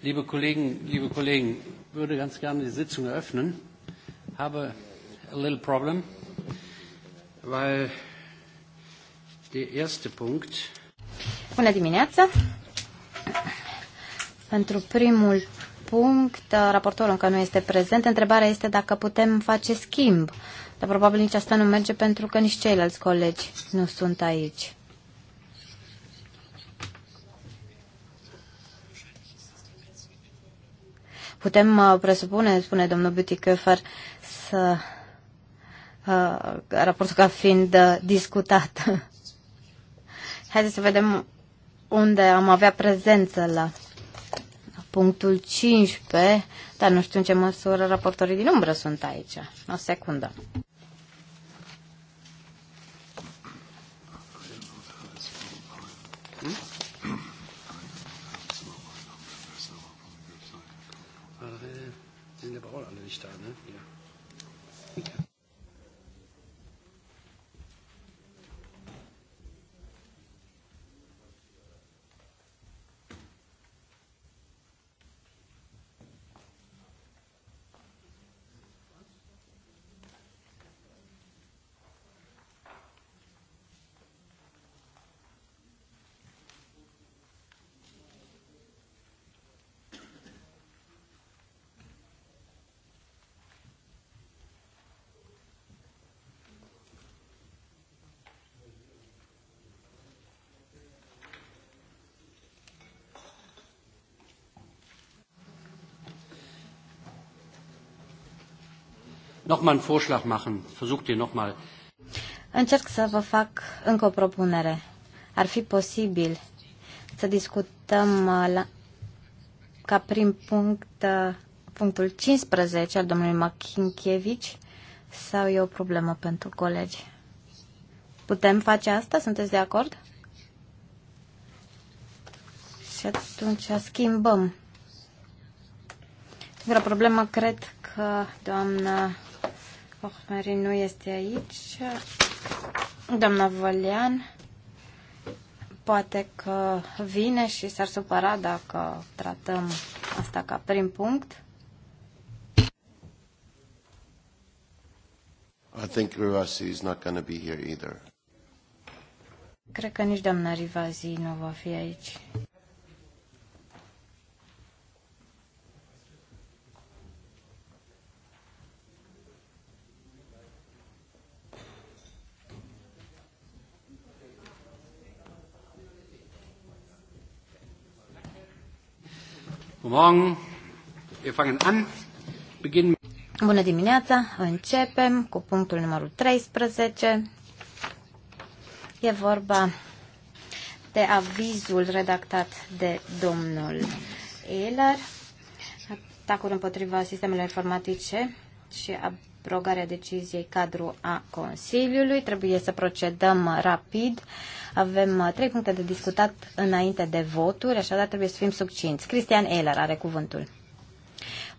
Liebe Kollegen, liebe Kollegen, würde ganz gerne die Sitzung eröffnen. Habe a little problem, weil der erste Punkt. Bună dimineața! Pentru primul punct, raportorul încă nu este prezent. Întrebarea este dacă putem face schimb. Dar probabil nici asta nu merge pentru că nici ceilalți colegi nu sunt aici. Putem uh, presupune, spune domnul Bütikofer, să uh, raportul ca fiind uh, discutat. Haideți să vedem unde am avea prezență la punctul 15, dar nu știu în ce măsură raportorii din umbră sunt aici. O secundă. nicht da Încerc să vă fac încă o propunere. Ar fi posibil să discutăm uh, la, ca prim punct uh, punctul 15 al domnului Machinchievici sau e o problemă pentru colegi? Putem face asta? Sunteți de acord? Și atunci schimbăm. Singura problemă cred că doamna Hochmarin nu este aici. Doamna Volian poate că vine și s-ar supăra dacă tratăm asta ca prim punct. I think Rivasi is not going to be here either. Cred că nici doamna Rivasi nu va fi aici. Bună dimineața! Începem cu punctul numărul 13. E vorba de avizul redactat de domnul Eller, atacuri împotriva sistemelor informatice și a abrogarea deciziei cadru a Consiliului. Trebuie să procedăm rapid. Avem uh, trei puncte de discutat înainte de voturi, așadar trebuie să fim succinți. Cristian Eiler are cuvântul.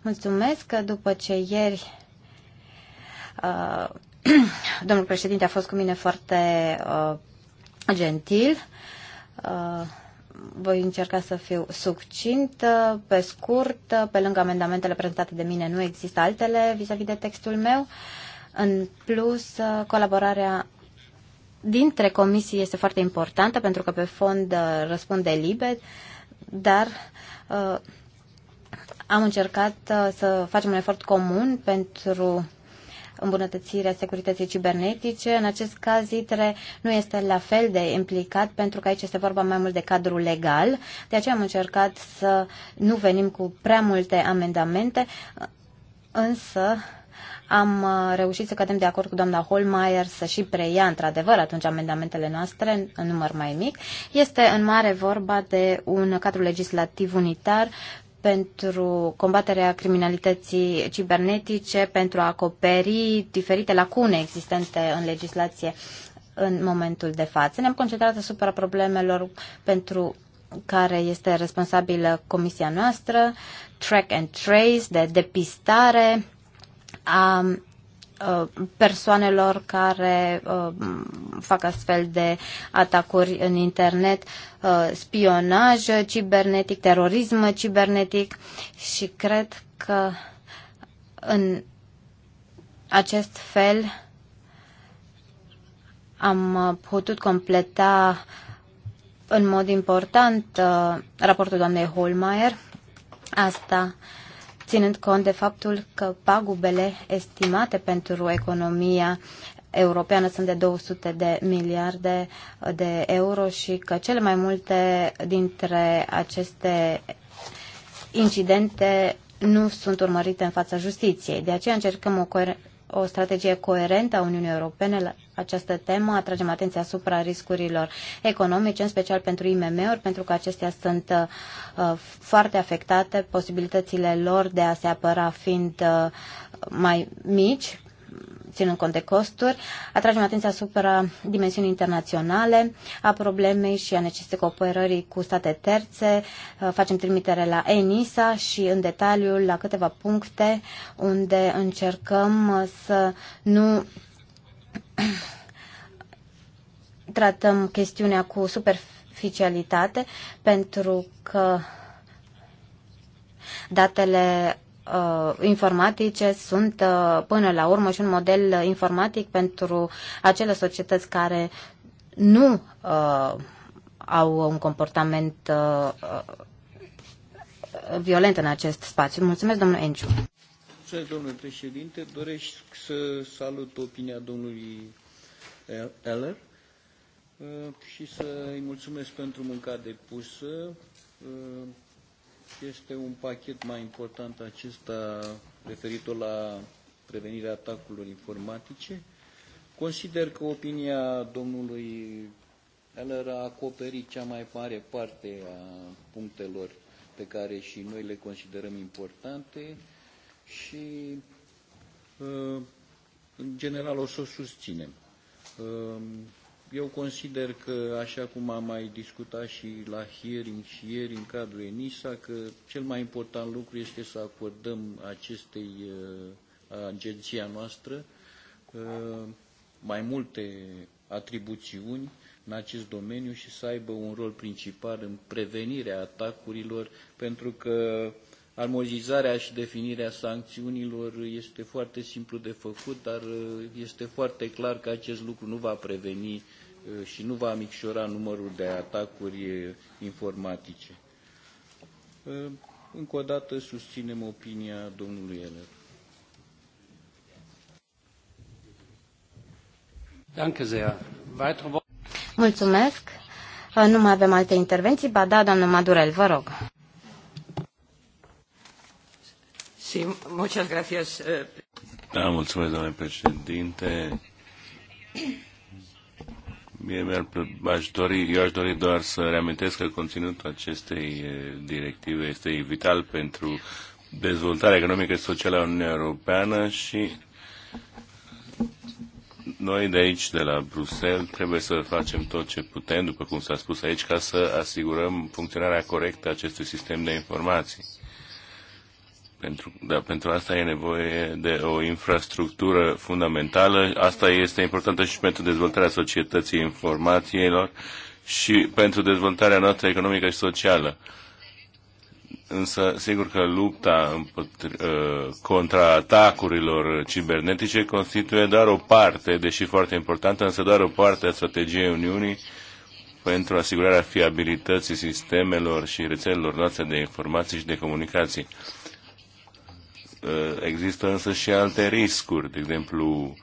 Mulțumesc că după ce ieri uh, domnul președinte a fost cu mine foarte uh, gentil, uh, voi încerca să fiu succintă, pe scurt, pe lângă amendamentele prezentate de mine nu există altele vis-a-vis -vis de textul meu. În plus, colaborarea dintre comisii este foarte importantă pentru că pe fond uh, răspunde liber, dar uh, am încercat uh, să facem un efort comun pentru îmbunătățirea securității cibernetice. În acest caz, ITRE nu este la fel de implicat pentru că aici este vorba mai mult de cadrul legal. De aceea am încercat să nu venim cu prea multe amendamente, însă am uh, reușit să cădem de acord cu doamna Holmeier să și preia într-adevăr atunci amendamentele noastre în număr mai mic. Este în mare vorba de un cadru legislativ unitar pentru combaterea criminalității cibernetice, pentru a acoperi diferite lacune existente în legislație în momentul de față. Ne-am concentrat asupra problemelor pentru care este responsabilă comisia noastră, track and trace, de depistare a Uh, persoanelor care uh, fac astfel de atacuri în internet, uh, spionaj cibernetic, terorism cibernetic și cred că în acest fel am putut completa în mod important raportul doamnei Holmeier. Asta uh, ținând cont de faptul că pagubele estimate pentru economia europeană sunt de 200 de miliarde de euro și că cele mai multe dintre aceste incidente nu sunt urmărite în fața justiției. De aceea încercăm o o strategie coerentă a Uniunii Europene la această temă, atragem atenția asupra riscurilor economice, în special pentru IMM-uri, pentru că acestea sunt uh, foarte afectate, posibilitățile lor de a se apăra fiind uh, mai mici ținând cont de costuri. Atragem atenția asupra dimensiunii internaționale a problemei și a necesității cooperării cu state terțe. Uh, facem trimitere la ENISA și în detaliu la câteva puncte unde încercăm să nu tratăm chestiunea cu superficialitate pentru că datele uh, informatice sunt uh, până la urmă și un model informatic pentru acele societăți care nu uh, au un comportament uh, uh violent în acest spațiu. Mulțumesc, domnul Enciu. Mulțumesc, domnule președinte. Doresc să salut opinia domnului Eller uh, și să i mulțumesc pentru munca depusă. Uh, este un pachet mai important acesta referitor la prevenirea atacurilor informatice. Consider că opinia domnului Eller a acoperit cea mai mare parte a punctelor pe care și noi le considerăm importante și uh, în general o să o susținem. Uh, eu consider că, așa cum am mai discutat și la hearing și ieri în cadrul ENISA, că cel mai important lucru este să acordăm acestei uh, agenția noastră uh, mai multe atribuțiuni în acest domeniu și să aibă un rol principal în prevenirea atacurilor, pentru că Armonizarea și definirea sancțiunilor este foarte simplu de făcut, dar uh, este foarte clar că acest lucru nu va preveni uh, și nu va micșora numărul de atacuri uh, informatice. Încă o dată susținem opinia domnului Eller. Mulțumesc. Nu mai avem alte intervenții. Ba da, doamnă Madurel, vă rog. Eh. Da, mulțumesc, domnule președinte. Mie mi-ar aș dori, eu aș dori doar să reamintesc că conținutul acestei eh, directive este vital pentru dezvoltarea economică și socială a Uniunii Europeană și noi de aici, de la Bruxelles, trebuie să facem tot ce putem, după cum s-a spus aici, ca să asigurăm funcționarea corectă a acestui sistem de informații. Pentru, da pentru asta e nevoie de o infrastructură fundamentală. Asta este importantă și pentru dezvoltarea societății informațiilor și pentru dezvoltarea noastră economică și socială. Însă, sigur că lupta uh, contra atacurilor cibernetice constituie doar o parte, deși foarte importantă, însă doar o parte a strategiei Uniunii pentru asigurarea fiabilității sistemelor și rețelelor noastre de informații și de comunicații. Uh, există însă și alte riscuri, de exemplu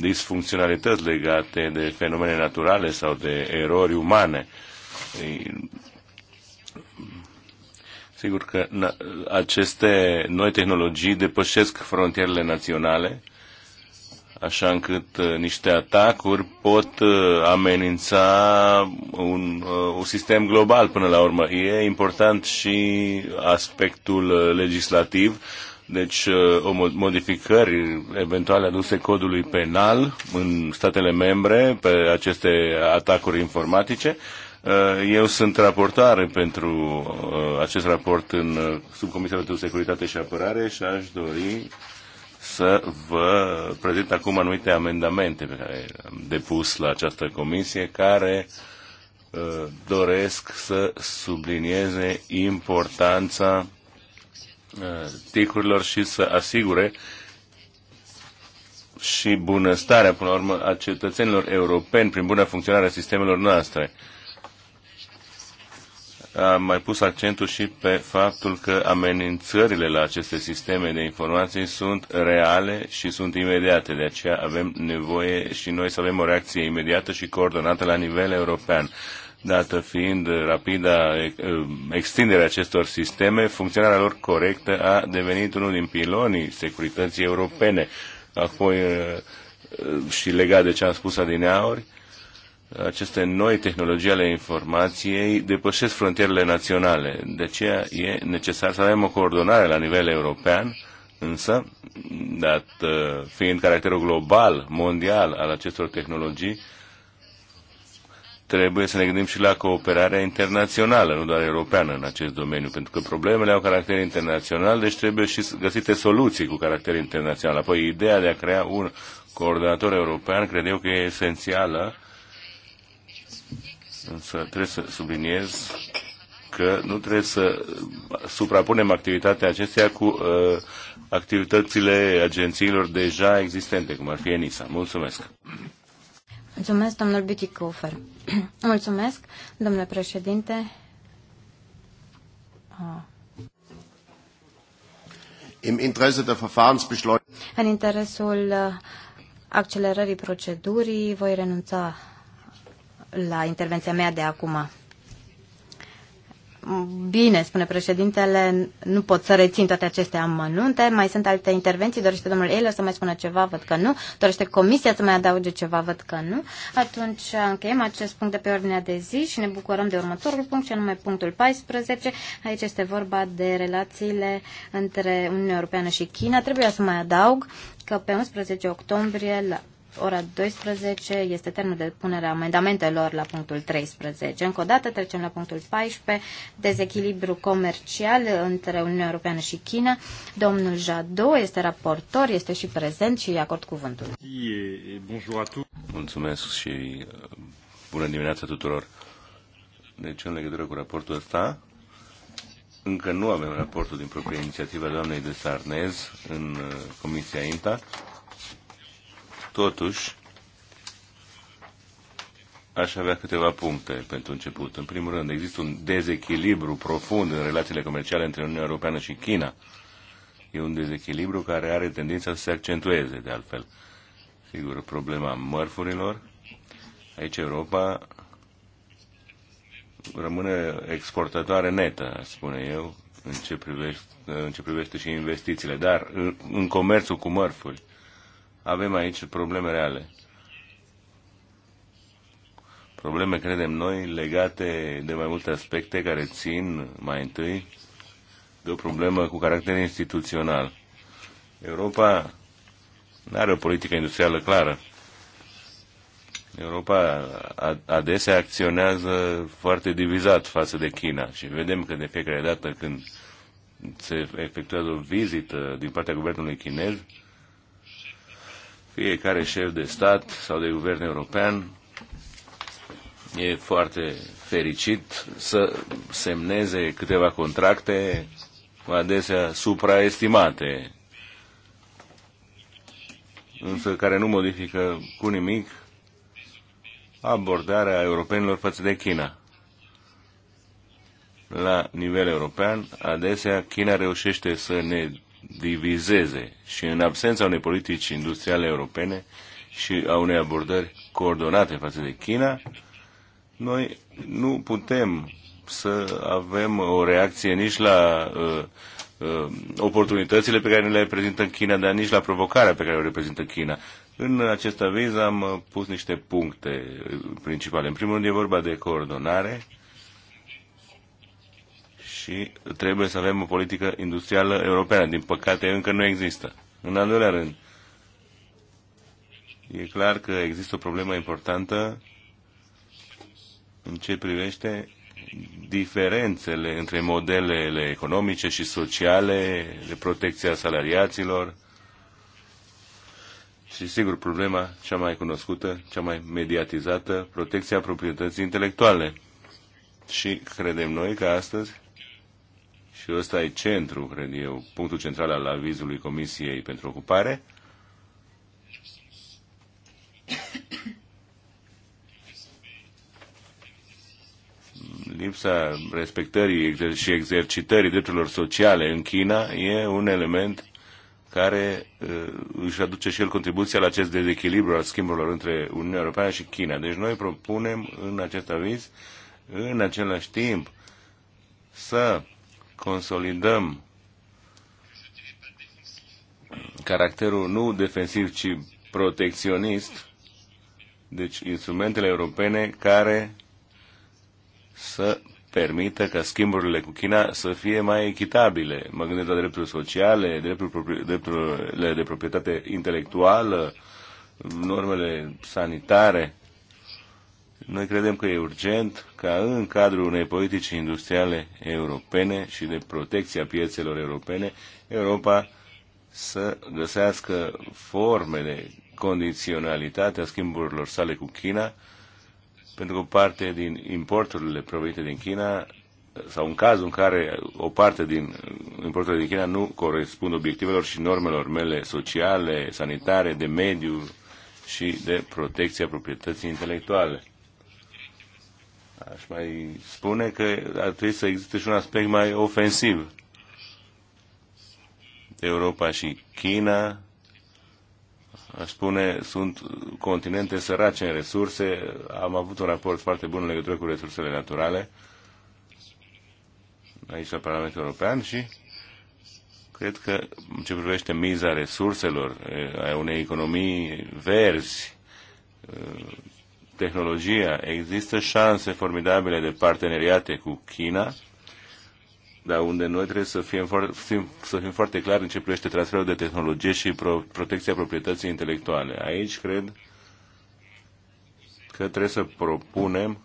disfuncționalități legate de fenomene naturale sau de erori umane. Sigur că aceste noi tehnologii depășesc frontierele naționale, așa încât uh, niște atacuri pot uh, amenința un, un sistem global până la urmă. E important și aspectul legislativ deci, uh, o modificări eventuale aduse codului penal în statele membre pe aceste atacuri informatice. Uh, eu sunt raportare pentru uh, acest raport în Subcomisia pentru Securitate și Apărare și aș dori să vă prezint acum anumite amendamente pe care am depus la această comisie care doresc să sublinieze importanța Uh, ticurilor și să asigure și bunăstarea, până la urmă, a cetățenilor europeni prin bună funcționare a sistemelor noastre. Am mai pus accentul și pe faptul că amenințările la aceste sisteme de informații sunt reale și sunt imediate. De aceea avem nevoie și noi să avem o reacție imediată și coordonată la nivel european dată fiind rapida eh, extinderea acestor sisteme, funcționarea lor corectă a devenit unul din pilonii securității europene. Apoi, eh, și legat de ce am spus adineauri, aceste noi tehnologii ale informației depășesc frontierele naționale. De aceea e necesar să avem o coordonare la nivel european, însă, dat eh, fiind caracterul global, mondial al acestor tehnologii, trebuie să ne gândim și la cooperarea internațională, nu doar europeană în acest domeniu, pentru că problemele au caracter internațional, deci trebuie și găsite soluții cu caracter internațional. Apoi, ideea de a crea un coordonator european, cred eu că e esențială, însă trebuie să subliniez că nu trebuie să suprapunem activitatea acesteia cu uh, activitățile agențiilor deja existente, cum ar fi ENISA. Mulțumesc! Mulțumesc, domnul Biticofer. Mulțumesc, domnule președinte. Ah. Im Interesse der Verfahrensbeschleunigung. În interesul uh, accelerării procedurii voi renunța la intervenția mea de acum. Bine, spune președintele, nu pot să rețin toate aceste amănunte. Mai sunt alte intervenții? Dorește domnul Eiler să mai spună ceva? Văd că nu. Dorește comisia să mai adauge ceva? Văd că nu. Atunci încheiem acest punct de pe ordinea de zi și ne bucurăm de următorul punct, și anume punctul 14. Aici este vorba de relațiile între Uniunea Europeană și China. Trebuia să mai adaug că pe 11 octombrie la ora 12 este termenul de punere a amendamentelor la punctul 13. Încă o dată trecem la punctul 14, dezechilibru comercial între Uniunea Europeană și China. Domnul Jadot este raportor, este și prezent și acord cuvântul. Mulțumesc și uh, bună dimineața tuturor. Deci, în legătură cu raportul ăsta, încă nu avem raportul din propria inițiativă a doamnei de Sarnez în uh, Comisia INTA, Totuși, aș avea câteva puncte pentru început. În primul rând, există un dezechilibru profund în relațiile comerciale între Uniunea Europeană și China. E un dezechilibru care are tendința să se accentueze, de altfel. Sigur, problema mărfurilor. Aici Europa rămâne exportatoare netă, spune eu, în ce privește, în ce privește și investițiile, dar în comerțul cu mărfuri avem aici probleme reale. Probleme, credem noi, legate de mai multe aspecte care țin mai întâi de o problemă cu caracter instituțional. Europa nu are o politică industrială clară. Europa adesea acționează foarte divizat față de China și vedem că de fiecare dată când se efectuează o vizită din partea guvernului chinez, fiecare șef de stat sau de guvern european e foarte fericit să semneze câteva contracte adesea supraestimate, însă care nu modifică cu nimic abordarea europenilor față de China. La nivel european, adesea China reușește să ne divizeze și în absența unei politici industriale europene și a unei abordări coordonate față de China, noi nu putem să avem o reacție nici la uh, uh, oportunitățile pe care ne le reprezintă China, dar nici la provocarea pe care o reprezintă China. În acest aviz am pus niște puncte principale. În primul rând e vorba de coordonare și trebuie să avem o politică industrială europeană. Din păcate, încă nu există. În al doilea rând, e clar că există o problemă importantă în ce privește diferențele între modelele economice și sociale de protecția salariaților și, sigur, problema cea mai cunoscută, cea mai mediatizată, protecția proprietății intelectuale. Și credem noi că astăzi și ăsta e centru, cred eu, punctul central al avizului Comisiei pentru Ocupare. Lipsa respectării și exercitării drepturilor sociale în China e un element care uh, își aduce și el contribuția la acest dezechilibru al schimburilor între Uniunea Europeană și China. Deci noi propunem în acest aviz, în același timp, să consolidăm caracterul nu defensiv, ci protecționist, deci instrumentele europene care să permită ca schimburile cu China să fie mai echitabile. Mă gândesc la drepturi sociale, drepturi, drepturile de proprietate intelectuală, normele sanitare. Noi credem că e urgent ca în cadrul unei politici industriale europene și de protecție a piețelor europene, Europa să găsească forme de condiționalitate a schimburilor sale cu China, pentru că o parte din importurile provenite din China, sau în cazul în care o parte din importurile din China nu corespund obiectivelor și normelor mele sociale, sanitare, de mediu și de protecția proprietății intelectuale. Aș mai spune că ar trebui să existe și un aspect mai ofensiv. Europa și China, aș spune, sunt continente sărace în resurse. Am avut un raport foarte bun în legătură cu resursele naturale aici la Parlamentul European și cred că în ce privește miza resurselor eh, a unei economii verzi eh, tehnologia. Există șanse formidabile de parteneriate cu China, dar unde noi trebuie să fim, foarte, să fim foarte clari în ce privește transferul de tehnologie și pro, protecția proprietății intelectuale. Aici cred că trebuie să propunem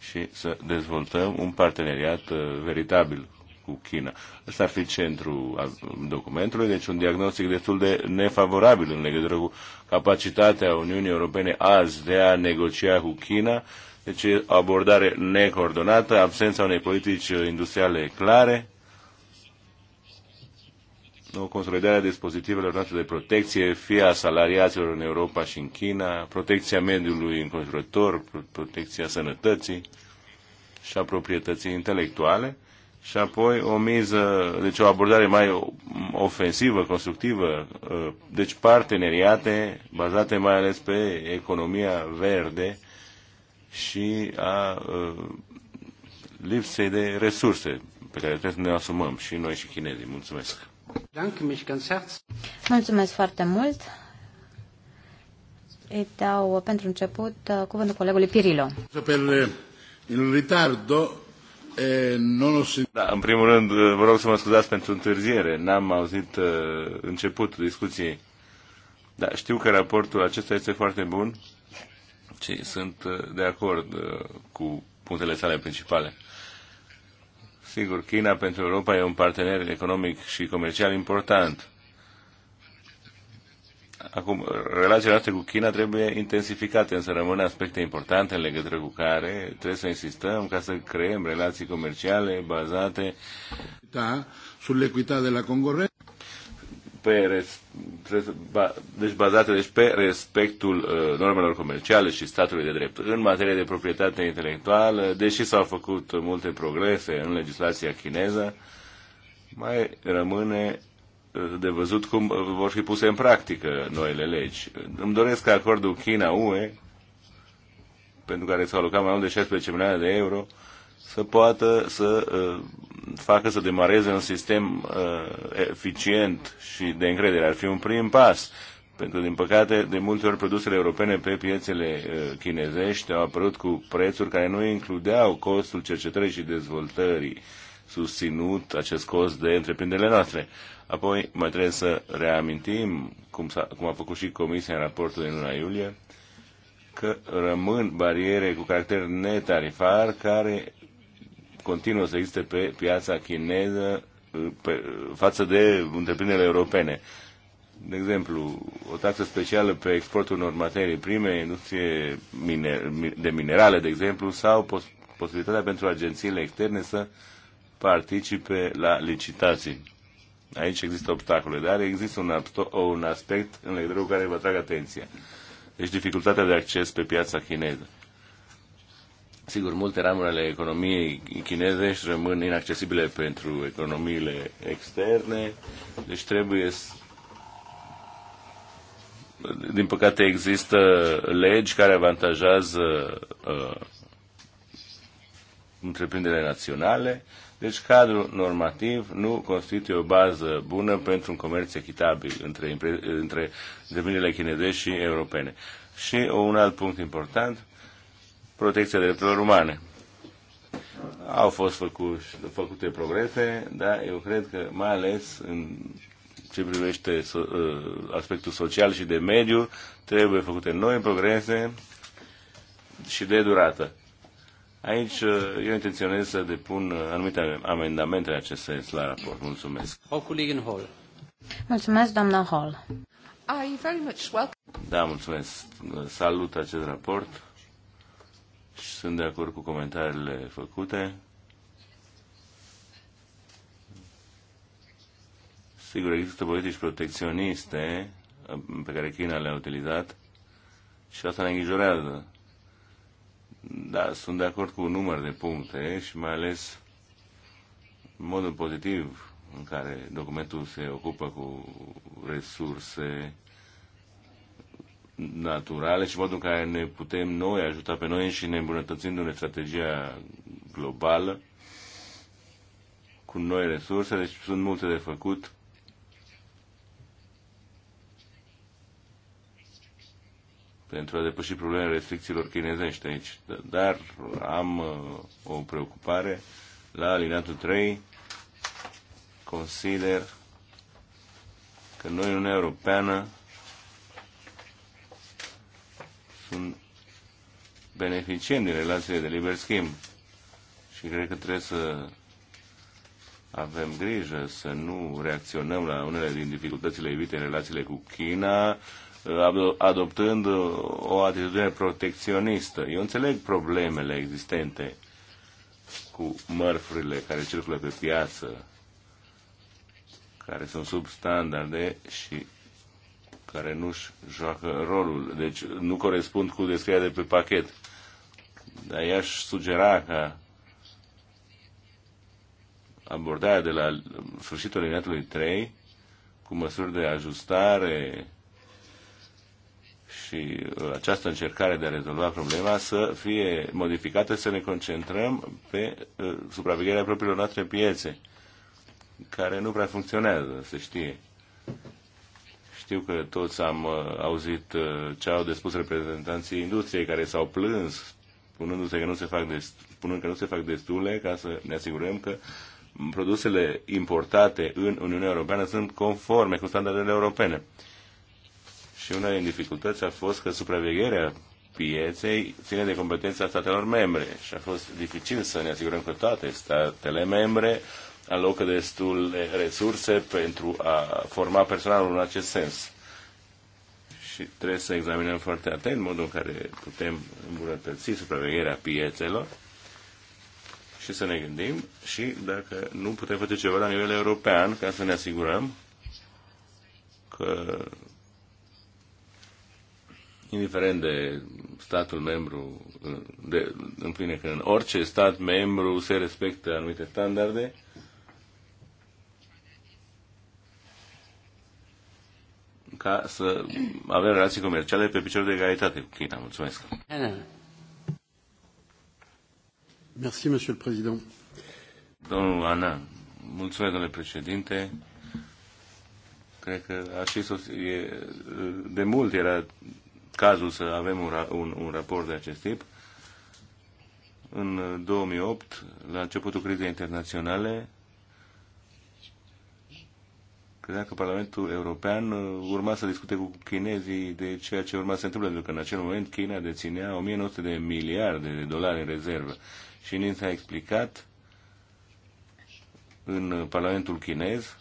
și să dezvoltăm un parteneriat uh, veritabil cu China. Ăsta ar fi centrul documentului, deci un diagnostic destul de nefavorabil în legătură cu capacitatea Uniunii Europene azi de a negocia cu China, deci o abordare necoordonată, absența unei politici industriale clare, o consolidare a dispozitivelor noastre de protecție, fie a salariaților în Europa și în China, protecția mediului înconjurător, protecția sănătății și a proprietății intelectuale, și apoi o miză, deci o abordare mai ofensivă, constructivă, uh, deci parteneriate bazate mai ales pe economia verde și a uh, lipsei de resurse pe care trebuie să ne asumăm și noi și chinezii. Mulțumesc! Mulțumesc foarte mult! Îi dau pentru început uh, cuvântul colegului Pirilo. În ritardo E, non Da, în primul rând, vă rog să mă scuzați pentru întârziere. N-am auzit uh, începutul discuției. Da, știu că raportul acesta este foarte bun și sunt de acord uh, cu punctele sale principale. Sigur, China pentru Europa e un partener economic și comercial important Acum, relațiile noastre cu China trebuie intensificate, însă rămân aspecte importante în legătură cu care trebuie să insistăm ca să creăm relații comerciale bazate da, sull'equità de la concorrență pe res, deci bazate deci pe respectul uh, normelor comerciale și statului de drept. În materie de proprietate intelectuală, deși s-au făcut multe progrese în legislația chineză, mai rămâne de văzut cum vor fi puse în practică noile legi. Îmi doresc ca acordul China-UE, pentru care s-au alocat mai mult de 16 milioane de euro, să poată să uh, facă să demareze un sistem uh, eficient și de încredere. Ar fi un prim pas, pentru din păcate, de multe ori produsele europene pe piețele uh, chinezești au apărut cu prețuri care nu includeau costul cercetării și dezvoltării susținut acest cost de întreprinderile noastre. Apoi mai trebuie să reamintim, cum, a cum a făcut și Comisia în raportul din luna iulie, că rămân bariere cu caracter netarifar care continuă să existe pe piața chineză pe, față de întreprinderile europene. De exemplu, o taxă specială pe exportul unor materii prime, industrie miner, de minerale, de exemplu, sau pos, posibilitatea pentru agențiile externe să participe la licitații. Aici există obstacole, dar există un, un aspect în legătură cu care vă atrag atenția. Deci dificultatea de acces pe piața chineză. Sigur, multe ramuri ale economiei chineze și rămân inaccesibile pentru economiile externe, deci trebuie să... Din păcate există legi care avantajează uh, întreprinderile naționale, deci cadrul normativ nu constituie o bază bună pentru un comerț echitabil între, între întreprinderile chinezești și europene. Și un alt punct important, protecția drepturilor umane. Au fost făcuși, făcute progrese, dar eu cred că mai ales în ce privește uh, aspectul social și de mediu, trebuie făcute noi progrese și de durată. Aici uh, eu intenționez să depun uh, anumite amendamente în acest sens la raport. Mulțumesc. Mulțumesc, doamna Hall. I very much welcome. Da, mulțumesc. Salut acest raport și sunt de acord cu comentariile făcute. Sigur, există politici protecționiste uh, pe care China le-a utilizat și asta ne îngrijorează da, sunt de acord cu un număr de puncte și mai ales modul pozitiv în care documentul se ocupă cu resurse naturale și modul în care ne putem noi ajuta pe noi și ne îmbunătățindu-ne strategia globală cu noi resurse, deci sunt multe de făcut pentru a depăși problemele restricțiilor chinezești aici. Dar am uh, o preocupare la alineatul 3 consider că noi în Uniunea Europeană sunt beneficiem din relațiile de liber schimb și cred că trebuie să avem grijă să nu reacționăm la unele din dificultățile evite în relațiile cu China, adoptând o atitudine protecționistă. Eu înțeleg problemele existente cu mărfurile care circulă pe piață, care sunt sub standarde și care nu-și joacă rolul, deci nu corespund cu descrierea de pe pachet. Dar i-aș sugera ca abordarea de la sfârșitul liniatului 3 cu măsuri de ajustare și uh, această încercare de a rezolva problema să fie modificată, să ne concentrăm pe uh, supravegherea propriilor noastre piețe, care nu prea funcționează, se știe. Știu că toți am uh, auzit ce au de spus reprezentanții industriei care s-au plâns, spunându-se că nu se fac destule, spunând că nu se fac destule ca să ne asigurăm că produsele importate în Uniunea Europeană sunt conforme cu standardele europene. Și una din dificultăți a fost că supravegherea pieței ține de competența statelor membre și a fost dificil să ne asigurăm că toate statele membre alocă destul de resurse pentru a forma personalul în acest sens. Și trebuie să examinăm foarte atent modul în care putem îmbunătăți supravegherea piețelor și să ne gândim și dacă nu putem face ceva la nivel european ca să ne asigurăm că indiferent de statul membru, de, în fine, că în orice stat membru se respectă anumite standarde, ca să avem relații comerciale pe picior de egalitate cu China. Mulțumesc. Merci, Monsieur le Président. Domnul Ana, mulțumesc, domnule președinte. Cred că așa e, de mult era cazul să avem un, un, un raport de acest tip. În 2008, la începutul crizei internaționale, credea că Parlamentul European uh, urma să discute cu chinezii de ceea ce urma să se întâmple, pentru că în acel moment China deținea 1900 de miliarde de dolari în rezervă. Și ni s-a explicat în Parlamentul chinez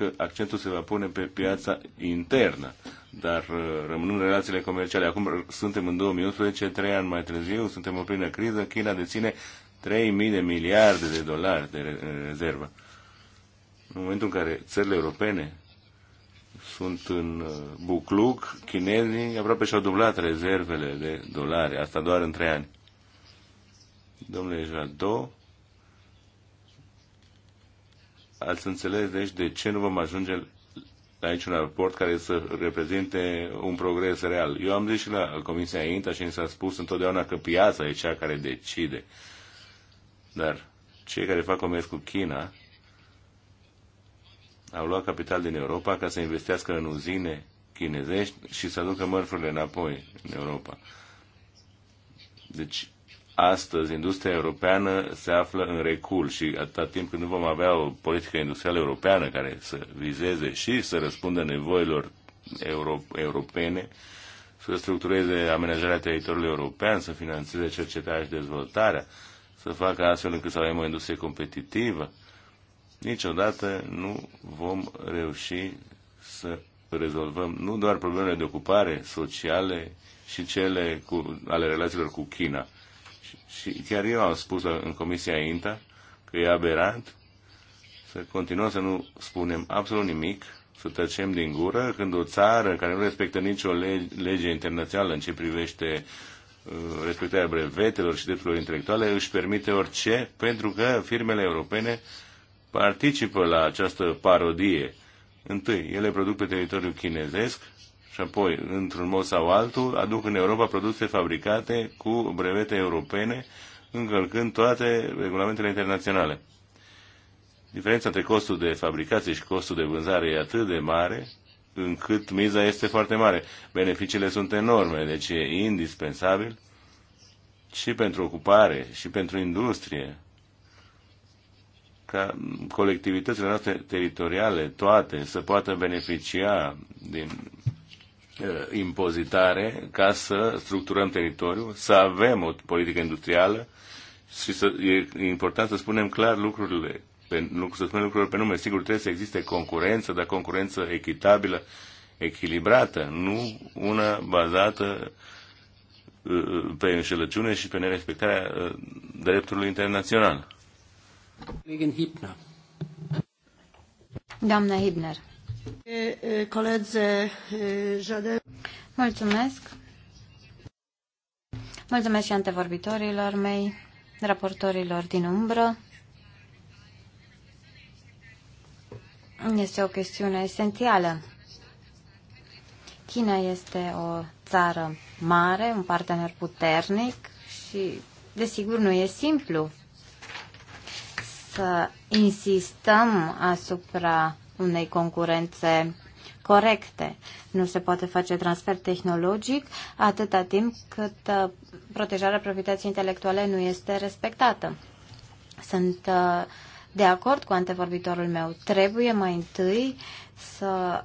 că accentul se va pune pe piața internă, dar uh, rămânând relațiile comerciale. Acum suntem în 2011, trei ani mai târziu, suntem în plină criză, China deține 3.000 de miliarde de dolari de uh, rezervă. În momentul în care țările europene sunt în uh, bucluc, chinezii aproape și-au dublat rezervele de dolari, asta doar în trei ani. Domnule Jadot, Ați înțeles, deci, de ce nu vom ajunge aici un raport care să reprezinte un progres real. Eu am zis și la Comisia INTA și mi s-a spus întotdeauna că piața e cea care decide. Dar cei care fac comerț cu China au luat capital din Europa ca să investească în uzine chinezești și să aducă mărfurile înapoi în Europa. Deci astăzi industria europeană se află în recul și atâta timp când nu vom avea o politică industrială europeană care să vizeze și să răspundă nevoilor euro, europene, să structureze amenajarea teritoriului european, să financeze cercetarea și dezvoltarea, să facă astfel încât să avem o industrie competitivă, niciodată nu vom reuși să rezolvăm nu doar problemele de ocupare sociale și cele cu, ale relațiilor cu China și chiar eu am spus în Comisia INTA că e aberant să continuăm să nu spunem absolut nimic, să tăcem din gură, când o țară care nu respectă nicio lege internațională în ce privește uh, respectarea brevetelor și drepturilor intelectuale își permite orice, pentru că firmele europene participă la această parodie. Întâi, ele produc pe teritoriul chinezesc și apoi, într-un mod sau altul, aduc în Europa produse fabricate cu brevete europene, încălcând toate regulamentele internaționale. Diferența între costul de fabricație și costul de vânzare e atât de mare, încât miza este foarte mare. Beneficiile sunt enorme, deci e indispensabil și pentru ocupare, și pentru industrie, ca colectivitățile noastre teritoriale, toate, să poată beneficia din Uh, impozitare ca să structurăm teritoriul, să avem o politică industrială și să, e important să spunem clar lucrurile, pe, să spunem lucrurile pe nume. Sigur, trebuie să existe concurență, dar concurență echitabilă, echilibrată, nu una bazată uh, uh, pe înșelăciune și pe nerespectarea dreptului internațional. Doamna Hibner. Mulțumesc. Mulțumesc și antevorbitorilor mei, raportorilor din umbră. Este o chestiune esențială. China este o țară mare, un partener puternic și, desigur, nu e simplu să insistăm asupra unei concurențe corecte. Nu se poate face transfer tehnologic atâta timp cât uh, protejarea proprietății intelectuale nu este respectată. Sunt uh, de acord cu antevorbitorul meu. Trebuie mai întâi să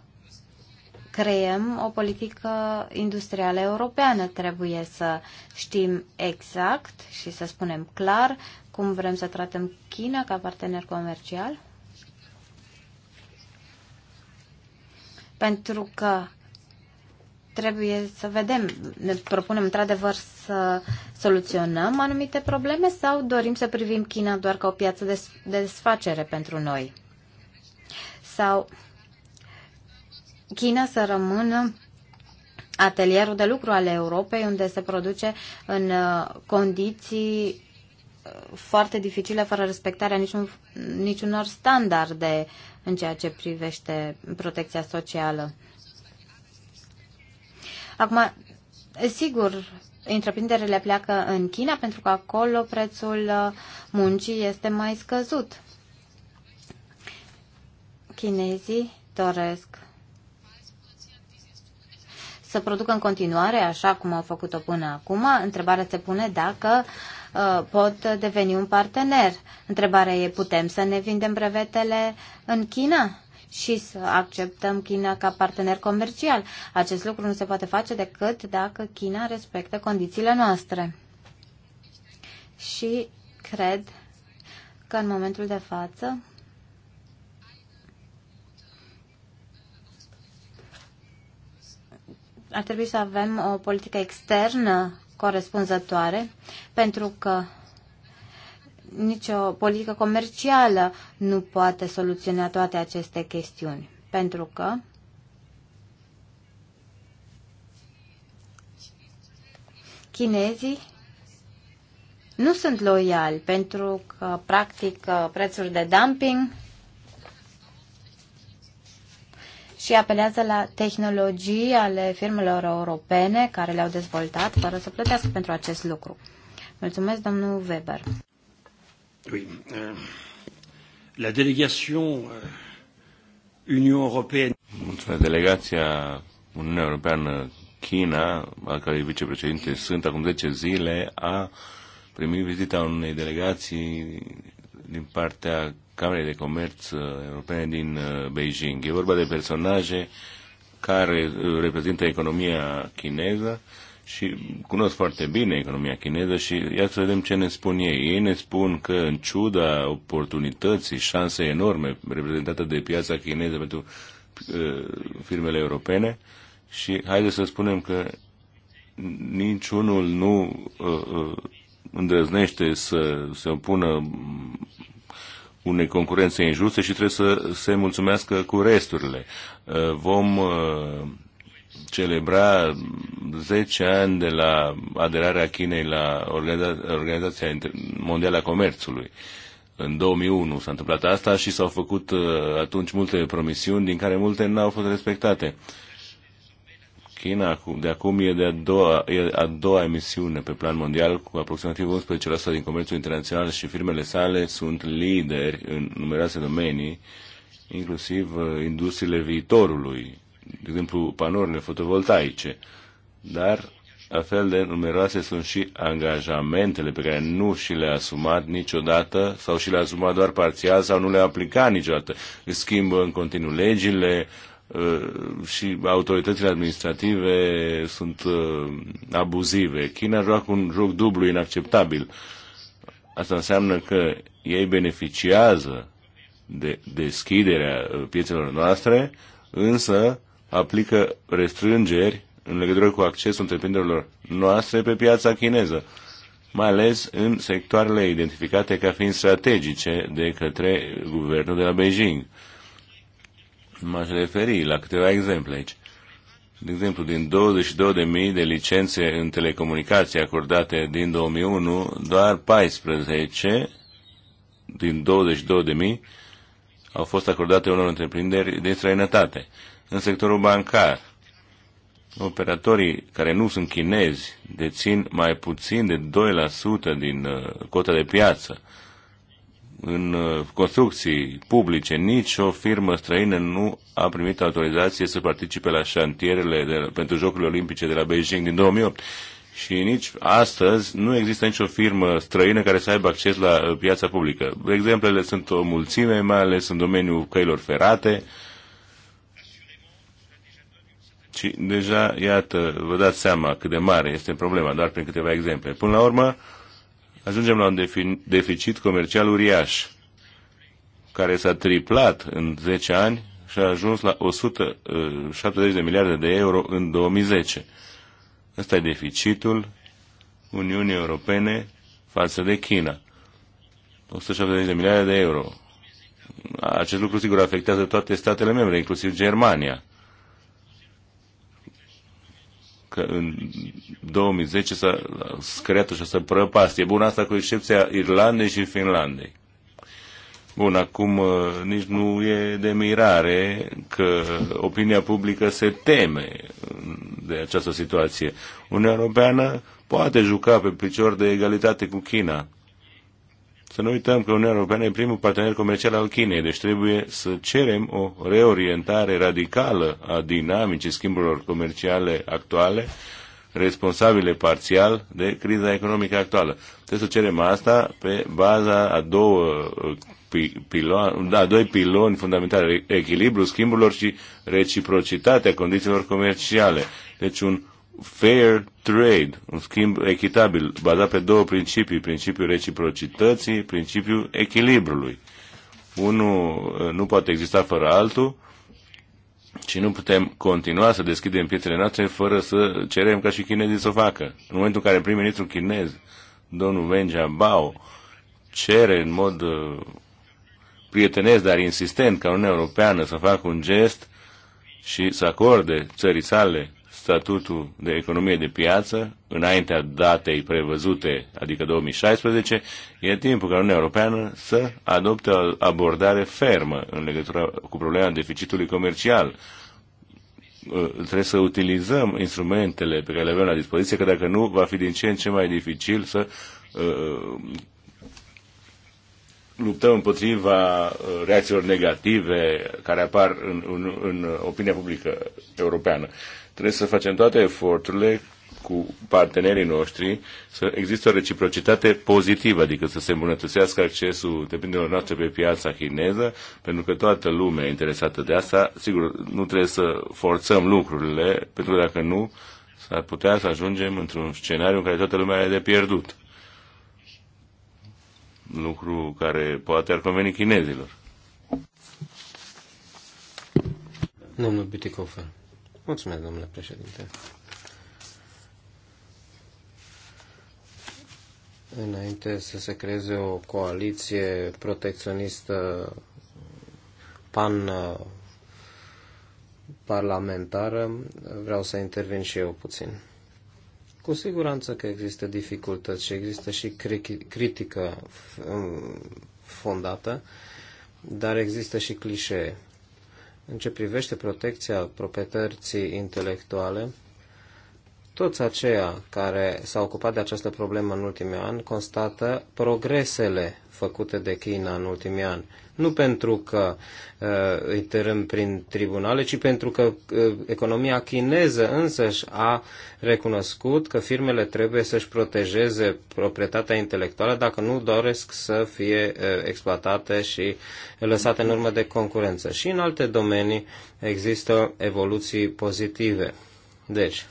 creăm o politică industrială europeană. Trebuie să știm exact și să spunem clar cum vrem să tratăm China ca partener comercial pentru că trebuie să vedem, ne propunem într-adevăr să soluționăm anumite probleme sau dorim să privim China doar ca o piață de, desfacere pentru noi? Sau China să rămână atelierul de lucru al Europei, unde se produce în uh, condiții foarte dificile fără respectarea niciun, niciunor standarde în ceea ce privește protecția socială. Acum, sigur, întreprinderile pleacă în China pentru că acolo prețul uh, muncii este mai scăzut. Chinezii doresc să producă în continuare așa cum au făcut-o până acum. Întrebarea se pune dacă uh, Uh, pot deveni un partener. Întrebarea e, putem să ne vindem brevetele în China? și să acceptăm China ca partener comercial. Acest lucru nu se poate face decât dacă China respectă condițiile noastre. Și cred că în momentul de față ar trebui să avem o politică externă corespunzătoare, pentru că nicio politică comercială nu poate soluționa toate aceste chestiuni, pentru că chinezii nu sunt loiali pentru că practic prețuri de dumping și apelează la tehnologii ale firmelor europene care le-au dezvoltat fără să plătească pentru acest lucru. Mulțumesc, domnul Weber. Oui. Euh, la delegation euh, Union Européenne. Mulțumesc. Delegația Uniunea Europeană China, a cărei vicepreședinte sunt acum 10 zile, a primit vizita unei delegații din partea Camerei de Comerț uh, Europene din uh, Beijing. E vorba de personaje care uh, reprezintă economia chineză și cunosc foarte bine economia chineză și ia să vedem ce ne spun ei. Ei ne spun că în ciuda oportunității, șanse enorme reprezentată de piața chineză pentru uh, firmele europene și haide să spunem că niciunul nu uh, uh, îndrăznește să se opună unei concurențe injuste și trebuie să se mulțumească cu resturile. Uh, vom uh, celebra 10 ani de la aderarea Chinei la Organizația Mondială a Comerțului. În 2001 s-a întâmplat asta și s-au făcut uh, atunci multe promisiuni, din care multe n-au fost respectate. China. De acum e, de a doua, e a doua emisiune pe plan mondial, cu aproximativ 11% din comerțul internațional și firmele sale sunt lideri în numeroase domenii, inclusiv uh, industriile viitorului, de exemplu panourile fotovoltaice. Dar la fel de numeroase sunt și angajamentele pe care nu și le-a asumat niciodată sau și le-a asumat doar parțial sau nu le-a aplicat niciodată. Își schimbă în continuu legile, Uh, și autoritățile administrative sunt uh, abuzive. China joacă un joc dublu inacceptabil. Asta înseamnă că ei beneficiază de deschiderea uh, piețelor noastre, însă aplică restrângeri în legătură cu accesul întreprinderilor noastre pe piața chineză, mai ales în sectoarele identificate ca fiind strategice de către guvernul de la Beijing. M-aș referi la câteva exemple aici. De exemplu, din 22.000 de licențe în telecomunicații acordate din 2001, doar 14 din 22.000 au fost acordate unor întreprinderi din străinătate. În sectorul bancar, operatorii care nu sunt chinezi dețin mai puțin de 2% din uh, cota de piață în uh, construcții publice. Nici o firmă străină nu a primit autorizație să participe la șantierele de, pentru Jocurile Olimpice de la Beijing din 2008. Și nici astăzi nu există nicio firmă străină care să aibă acces la uh, piața publică. Exemplele sunt o mulțime, mai ales în domeniul căilor ferate. Și deja, iată, vă dați seama cât de mare este problema, doar prin câteva exemple. Până la urmă, ajungem la un deficit comercial uriaș, care s-a triplat în 10 ani și a ajuns la 170 uh, de miliarde de euro în 2010. Ăsta e deficitul Uniunii Europene față de China. 170 de miliarde de euro. Acest lucru sigur afectează toate statele membre, inclusiv Germania că în 2010 s-a creat prăpast. E Bun, asta cu excepția Irlandei și Finlandei. Bun, acum uh, nici nu e de mirare că opinia publică se teme de această situație. Uniunea Europeană poate juca pe picior de egalitate cu China să nu uităm că Uniunea Europeană e primul partener comercial al Chinei, deci trebuie să cerem o reorientare radicală a dinamicii schimburilor comerciale actuale, responsabile parțial de criza economică actuală. Trebuie să cerem asta pe baza a două pilon, da, doi piloni fundamentali, echilibru schimburilor și reciprocitatea condițiilor comerciale. Deci un fair trade, un schimb echitabil, bazat pe două principii, principiul reciprocității, principiul echilibrului. Unul uh, nu poate exista fără altul și nu putem continua să deschidem piețele noastre fără să cerem ca și chinezii să o facă. În momentul în care prim-ministrul chinez, domnul Wen Jiabao, cere în mod uh, prietenesc, dar insistent ca Uniunea Europeană să facă un gest și să acorde țării sale statutul de economie de piață înaintea datei prevăzute, adică 2016, e timpul ca Uniunea Europeană să adopte o abordare fermă în legătură cu problema deficitului comercial. Uh, trebuie să utilizăm instrumentele pe care le avem la dispoziție, că dacă nu, va fi din ce în ce mai dificil să uh, uh, luptăm împotriva reacțiilor negative care apar în, în, în opinia publică europeană. Trebuie să facem toate eforturile cu partenerii noștri să există o reciprocitate pozitivă, adică să se îmbunătățească accesul întreprinderilor noastre pe piața chineză, pentru că toată lumea e interesată de asta. Sigur, nu trebuie să forțăm lucrurile, pentru că dacă nu, s-ar putea să ajungem într-un scenariu în care toată lumea e de pierdut. Lucru care poate ar conveni chinezilor. Domnul Bitecofer. Mulțumesc, domnule președinte. Înainte să se creeze o coaliție protecționistă pan parlamentară, vreau să intervin și eu puțin. Cu siguranță că există dificultăți și există și critică um, fondată, dar există și clișee. În ce privește protecția proprietății intelectuale, toți aceia care s-au ocupat de această problemă în ultimii ani constată progresele făcute de China în ultimii ani nu pentru că uh, îi tărâm prin tribunale, ci pentru că uh, economia chineză însăși a recunoscut că firmele trebuie să-și protejeze proprietatea intelectuală dacă nu doresc să fie uh, exploatate și lăsate în urmă de concurență. Și în alte domenii există evoluții pozitive. Deci,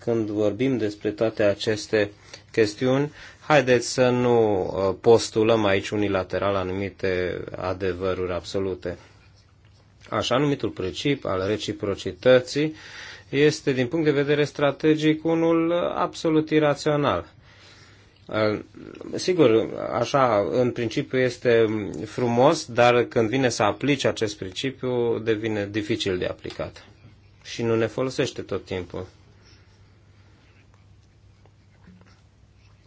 când vorbim despre toate aceste chestiuni, haideți să nu uh, postulăm aici unilateral anumite adevăruri absolute. Așa numitul princip al reciprocității este, din punct de vedere strategic, unul uh, absolut irațional. Uh, sigur, așa, în principiu este frumos, dar când vine să aplici acest principiu, devine dificil de aplicat. Și nu ne folosește tot timpul.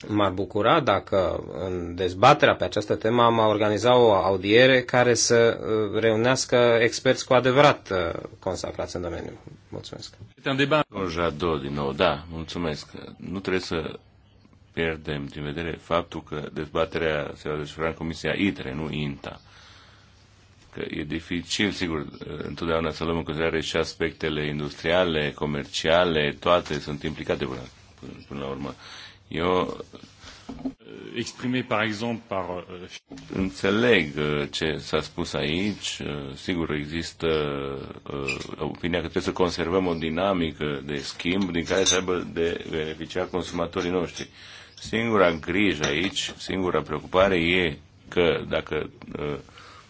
m-ar bucura dacă în dezbaterea pe această temă am organizat o audiere care să uh, reunească experți cu adevărat uh, consacrați în domeniu. Mulțumesc. Jado, din nou, da, mulțumesc. Nu trebuie să pierdem din vedere faptul că dezbaterea se va desfășura în Comisia ITRE, nu INTA. Că e dificil, sigur, întotdeauna să luăm în considerare și aspectele industriale, comerciale, toate sunt implicate până, până la urmă. Uh, eu eh, exprimat, par exemple, par... Euh, înțeleg eh, ce s-a spus aici. Eh, sigur, există opinia că trebuie să conservăm o dinamică de schimb din care să aibă de beneficia consumatorii noștri. Singura grijă aici, singura preocupare e că dacă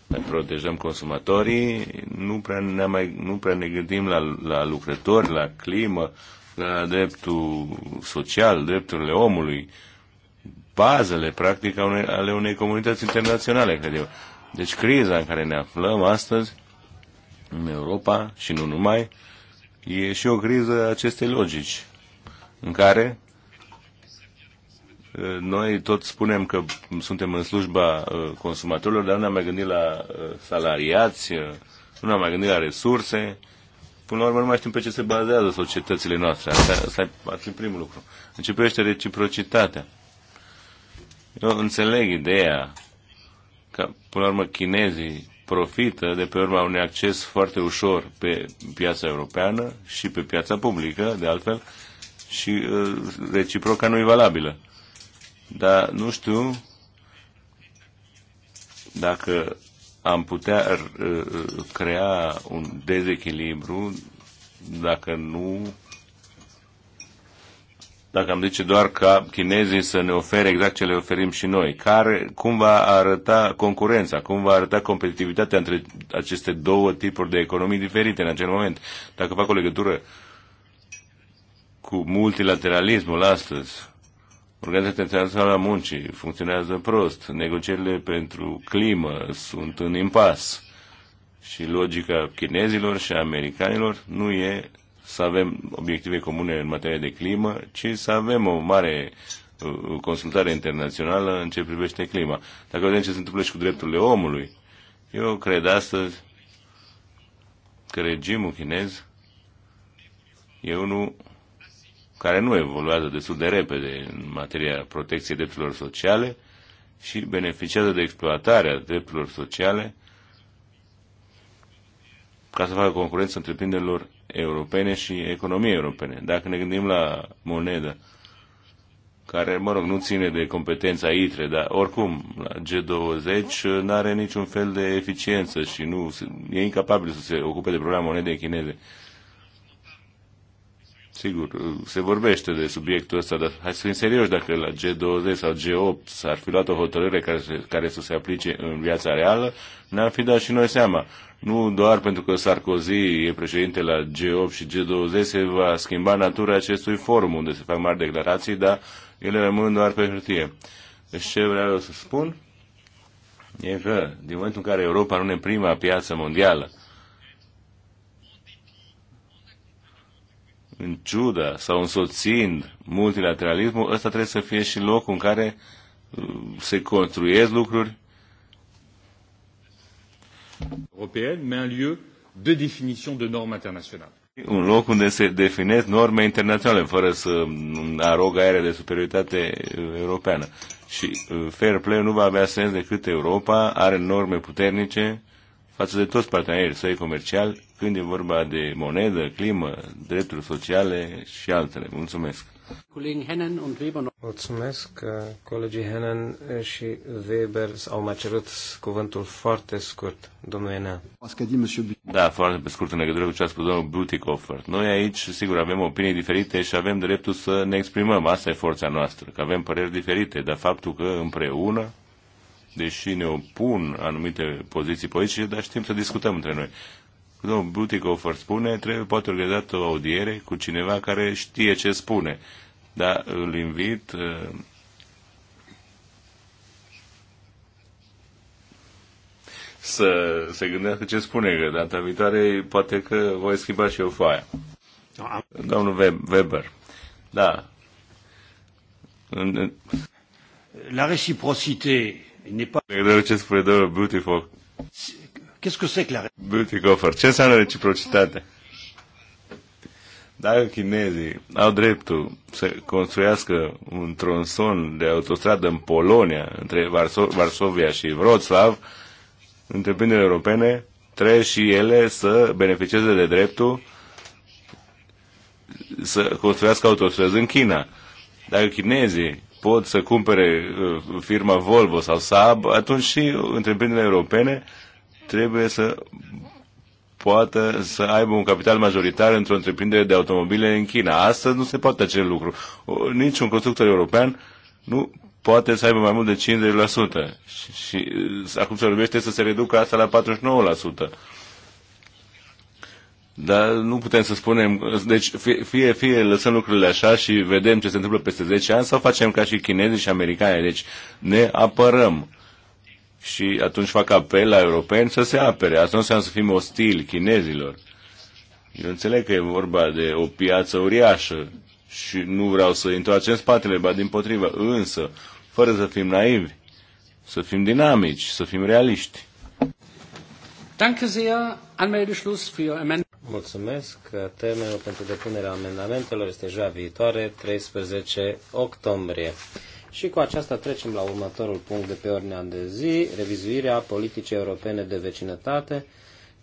ne protejăm consumatorii, nu prea ne, mai, nu prea ne gândim la, la lucrători, la climă, la dreptul social, drepturile omului, bazele, practic, ale unei comunități internaționale, cred eu. Deci criza în care ne aflăm astăzi, în Europa și nu numai, e și o criză a acestei logici, în care ă, noi tot spunem că suntem în slujba ă, consumatorilor, dar nu ne-am mai gândit la ă, salariați, nu ne-am mai gândit la resurse, până la urmă nu mai știm pe ce se bazează societățile noastre. Asta, asta ar fi primul lucru. Începește reciprocitatea. Eu înțeleg ideea că, până la urmă, chinezii profită de pe urma unui acces foarte ușor pe piața europeană și pe piața publică, de altfel, și uh, reciproca nu e valabilă. Dar nu știu dacă am putea uh, uh, crea un dezechilibru dacă nu dacă am zice doar ca chinezii să ne ofere exact ce le oferim și noi, care, cum va arăta concurența, cum va arăta competitivitatea între aceste două tipuri de economii diferite în acel moment, dacă fac o legătură cu multilateralismul astăzi, Organizația Internațională a Muncii funcționează prost, negocierile pentru climă sunt în impas și logica chinezilor și americanilor nu e să avem obiective comune în materie de climă, ci să avem o mare uh, consultare internațională în ce privește clima. Dacă vedem ce se întâmplă și cu drepturile omului, eu cred astăzi că regimul chinez e unul care nu evoluează destul de repede în materia protecției drepturilor sociale și beneficiază de exploatarea drepturilor sociale ca să facă concurență întreprinderilor europene și economiei europene. Dacă ne gândim la monedă, care, mă rog, nu ține de competența ITRE, dar oricum, la G20 nu are niciun fel de eficiență și nu e incapabil să se ocupe de problema monedei chineze. Sigur, se vorbește de subiectul ăsta, dar hai să fim serioși, dacă la G20 sau G8 s-ar fi luat o hotărâre care, se, care să se aplice în viața reală, ne-am fi dat și noi seama. Nu doar pentru că Sarkozy e președinte la G8 și G20 se va schimba natura acestui forum unde se fac mari declarații, dar ele rămân doar pe hârtie. Deci ce vreau să spun e că din momentul în care Europa nu e prima piață mondială, în ciuda sau însoțind multilateralismul, ăsta trebuie să fie și locul în care uh, se construiesc lucruri européenne, mais un lieu de définition de normes internationales. Un loc unde se definesc norme internaționale, fără să mm, arog aerea de superioritate uh, europeană. Și uh, fair play nu va avea sens decât Europa are norme puternice față de toți partenerii săi comerciali când e vorba de monedă, climă, drepturi sociale și altele. Mulțumesc! Mulțumesc că colegii Hennen și Weber au mai cerut cuvântul foarte scurt, domnule Enea. Da, foarte pe scurt, în legătură cu ce a spus domnul Butikofer. Noi aici, sigur, avem opinii diferite și avem dreptul să ne exprimăm. Asta e forța noastră, că avem păreri diferite, dar faptul că împreună, deși ne opun anumite poziții politice, dar știm să discutăm între noi domnul Butikofer spune, trebuie poate organizat o audiere cu cineva care știe ce spune. Dar îl invit uh, să se gândească ce spune, că data viitoare poate că voi schimba și eu foaia. Domnul Weber, da. La reciprocitate, n'est pas... Ce spune domnul Beautiful? Qu'est-ce que c'est que la réciprocité ce înseamnă réciprocité Dacă chinezii au dreptul să construiască un tronson de autostradă în Polonia, între Varso- Varsovia și Wroclaw, întreprinderile europene trebuie și ele să beneficieze de dreptul să construiască autostrăzi în China. Dacă chinezii pot să cumpere uh, firma Volvo sau Saab, atunci și întreprinderile europene trebuie să poată să aibă un capital majoritar într-o întreprindere de automobile în China. Astăzi nu se poate acel lucru. Niciun constructor european nu poate să aibă mai mult de 50% și, și acum se vorbește să se reducă asta la 49%. Dar nu putem să spunem, deci fie, fie lăsăm lucrurile așa și vedem ce se întâmplă peste 10 ani sau facem ca și chinezii și americani, deci ne apărăm și atunci fac apel la europeni să se apere. Asta nu înseamnă să fim ostili chinezilor. Eu înțeleg că e vorba de o piață uriașă și nu vreau să întoarcem spatele, ba din potrivă, însă, fără să fim naivi, să fim dinamici, să fim realiști. Mulțumesc. Termenul pentru depunerea amendamentelor este joia viitoare, 13 octombrie. Și cu aceasta trecem la următorul punct de pe ordinea de zi, revizuirea politicii europene de vecinătate.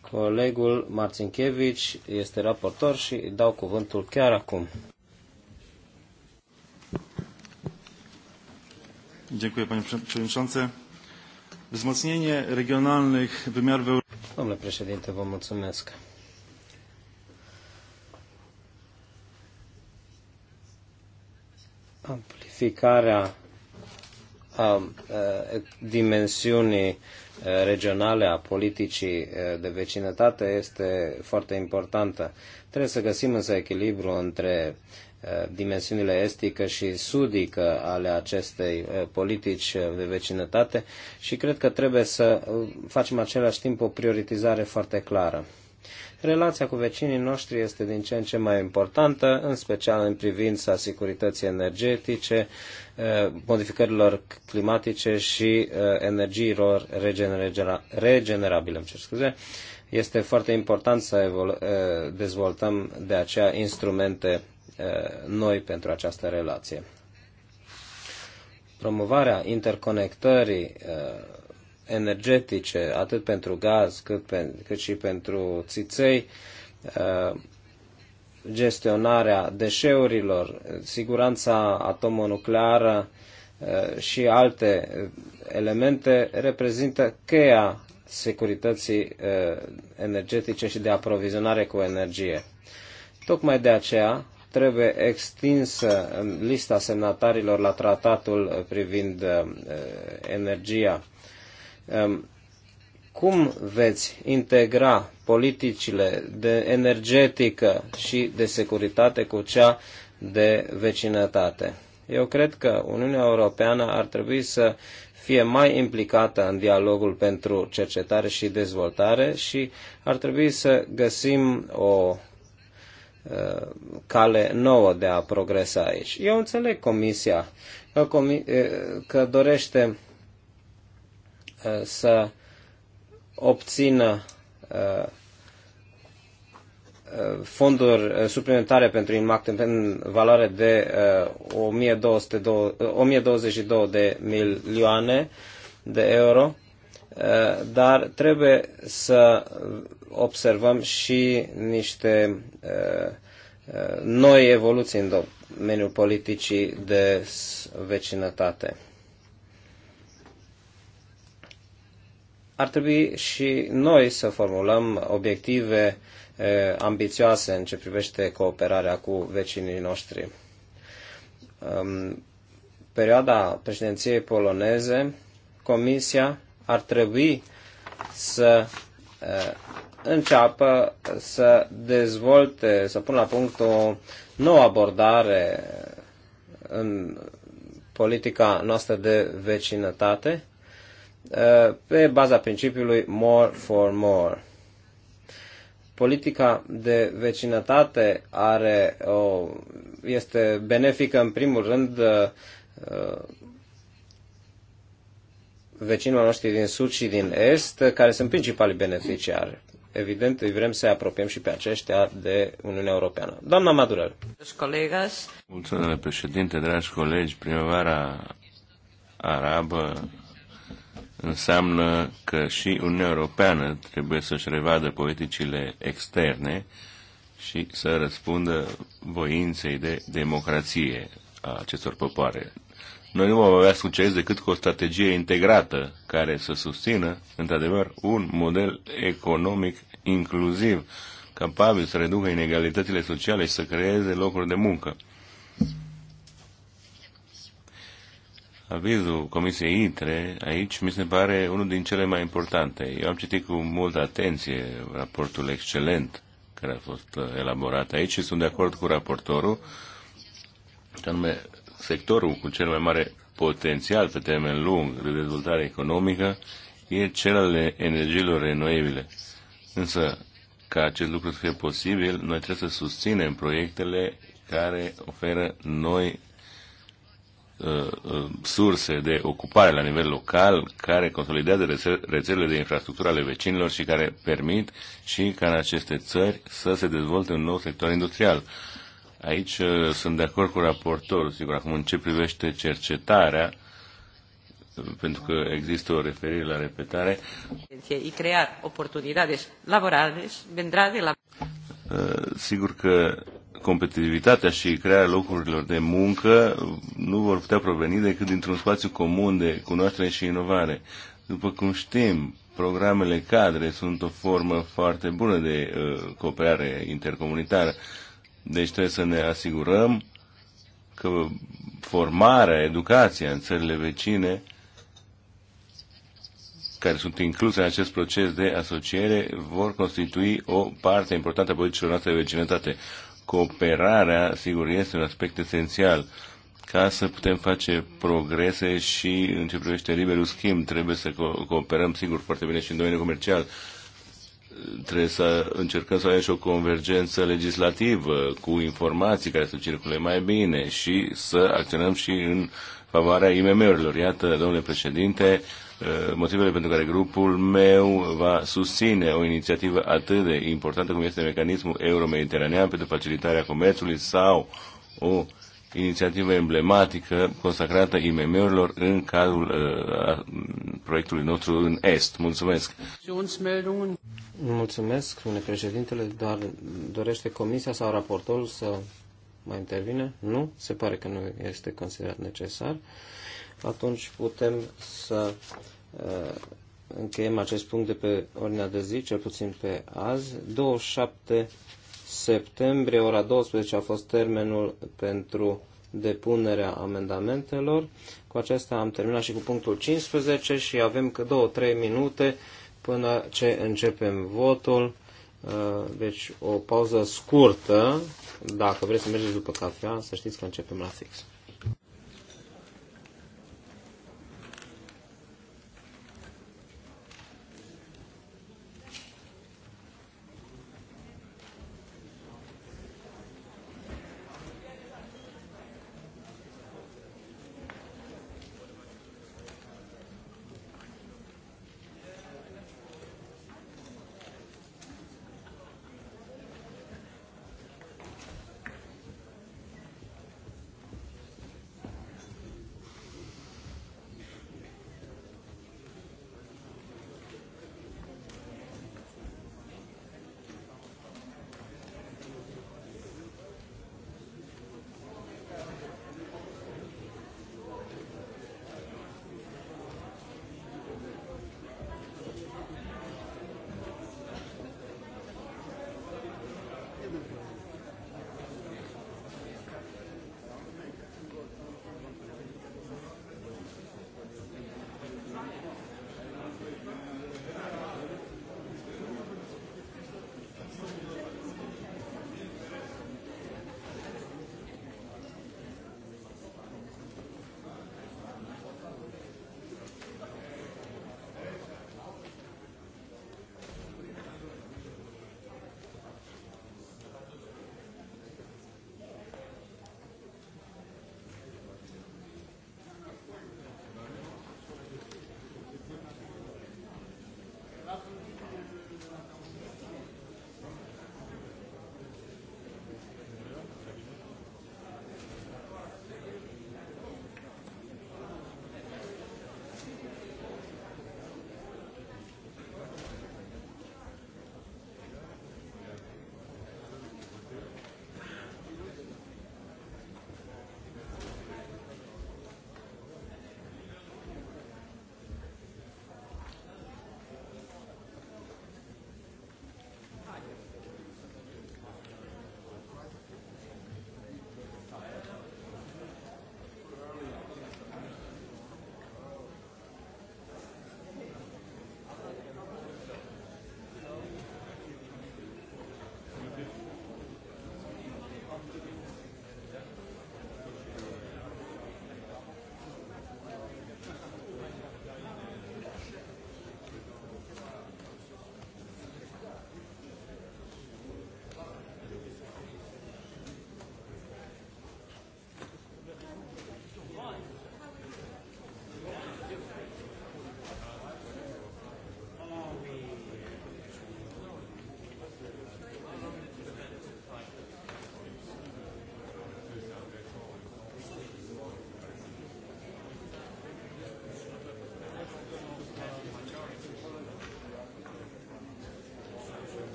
Colegul Marținchevici este raportor și îi dau cuvântul chiar acum. Dziękuję panie przewodniczący. Wzmocnienie regionalnych wymiarów Domnule președinte, vă mulțumesc. Am a, a um, uh, dimensiunii uh, regionale a politicii uh, de vecinătate este foarte importantă. Trebuie să găsim însă echilibru între dimensiunile estică și sudică ale acestei politici de vecinătate și cred că trebuie să facem același timp o prioritizare foarte clară. Relația cu vecinii noștri este din ce în ce mai importantă, în special în privința securității energetice, eh, modificărilor climatice și eh, energiilor regenerabile. Îmi cer scuze. Este foarte important să eh, dezvoltăm de aceea instrumente noi pentru această relație promovarea interconectării energetice, atât pentru gaz cât, pe, cât și pentru țiței, uh, gestionarea deșeurilor, siguranța atomonucleară uh, și alte elemente reprezintă cheia securității uh, energetice și de aprovizionare cu energie. Tocmai de aceea trebuie extinsă um, lista semnatarilor la tratatul privind energia Ehm, cum veți integra politicile de energetică și de securitate cu cea de vecinătate? Eu cred că Uniunea Europeană ar trebui să fie mai implicată în dialogul pentru cercetare și dezvoltare și ar trebui să găsim o ehm, cale nouă de a progresa aici. Eu înțeleg Comisia că, comi- că dorește Uh, să obțină uh, uh, fonduri suplimentare pentru IMACT în valoare de 1022 de milioane de euro, dar trebuie să observăm și niște noi evoluții în domeniul politicii de vecinătate. ar trebui și noi să formulăm obiective eh, ambițioase în ce privește cooperarea cu vecinii noștri. Ehm, perioada președinției poloneze, Comisia ar trebui să eh, înceapă să dezvolte, să pună la punct o nouă abordare în politica noastră de vecinătate, Uh, pe baza principiului more for more. Politica de vecinătate are o, este benefică în primul rând uh, uh, vecinilor noștri din sud și din est, care sunt principalii beneficiari. Evident, îi vrem să apropiem și pe aceștia de Uniunea Europeană. Doamna Madurel. Mulțumesc, președinte, dragi colegi. Primăvara arabă înseamnă că și Uniunea Europeană trebuie să-și revadă politicile externe și să răspundă voinței de democrație a acestor popoare. Noi nu vom avea succes decât cu o strategie integrată care să susțină, într-adevăr, un model economic inclusiv, capabil să reducă inegalitățile sociale și să creeze locuri de muncă. Avizul Comisiei Intre, aici mi se pare unul din cele mai importante. Eu am citit cu multă atenție raportul excelent care a fost uh, elaborat aici și sunt de acord cu raportorul, că anume sectorul cu cel mai mare potențial pe termen lung de dezvoltare economică e cel al energiilor renoibile. Însă, ca acest lucru să fie posibil, noi trebuie să susținem proiectele care oferă noi Uh, uh, surse de ocupare la nivel local care consolidează rețelele de infrastructură ale vecinilor și care permit și ca în aceste țări să se dezvolte un nou sector industrial. Aici uh, sunt de acord cu raportorul, sigur, acum în ce privește cercetarea, pentru că există o referire la repetare. crear la... Sigur că competitivitatea și crearea locurilor de muncă nu vor putea proveni decât dintr-un spațiu comun de cunoaștere și inovare. După cum știm, programele cadre sunt o formă foarte bună de uh, cooperare intercomunitară. Deci trebuie să ne asigurăm că formarea, educația în țările vecine care sunt incluse în acest proces de asociere vor constitui o parte importantă a politicilor noastre de vecinătate cooperarea, sigur, este un aspect esențial. Ca să putem face progrese și în ce privește liberul schimb, trebuie să co- cooperăm, sigur, foarte bine și în domeniul comercial. Trebuie să încercăm să avem și o convergență legislativă cu informații care să circule mai bine și să acționăm și în favoarea IMM-urilor. Iată, domnule președinte, uh, Eh, motivele pentru care grupul meu va susține o inițiativă atât de importantă cum este mecanismul euro-mediteranean pentru facilitarea comerțului sau o inițiativă emblematică consacrată IMM-urilor în cadrul uh, proiectului nostru în Est. Mulțumesc! Mulțumesc, domnule președintele, dar dorește comisia sau raportorul să mai intervine? Nu, se pare că nu este considerat necesar atunci putem să uh, încheiem acest punct de pe ordinea de zi, cel puțin pe azi. 27 septembrie, ora 12, a fost termenul pentru depunerea amendamentelor. Cu acesta am terminat și cu punctul 15 și avem că 2-3 minute până ce începem votul. Uh, deci o pauză scurtă, dacă vreți să mergeți după cafea, să știți că începem la fix.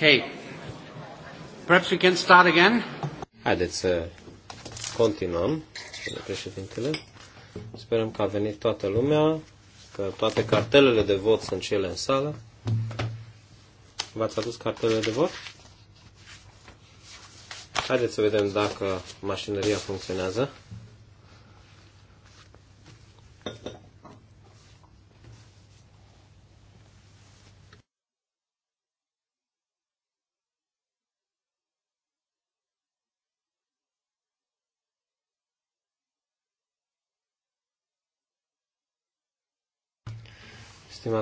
Ok, Perhaps we can start again. Haideți să continuăm, domnule președintele. Sperăm că a venit toată lumea, că toate cartelele de vot sunt cele în sală. V-ați adus cartelele de vot? Haideți să vedem dacă mașinăria funcționează.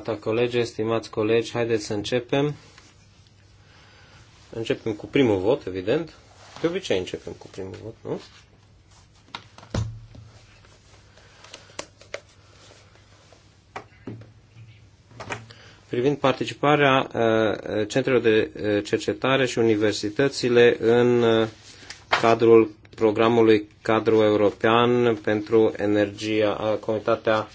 stimata colege, stimați colegi, haideți să începem. Începem cu primul vot, evident. De obicei începem cu primul vot, nu? privind participarea uh, centrelor de uh, cercetare și universitățile în uh, cadrul programului cadru european pentru energia, Comunitatea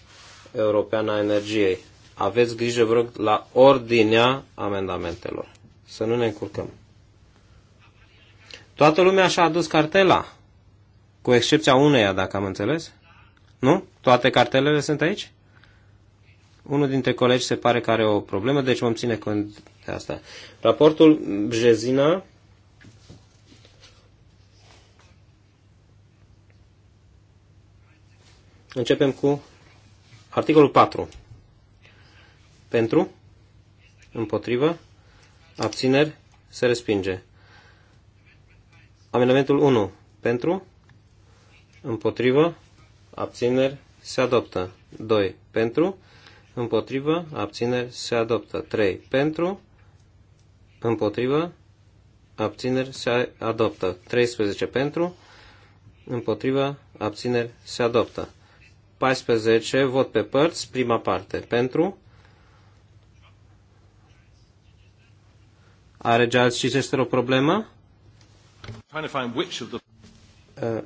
Europeană a Energiei aveți grijă, vă rog, la ordinea amendamentelor. Să nu ne încurcăm. Toată lumea și-a adus cartela, cu excepția uneia, dacă am înțeles. Nu? Toate cartelele sunt aici? Unul dintre colegi se pare că are o problemă, deci vom ține cont de asta. Raportul Bjezina Începem cu articolul 4. Pentru? Împotrivă? Abțineri? Se respinge. Amendamentul 1. Pentru? Împotrivă? Abțineri? Se adoptă. 2. Pentru? Împotrivă? Abțineri? Se adoptă. 3. Pentru? Împotrivă? Abțineri? Se adoptă. 13. Pentru? Împotrivă? Abțineri? Se adoptă. 14. Vot pe părți. Prima parte. Pentru? Are Giles Chichester o problemă? Uh,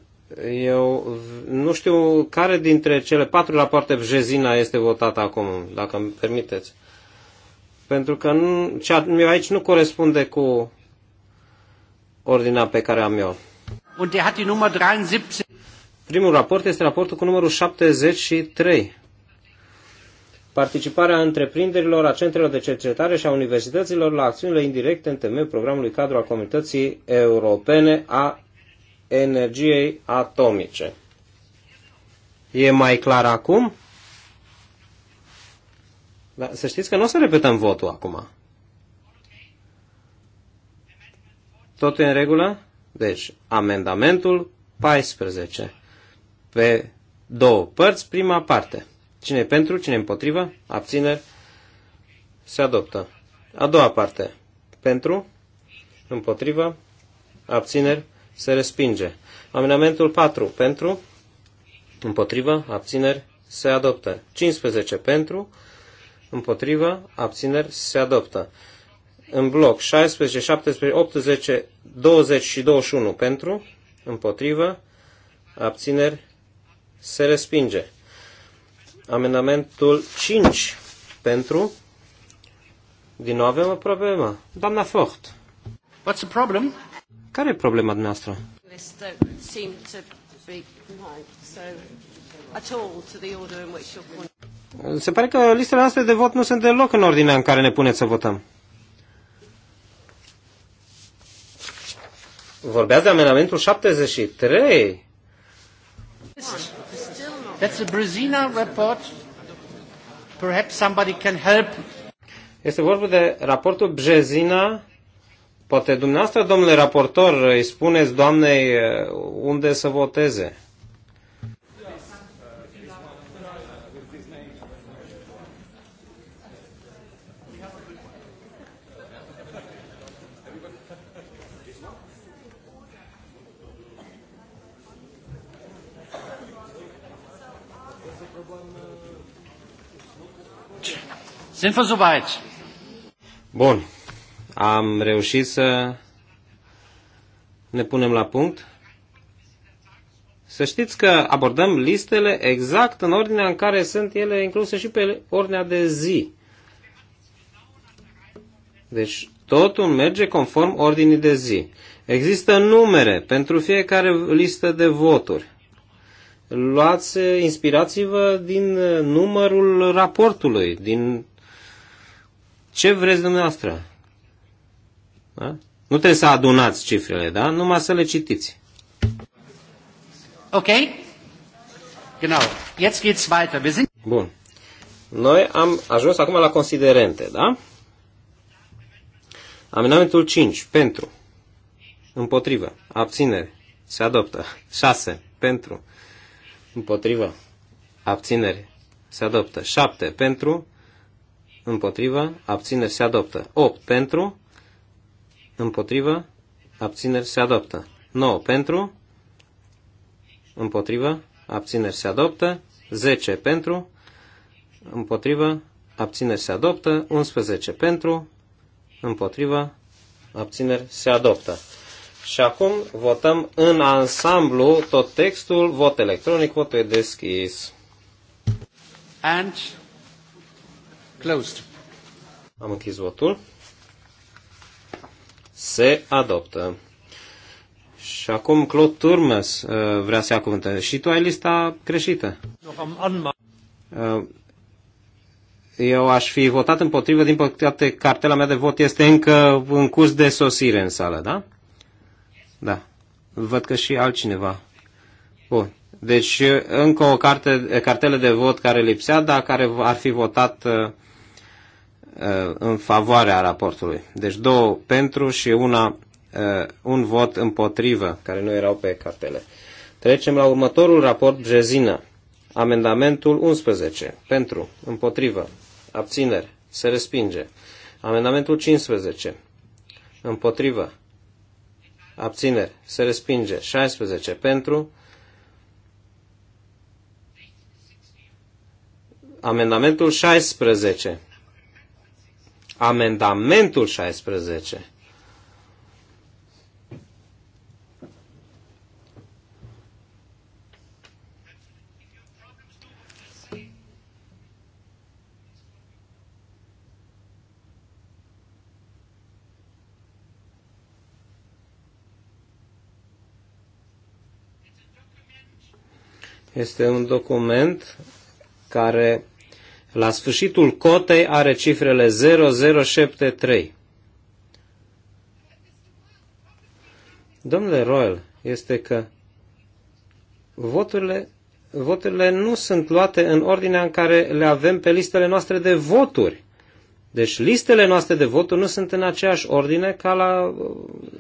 eu nu știu care dintre cele patru rapoarte Vjezina este votată acum, dacă îmi permiteți. Pentru că nu, cea, aici nu corespunde cu ordinea pe care am eu. Primul raport este raportul cu numărul 73 participarea întreprinderilor, a centrelor de cercetare și a universităților la acțiunile indirecte în temeiul programului cadru al Comunității Europene a Energiei Atomice. E mai clar acum? Dar să știți că nu o să repetăm votul acum. Tot în regulă? Deci, amendamentul 14. Pe două părți, prima parte. Cine e pentru, cine e împotrivă, abțineri, se adoptă. A doua parte. Pentru, împotrivă, abțineri, se respinge. Amendamentul 4. Pentru, împotrivă, abțineri, se adoptă. 15. Pentru, împotrivă, abțineri, se adoptă. În bloc 16, 17, 18, 20 și 21 pentru, împotrivă, abțineri, se respinge. Amendamentul 5 pentru. Din nou avem o problemă. Doamna Fort. What's the problem? Care e problema dumneavoastră? Se pare că listele noastre de vot nu sunt deloc în ordinea în care ne puneți să votăm. Vorbeați de amendamentul 73. That's a Brezina report. Perhaps somebody can help. Este vorba de raportul Brezina. Poate dumneavoastră, domnule raportor, îi spuneți doamnei uh, unde să voteze. Sind soweit? Bun. Am reușit să ne punem la punct. Să știți că abordăm listele exact în ordinea în care sunt ele incluse și pe ordinea de zi. Deci totul merge conform ordinii de zi. Există numere pentru fiecare listă de voturi. Luați, inspirați-vă din numărul raportului, din ce vreți dumneavoastră. Da? Nu trebuie să adunați cifrele, da? Numai să le citiți. Ok? Genau. Jetzt geht's weiter. Wir sind... Bun. Noi am ajuns acum la considerente, da? Amendamentul 5. Pentru. Împotrivă. Abținere. Se adoptă. 6. Pentru. Împotrivă. Abținere. Se adoptă. 7. Pentru împotrivă, abțineri se adoptă. 8 pentru, împotrivă, abțineri se adoptă. 9 pentru, împotrivă, abțineri se adoptă. 10 pentru, împotrivă, abțineri se adoptă. 11 pentru, împotrivă, abțineri se adoptă. Și acum votăm în ansamblu tot textul, vot electronic, votul e deschis. And Closed. Am închis votul. Se adoptă. Și acum Claude Turmes uh, vrea să ia cuvântă. Și tu ai lista creșită. Uh, eu aș fi votat împotrivă, din păcate cartela mea de vot este încă în curs de sosire în sală, da? Da. Văd că și altcineva. Bun. Deci încă o carte, cartelă de vot care lipsea, dar care ar fi votat uh, Uh, în favoarea raportului. Deci două pentru și una, uh, un vot împotrivă, care nu erau pe cartele. Trecem la următorul raport, Brezina. Amendamentul 11. Pentru, împotrivă, abțineri, se respinge. Amendamentul 15. Împotrivă, abțineri, se respinge. 16. Pentru, amendamentul 16. Amendamentul 16. Este un document care la sfârșitul cotei are cifrele 0073. Domnule Royal, este că voturile, voturile nu sunt luate în ordinea în care le avem pe listele noastre de voturi. Deci listele noastre de voturi nu sunt în aceeași ordine ca, la,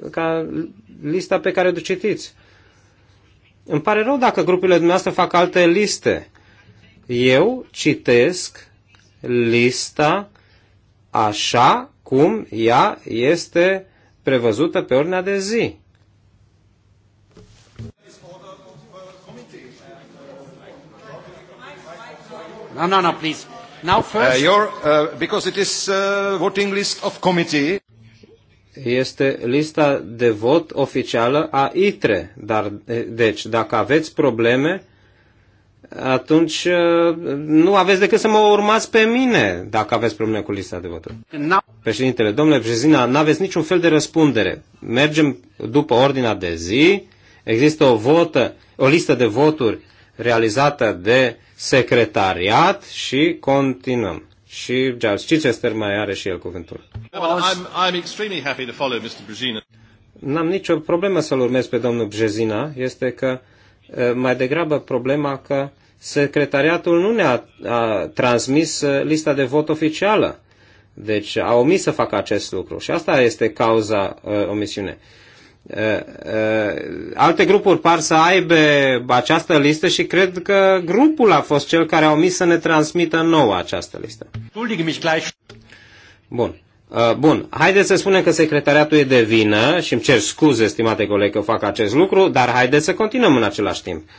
ca lista pe care o citiți. Îmi pare rău dacă grupurile dumneavoastră fac alte liste eu citesc lista așa cum ea este prevăzută pe ordinea de zi. No, no, no, please. Now uh, first. Uh, your, uh, because it is uh, voting list of committee. Este lista de vot oficială a ITRE, dar eh, deci dacă aveți probleme, atunci uh, nu aveți decât să mă urmați pe mine dacă aveți probleme cu lista de voturi. Președintele, domnule Brezina, nu aveți niciun fel de răspundere. Mergem după ordinea de zi, există o, votă, o listă de voturi realizată de secretariat și continuăm. Și George Chichester mai are și el cuvântul. N-am nicio problemă să-l urmez pe domnul Brezina, este că uh, mai degrabă problema că secretariatul nu ne-a transmis uh, lista de vot oficială. Deci a omis să facă acest lucru și asta este cauza uh, omisiune. Uh, uh, alte grupuri par să aibă această listă și cred că grupul a fost cel care a omis să ne transmită nouă această listă. Bun. Uh, bun, haideți să spunem că secretariatul e de vină și îmi cer scuze, stimate coleg, că fac acest lucru, dar haideți să continuăm în același timp. Uh,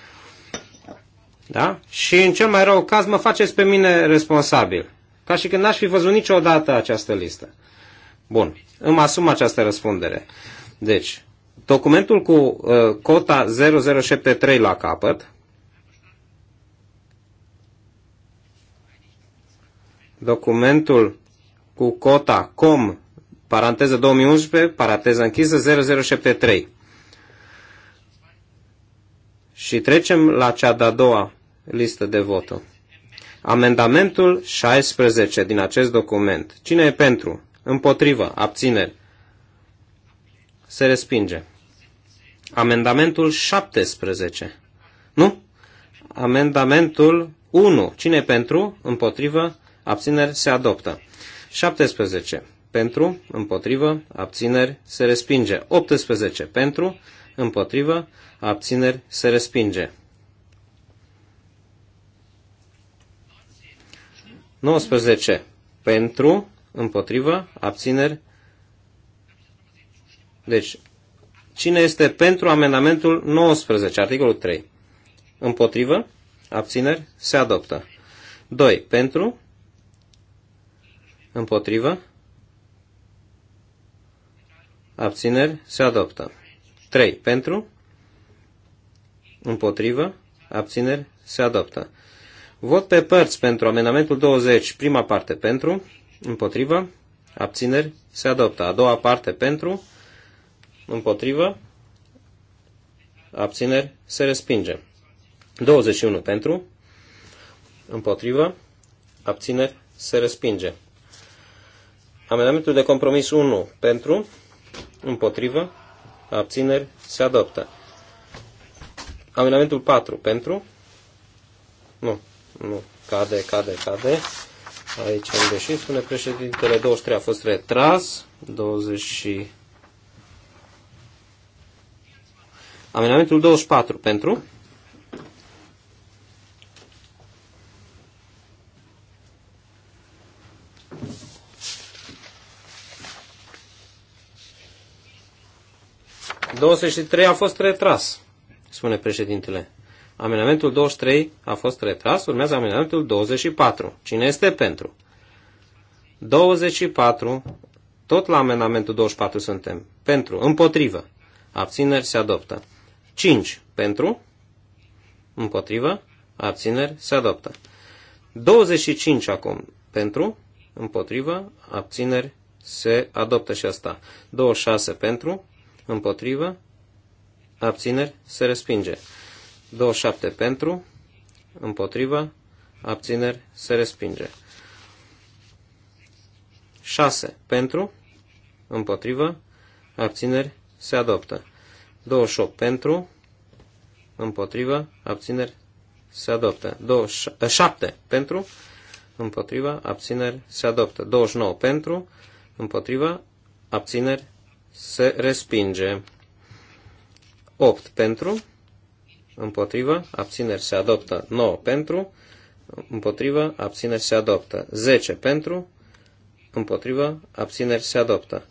da? Și în cel mai rău caz mă faceți pe mine responsabil. Ca și când n-aș fi văzut niciodată această listă. Bun, îmi asum această răspundere. Deci, documentul cu uh, cota 0073 la capăt, documentul cu cota com, paranteză 2011, paranteză închisă, 0073. Și trecem la cea de-a doua listă de votă. Amendamentul 16 din acest document. Cine e pentru? Împotrivă? Abțineri? Se respinge. Amendamentul 17. Nu? Amendamentul 1. Cine e pentru? Împotrivă? Abțineri? Se adoptă. 17. Pentru? Împotrivă? Abțineri? Se respinge. 18. Pentru? împotrivă, abțineri, se respinge. 19. Pentru, împotrivă, abțineri. Deci, cine este pentru amendamentul 19, articolul 3? Împotrivă, abțineri, se adoptă. 2. Pentru, împotrivă, abțineri, se adoptă. 3 pentru, împotrivă, abțineri, se adoptă. Vot pe părți pentru amendamentul 20, prima parte pentru, împotrivă, abțineri, se adoptă. A doua parte pentru, împotrivă, abțineri, se respinge. 21 pentru, împotrivă, abțineri, se respinge. Amendamentul de compromis 1 pentru, împotrivă, abțineri, se adoptă. Amendamentul 4 pentru, nu, nu, cade, cade, cade. Aici am greșit, spune președintele, 23 a fost retras, 20 Amendamentul 24 pentru, 23 a fost retras, spune președintele. Amendamentul 23 a fost retras, urmează amendamentul 24. Cine este pentru? 24, tot la amendamentul 24 suntem. Pentru, împotrivă. Abțineri se adoptă. 5 pentru, împotrivă, abțineri se adoptă. 25 acum pentru, împotrivă, abțineri se adoptă și asta. 26 pentru, împotrivă, abțineri, se respinge. 27 pentru, împotrivă, abțineri, se respinge. 6 pentru, împotrivă, abțineri, se adoptă. 28 pentru, împotrivă, abțineri, se adoptă. 27 eh, pentru, împotrivă, abțineri, se adoptă. 29 pentru, împotrivă, abțineri, se respinge. 8 pentru, împotrivă, abțineri se adoptă. 9 pentru, împotrivă, abțineri se adoptă. 10 pentru, împotrivă, abțineri se adoptă.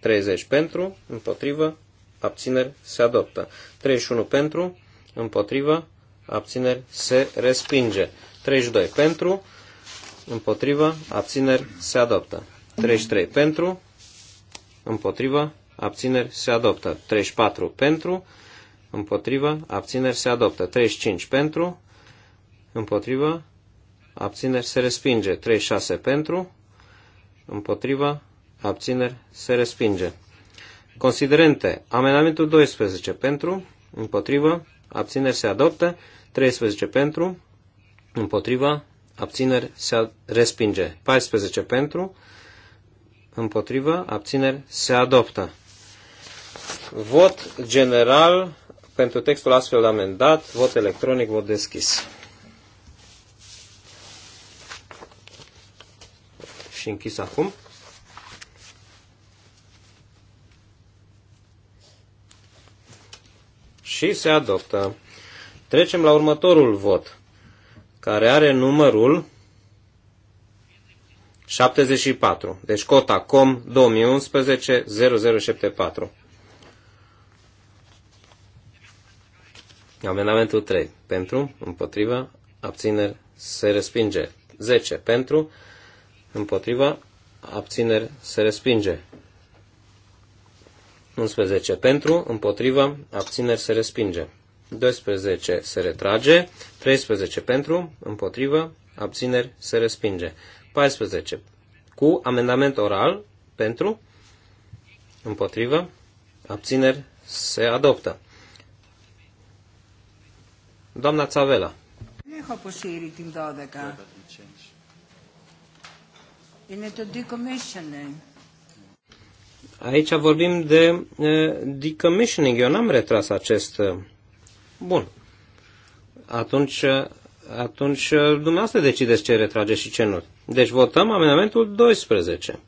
30 pentru, împotrivă, abțineri se adoptă. 31 pentru, împotrivă, abțineri se respinge. 32 pentru, împotrivă, abțineri se adoptă. 33 pentru, împotrivă, abțineri se adoptă. 34 pentru, împotriva, abțineri se adoptă. 35 pentru, împotriva, abțineri se respinge. 36 pentru, împotriva, abțineri se respinge. Considerente, amendamentul 12 pentru, împotriva, abțineri se adoptă. 13 pentru, împotriva, abțineri se respinge. 14 pentru, împotriva, abțineri se adoptă. Vot general pentru textul astfel amendat, vot electronic, vot deschis. Și închis acum. Și se adoptă. Trecem la următorul vot, care are numărul 74. Deci cota COM 2011 0074. Amendamentul 3. Pentru, împotriva, abțineri, se respinge. 10. Pentru, împotriva, abțineri, se respinge. 11. Pentru, împotriva, abțineri, se respinge. 12. Se retrage. 13. Pentru, împotriva, abțineri, se respinge. 14. Cu amendament oral, pentru, împotriva, abțineri, se adoptă. Doamna Țavela. Έχω αποσύρει την 12. Είναι το decommissioning. Aici vorbim de uh, decommissioning. Eu n-am retras acest... Bun. Atunci, atunci dumneavoastră decideți ce retrage și ce nu. Deci votăm amendamentul 12.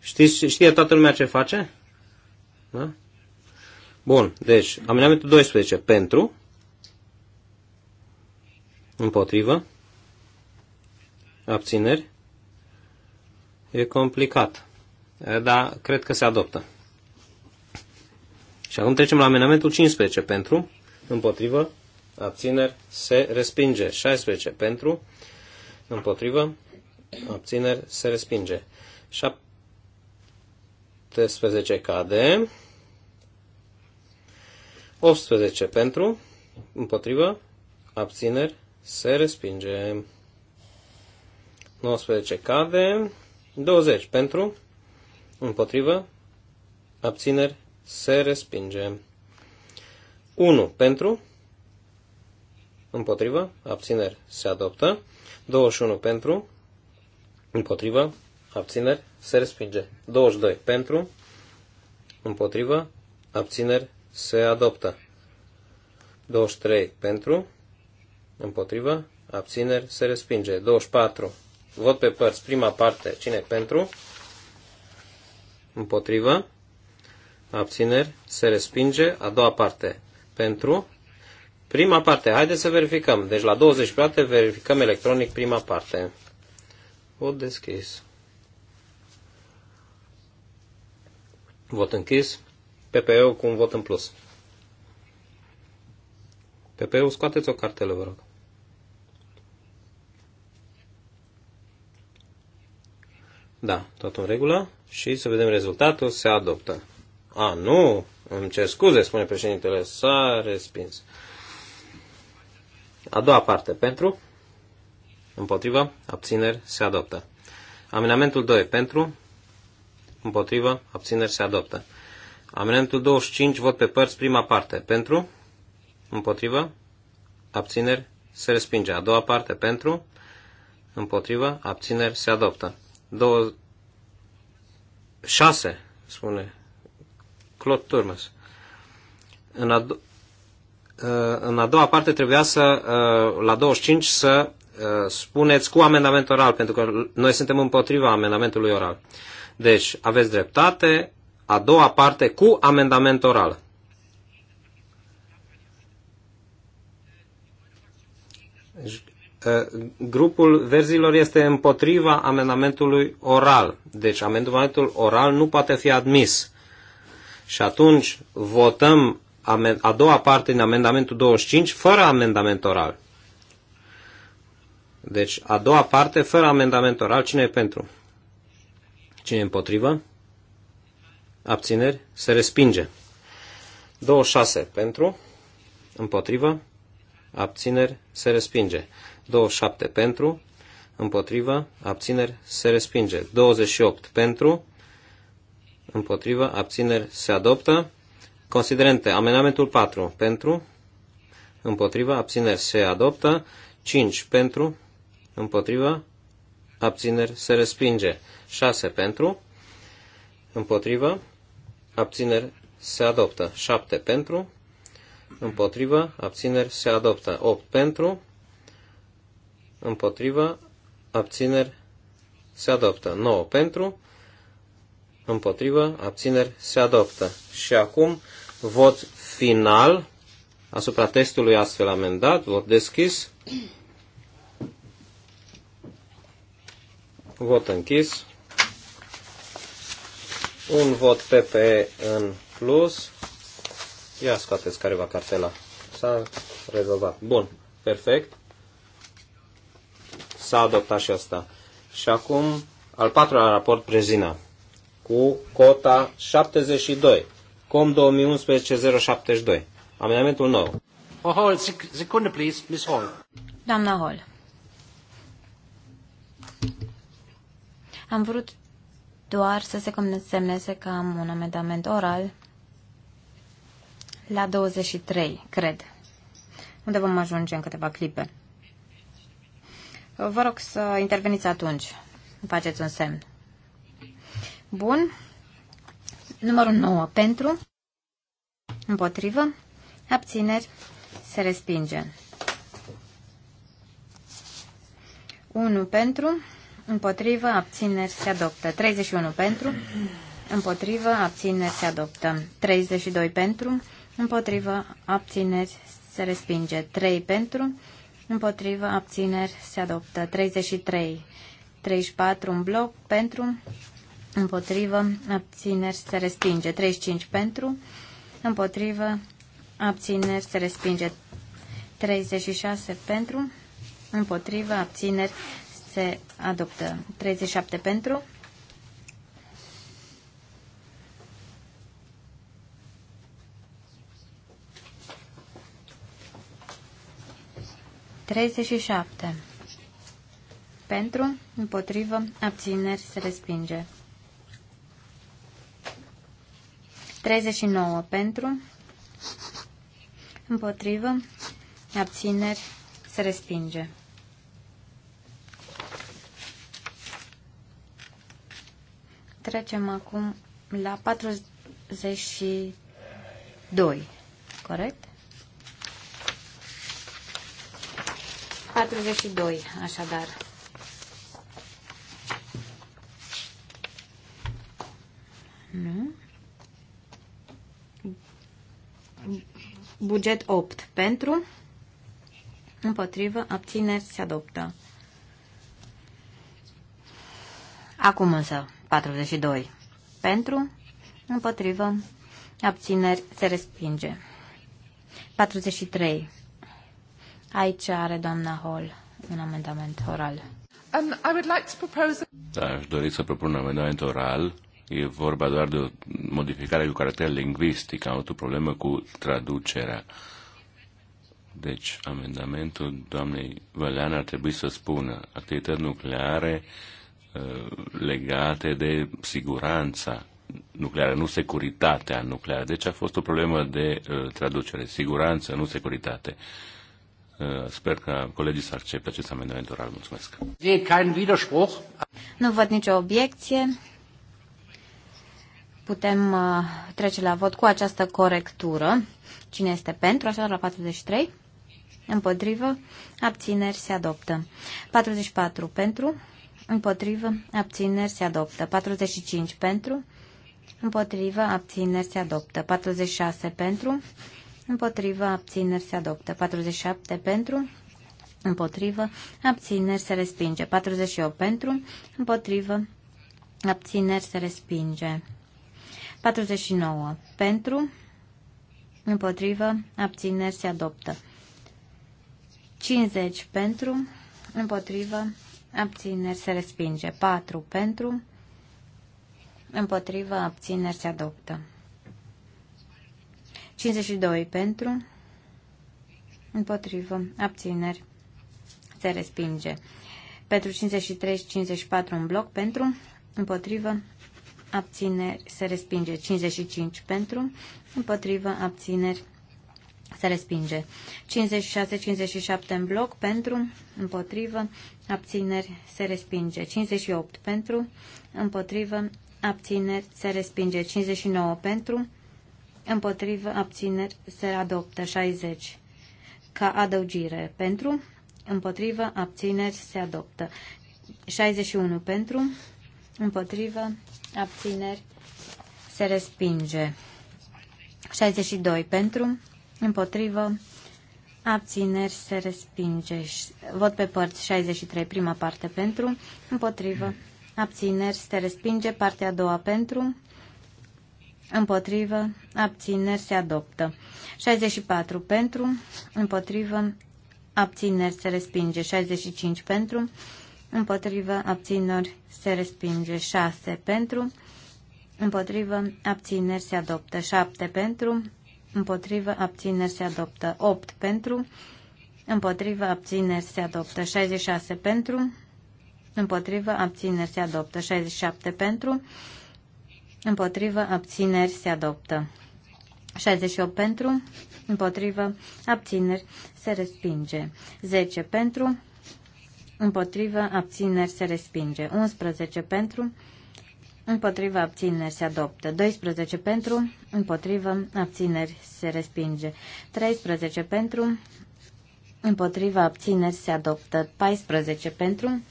Știți, știe toată lumea ce face? Da? Bun, deci amendamentul 12 pentru, Împotrivă? Abțineri? E complicat. Dar cred că se adoptă. Și acum trecem la amenamentul 15 pentru, împotrivă, abțineri, se respinge. 16 pentru, împotrivă, abțineri, se respinge. 17 cade. 18 pentru, împotrivă, abțineri, se respinge. 19 cade. 20 pentru. Împotrivă. Abțineri. Se respinge. 1 pentru. Împotrivă. Abțineri. Se adoptă. 21 pentru. Împotrivă. Abțineri. Se respinge. 22 pentru. Împotrivă. Abțineri. Se adoptă. 23 pentru împotrivă, abțineri, se respinge. 24. Vot pe părți, prima parte, cine pentru, împotrivă, abțineri, se respinge. A doua parte, pentru. Prima parte, haideți să verificăm. Deci la 24 verificăm electronic prima parte. Vot deschis. Vot închis. PPE-ul cu un vot în plus. PPE-ul, scoateți o cartelă, vă rog. Da, tot în regulă. Și să vedem rezultatul. Se adoptă. A, nu! Îmi cer scuze, spune președintele. S-a respins. A doua parte. Pentru? Împotrivă? Abțineri? Se adoptă. Amendamentul 2. Pentru? Împotrivă? Abțineri? Se adoptă. Amendamentul 25. Vot pe părți. Prima parte. Pentru? Împotrivă? Abțineri? Se respinge. A doua parte. Pentru? Împotrivă? Abțineri? Se adoptă. Două... Șase, spune Claude Turmes. În a, uh, în a doua parte trebuia să, uh, la 25, să uh, spuneți cu amendament oral, pentru că noi suntem împotriva amendamentului oral. Deci, aveți dreptate, a doua parte cu amendament oral. Eh, grupul verzilor este împotriva amendamentului oral. Deci amendamentul oral nu poate fi admis. Și atunci votăm a doua parte din amendamentul 25 fără amendament oral. Deci a doua parte fără amendament oral. Cine e pentru? Cine e împotrivă? Abțineri? Se respinge. 26 pentru, împotrivă, abțineri, se respinge. 27 pentru, împotriva, abțineri, se respinge. 28 pentru, împotriva, abțineri, se adoptă. Considerente, amenamentul 4 pentru, împotriva, abțineri, se adoptă. 5 pentru, împotriva, abțineri, se respinge. 6 pentru, împotriva, abțineri, se adoptă. 7 pentru, împotriva, abțineri, se adoptă. 8 pentru, împotrivă, abțineri, se adoptă. 9 pentru, împotrivă, abțineri, se adoptă. Și acum vot final asupra testului astfel amendat, vot deschis, vot închis, un vot PPE în plus, ia scoateți careva cartela, s-a rezolvat. Bun, perfect. S-a adoptat și asta. Și acum, al patrulea raport Prezina, cu cota 72, com 2011-072, amendamentul nou. Oh, Hall, secundă, please, Miss Hall. Doamna Hall. Am vrut doar să se semneze că am un amendament oral la 23, cred, unde vom ajunge în câteva clipe. Vă rog să interveniți atunci. Faceți un semn. Bun. Numărul 9. Pentru. Împotrivă. Abțineri. Se respinge. 1 pentru. Împotrivă. Abțineri. Se adoptă. 31 pentru. Împotrivă. Abțineri. Se adoptă. 32 pentru. Împotrivă. Abțineri. Se respinge. 3 pentru împotrivă, abțineri, se adoptă. 33, 34 în bloc, pentru, împotrivă, abțineri, se respinge. 35 pentru, împotrivă, abțineri, se respinge. 36 pentru, împotrivă, abțineri, se adoptă. 37 pentru, 37. Pentru, împotrivă, abțineri, se respinge. 39. Pentru, împotrivă, abțineri, se respinge. 40. Trecem acum la 42. Corect? 42, așadar. Nu? Buget 8 pentru, împotrivă, abțineri, se adoptă. Acum însă, 42. Pentru, împotrivă, abțineri, se respinge. 43. Aici are doamna Hall un amendament oral. Um, I would like to propose... Da, aș dori să propun un amendament oral. E vorba doar de o modificare cu caracter lingvistic. Am avut o problemă cu traducerea. Deci, amendamentul doamnei Vălean ar trebui să spună activități nucleare uh, legate de siguranța nucleară, nu securitatea nucleară. Deci a fost o problemă de uh, traducere. Siguranță, nu securitate. Uh, Eh, sper că colegii să accepte acest amendament oral. Mulțumesc. Nu văd nicio obiecție. Putem eh, trece la vot cu această corectură. Cine este pentru? Așa la 43. Împotrivă. Abțineri se adoptă. 44 pentru. Împotrivă. Abțineri se adoptă. 45 pentru. Împotrivă. Abțineri se adoptă. 46 pentru împotrivă, abțineri se adoptă. 47 pentru, împotrivă, abțineri se respinge. 48 pentru, împotrivă, abțineri se respinge. 49 pentru, împotrivă, abțineri se adoptă. 50 pentru, împotrivă, abțineri se respinge. 4 pentru, împotrivă, abțineri se adoptă. 52 pentru, împotrivă, abțineri, se respinge. Pentru 53 și 54 un bloc pentru, împotrivă, abțineri, se respinge. 55 pentru, împotrivă, abțineri, se respinge. 56-57 în bloc pentru, împotrivă, abțineri, se respinge. 58 pentru, împotrivă, abțineri, se respinge. 59 pentru, împotrivă, abțineri, se adoptă 60 ca adăugire pentru, împotrivă, abțineri, se adoptă 61 pentru, împotrivă, abțineri, se respinge 62 pentru, împotrivă, abțineri, se respinge vot pe părți 63, prima parte pentru, împotrivă, abțineri, se respinge partea a doua pentru, împotrivă, abțineri se adoptă. 64 pentru, împotrivă, abțineri se respinge. 65 pentru, împotrivă, abțineri se respinge. 6 pentru, împotrivă, abțineri se adoptă. 7 pentru, împotrivă, abțineri se adoptă. 8 pentru, împotrivă, abțineri se adoptă. 66 pentru, împotrivă, abțineri se adoptă. 67 pentru, împotrivă, abțineri, se adoptă. 68 pentru, împotrivă, abțineri, se respinge. 10 pentru, împotrivă, abțineri, se respinge. 11 pentru, împotrivă, abțineri, se adoptă. 12 pentru, împotrivă, abțineri, se respinge. 13 pentru, împotrivă, abțineri, se adoptă. 14 pentru,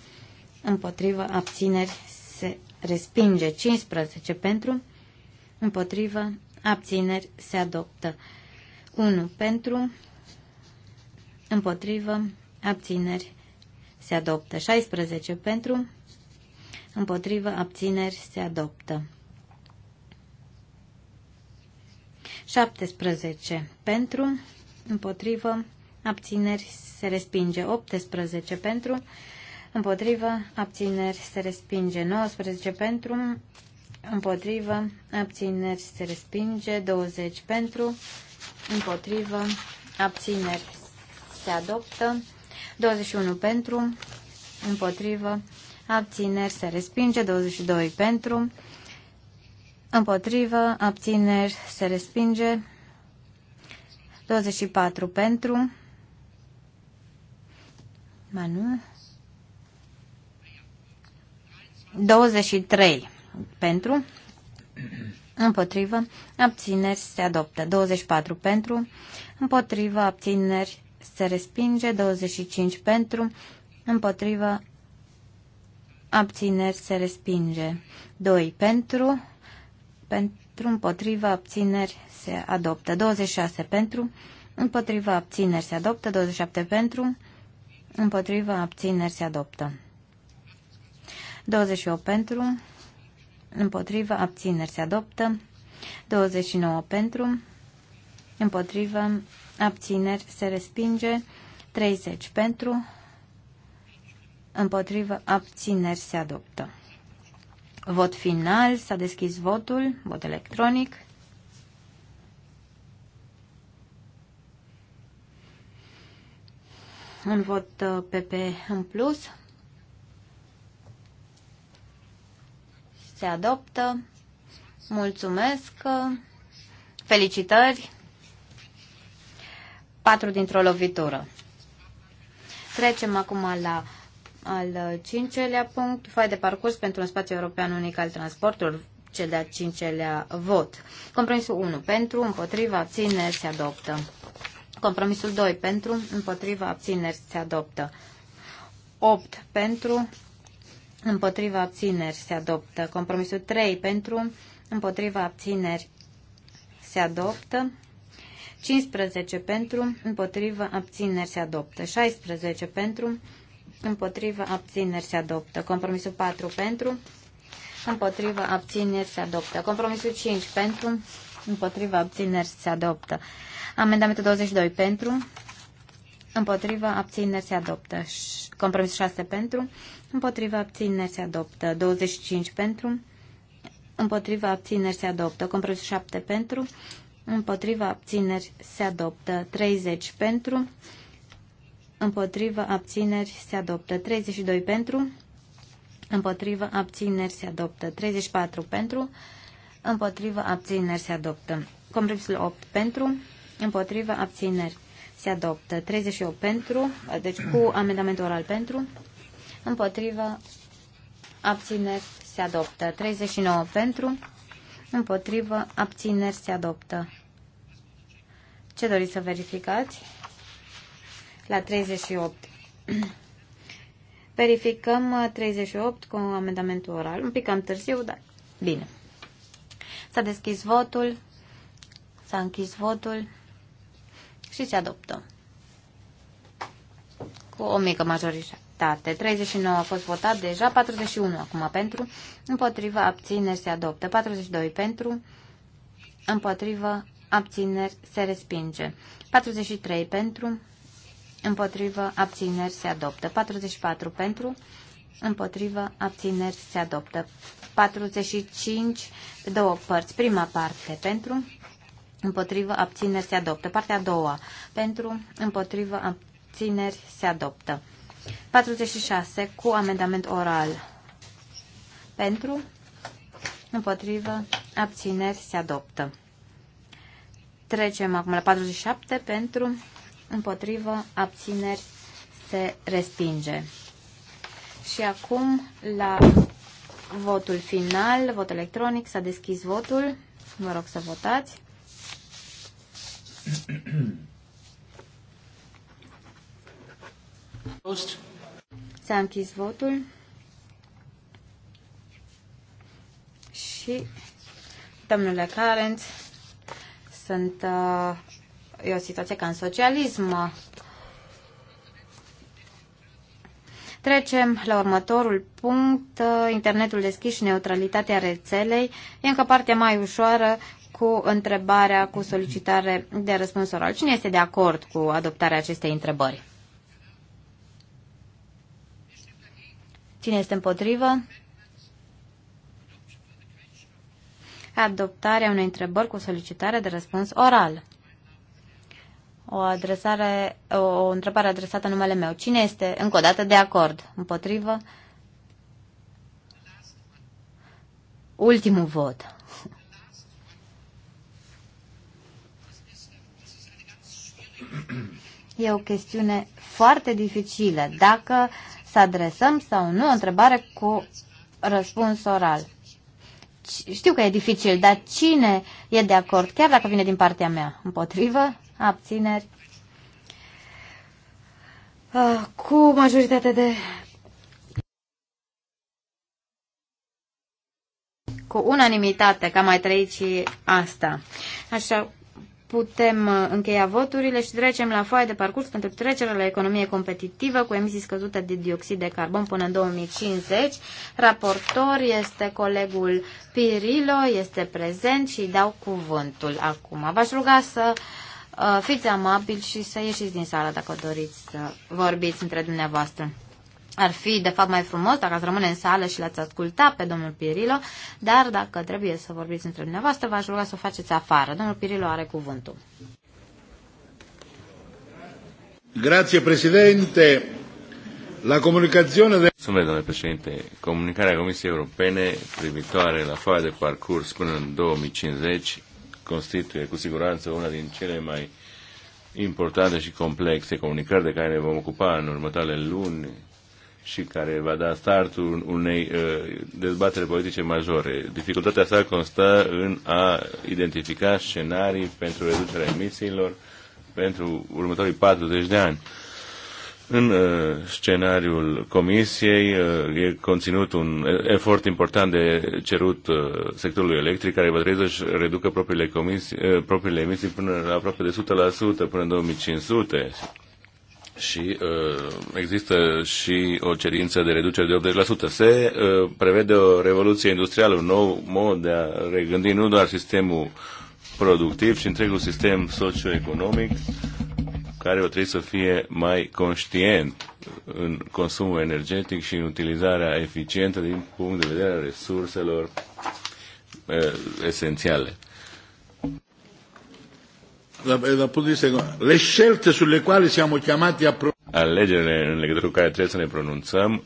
împotrivă, abțineri, respinge. 15 pentru, împotrivă, abțineri, se adoptă. 1 pentru, împotrivă, abțineri, se adoptă. 16 pentru, împotrivă, abțineri, se adoptă. 17 pentru, împotrivă, abțineri, se respinge. 18 pentru, împotrivă, abțineri se respinge. 19 pentru, împotrivă, abțineri se respinge. 20 pentru, împotrivă, abțineri se adoptă. 21 pentru, împotrivă, abțineri se respinge. 22 pentru, împotrivă, abțineri se respinge. 24 pentru, Manu, 23 pentru, împotrivă, abțineri se adoptă. 24 pentru, împotrivă, abțineri se respinge. 25 pentru, împotrivă, abțineri se respinge. 2 pentru, pentru, împotrivă, abțineri se adoptă. 26 pentru, împotrivă, abțineri se adoptă. 27 pentru, împotrivă, abțineri se adoptă. 28 pentru, împotrivă, abțineri se adoptă. 29 pentru, împotrivă, abțineri se respinge. 30 pentru, împotrivă, abțineri se adoptă. Vot final, s-a deschis votul, vot electronic. Un vot PP uh, în plus. Se adoptă. Mulțumesc. Felicitări. Patru dintr-o lovitură. Trecem acum la al cincelea punct, fai de parcurs pentru un spațiu european unic al transporturilor, cel de-al cincelea vot. Compromisul 1 pentru, împotriva, abțineri, se adoptă. Compromisul 2 pentru, împotriva, abțineri, se adoptă. 8 pentru, împotriva abțineri se adoptă. Compromisul 3 pentru, împotriva abțineri se adoptă. 15 pentru, împotriva abțineri se adoptă. 16 pentru, împotriva abțineri se adoptă. Compromisul 4 pentru, împotriva abțineri se adoptă. Compromisul 5 pentru, împotriva abțineri se adoptă. Amendamentul 22 pentru, Împotriva abțineri se adoptă. Compromis 6 pentru. Împotriva abțineri se adoptă. 25 pentru. Împotriva abțineri se adoptă. Compromis 7 pentru. Împotriva abțineri se adoptă. 30 pentru. Împotriva abțineri se adoptă. 32 pentru. Împotriva abțineri se adoptă. 34 pentru. Împotriva abțineri se adoptă. Compromisul 8 pentru. Împotriva abțineri se adoptă. 38 pentru, deci cu amendamentul oral pentru, împotrivă, abțineri, se adoptă. 39 pentru, împotrivă, abțineri, se adoptă. Ce doriți să verificați? La 38. Verificăm 38 cu amendamentul oral. Un pic cam târziu, dar bine. S-a deschis votul. S-a închis votul și se adoptă. Cu o mică majoritate. 39 a fost votat deja, 41 acum pentru, împotriva abțineri se adoptă, 42 pentru, împotriva abțineri se respinge, 43 pentru, împotriva abțineri se adoptă, 44 pentru, împotriva abțineri se adoptă, 45 pe două părți, prima parte pentru, împotrivă, abțineri, se adoptă. Partea a doua, pentru, împotrivă, abțineri, se adoptă. 46, cu amendament oral, pentru, împotrivă, abțineri, se adoptă. Trecem acum la 47, pentru, împotrivă, abțineri, se respinge. Și acum la votul final, vot electronic, s-a deschis votul. Vă rog să votați. S-a închis votul și domnule Carent, sunt uh, e o situație ca în socialism. Trecem la următorul punct, uh, internetul deschis și neutralitatea rețelei. E încă partea mai ușoară cu întrebarea cu solicitare de răspuns oral. Cine este de acord cu adoptarea acestei întrebări? Cine este împotrivă? Adoptarea unei întrebări cu solicitare de răspuns oral. O, adresare, o întrebare adresată numele meu. Cine este, încă o dată, de acord? Împotrivă? Ultimul vot. E o chestiune foarte dificilă dacă să adresăm sau nu o întrebare cu răspuns oral. Știu că e dificil, dar cine e de acord, chiar dacă vine din partea mea? Împotrivă? Abțineri? Ah, cu majoritatea de... Cu unanimitate, că am mai trăit și asta. Așa putem uh, încheia voturile și trecem la foaia de parcurs pentru trecerea la economie competitivă cu emisii scăzute de dioxid de carbon până în 2050. Raportor este colegul Pirilo, este prezent și îi dau cuvântul acum. V-aș ruga să uh, fiți amabili și să ieșiți din sală dacă doriți să vorbiți între dumneavoastră. Ar fi, de fapt, mai frumos dacă ați rămâne în sală și l-ați asculta pe domnul Pirilo, dar dacă trebuie să vorbiți între dumneavoastră, v-aș ruga să o faceți afară. Domnul Pirilo are cuvântul. Grazie, președinte. La comunicazione de... Mulțumesc, domnule președinte. Comunicarea Comisiei Europene privitoare la foaia de parcurs până în 2050 constituie cu siguranță una din cele mai importante și complexe comunicări de care ne vom ocupa în următoarele luni și care va da startul unei uh, dezbatere politice majore. Dificultatea sa constă în a identifica scenarii pentru reducerea emisiilor pentru următorii 40 de ani. În uh, scenariul comisiei uh, e conținut un efort important de cerut uh, sectorului electric care va trebui să-și reducă propriile, comisii, uh, propriile emisii până la aproape de 100% până în 2500 și uh, există și o cerință de reducere de 80%. Se uh, prevede o revoluție industrială, un nou mod de a regândi nu doar sistemul productiv, ci întregul sistem socioeconomic care o trebuie să fie mai conștient în consumul energetic și în utilizarea eficientă din punct de vedere a resurselor uh, esențiale dal punto di vista le scelte sulle quali siamo chiamati a alegerile în legătură cu care trebuie să ne pronunțăm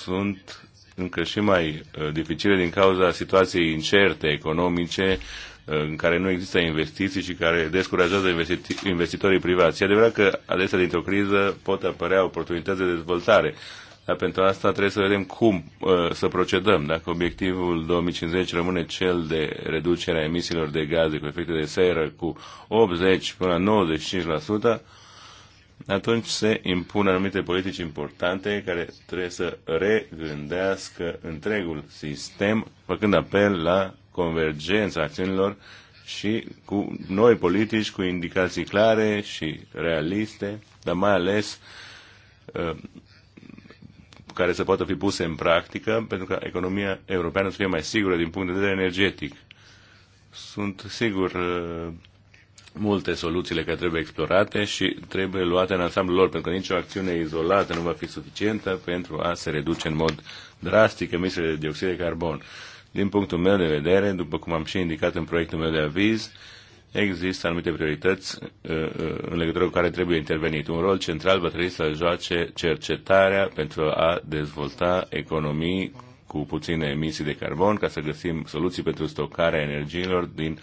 sunt încă și mai uh, dificile din cauza situației incerte economice uh, în care nu există investiții și care descurajează investitorii privați. E adevărat că adesea dintr-o criză pot apărea oportunități de dezvoltare, dar pentru asta trebuie să vedem cum uh, să procedăm. Dacă obiectivul 2050 rămâne cel de reducerea emisiilor de gaze cu efecte de seră cu 80 până la 95%, atunci se impun anumite politici importante care trebuie să regândească întregul sistem, făcând apel la convergența acțiunilor și cu noi politici, cu indicații clare și realiste, dar mai ales uh, care să poată fi puse în practică pentru ca economia europeană să fie mai sigură din punct de vedere energetic. Sunt sigur uh, multe soluțiile care trebuie explorate și trebuie luate în ansamblu lor, pentru că nicio acțiune izolată nu va fi suficientă pentru a se reduce în mod drastic emisiile de dioxid de carbon. Din punctul meu de vedere, după cum am și indicat în proiectul meu de aviz, uh, există anumite priorități uh, uh, în legătură cu care trebuie intervenit. Un rol central va trebui să joace cercetarea pentru a dezvolta economii cu puține emisii de carbon, ca să găsim soluții pentru stocarea energiilor din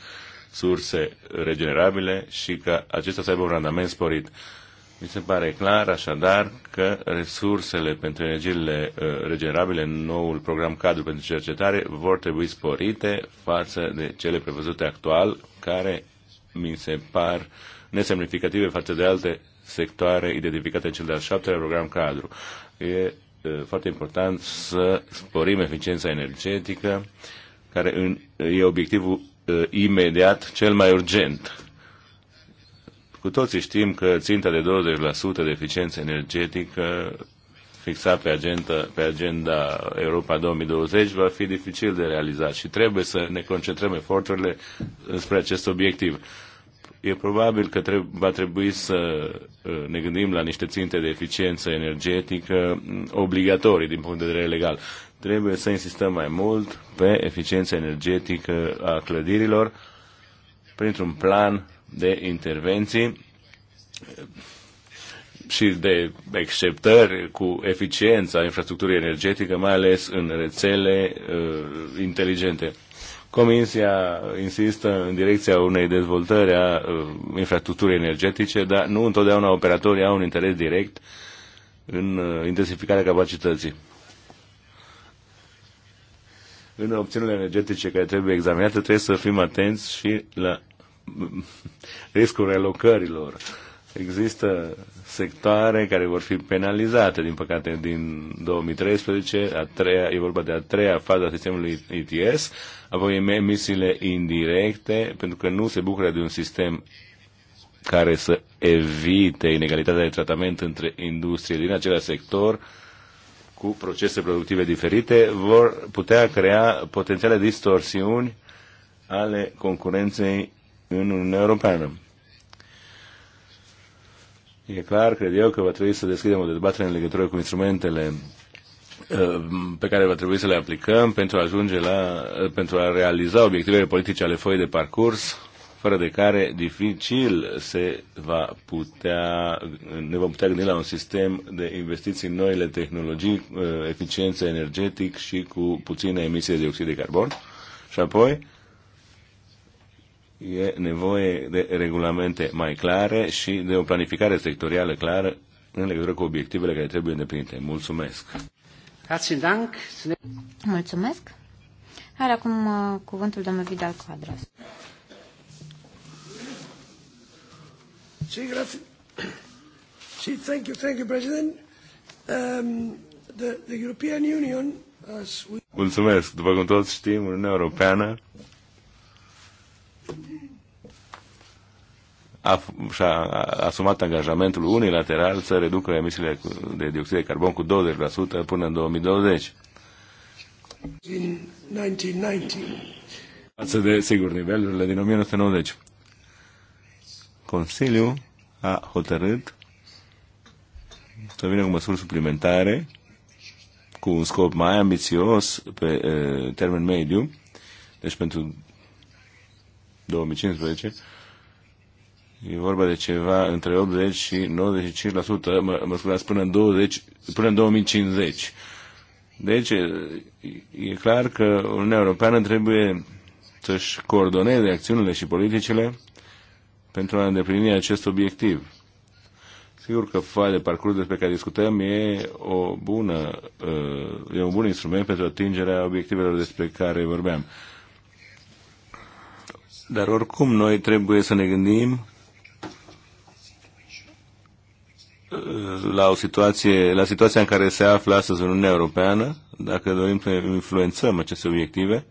surse regenerabile și ca acesta să aibă un randament sporit. Mi se pare clar, așadar, că resursele pentru energiile uh, regenerabile în noul program cadru pentru cercetare vor trebui sporite față de cele prevăzute actual, care mi se par nesemnificative față de alte sectoare identificate în cel de-al șaptelea program cadru. E foarte important să sporim eficiența energetică, care în, e obiectivul imediat cel mai urgent. Cu toții știm că ținta de 20% de eficiență energetică fixat pe agenda, pe agenda Europa 2020 va fi dificil de realizat și trebuie să ne concentrăm eforturile spre acest obiectiv. E probabil că treb- va trebui să uh, ne gândim la niște ținte de eficiență energetică mm, obligatorii din punct de vedere legal. Trebuie să insistăm mai mult pe eficiența energetică a clădirilor printr-un plan de intervenții și de acceptări cu eficiența infrastructurii energetică, mai ales în rețele uh, inteligente. Comisia insistă în direcția unei dezvoltări a uh, infrastructurii energetice, dar nu întotdeauna operatorii au un interes direct în uh, intensificarea capacității. În opțiunile energetice care trebuie examinate, trebuie să fim atenți și la riscul relocărilor. Există sectoare care vor fi penalizate, din păcate, din 2013. A treia, e vorba de a treia fază a sistemului ETS, apoi emisiile indirecte, pentru că nu se bucură de un sistem care să evite inegalitatea de tratament între industrie din același sector cu procese productive diferite, vor putea crea potențiale distorsiuni ale concurenței în Uniunea Europeană. E clar, cred eu, că va trebui să deschidem o dezbatere în legătură cu instrumentele uh, pe care va trebui să le aplicăm pentru a ajunge la, uh, pentru a realiza obiectivele politice ale foii de parcurs, fără de care dificil se va putea, ne vom putea gândi la un sistem de investiții în noile tehnologii, uh, eficiență energetic și cu puține emisii de dioxid de carbon. Și apoi, e nevoie de regulamente mai clare și de o planificare sectorială clară în legătură cu obiectivele care trebuie îndeplinite. Mulțumesc! Mulțumesc! Are acum uh, cuvântul domnul Vidal Coadras. Sí, gracias. Sí, thank you, thank you, President. Um, the, the European Union, as we... Mulțumesc. După cum toți știm, Uniunea Europeană a, și-a asumat angajamentul unilateral să reducă emisiile de dioxid de carbon cu 20% până în 2020. Din 1990. Față de, sigur, nivelurile din 1990. Consiliul a hotărât să vină cu măsuri suplimentare cu un scop mai ambițios pe e, eh, termen mediu, deci pentru 2015, e vorba de ceva între 80 și 95%, mă, mă scuzați, până în, 20, până în 2050. Deci, e clar că Uniunea Europeană trebuie să-și coordoneze acțiunile și politicile pentru a îndeplini acest obiectiv. Sigur că foaia de parcurs despre care discutăm e, o bună, e un bun instrument pentru atingerea obiectivelor despre care vorbeam. Dar oricum noi trebuie să ne gândim uh, la o situație, la situația în care se află astăzi în Uniunea Europeană, dacă dorim să influențăm aceste obiective,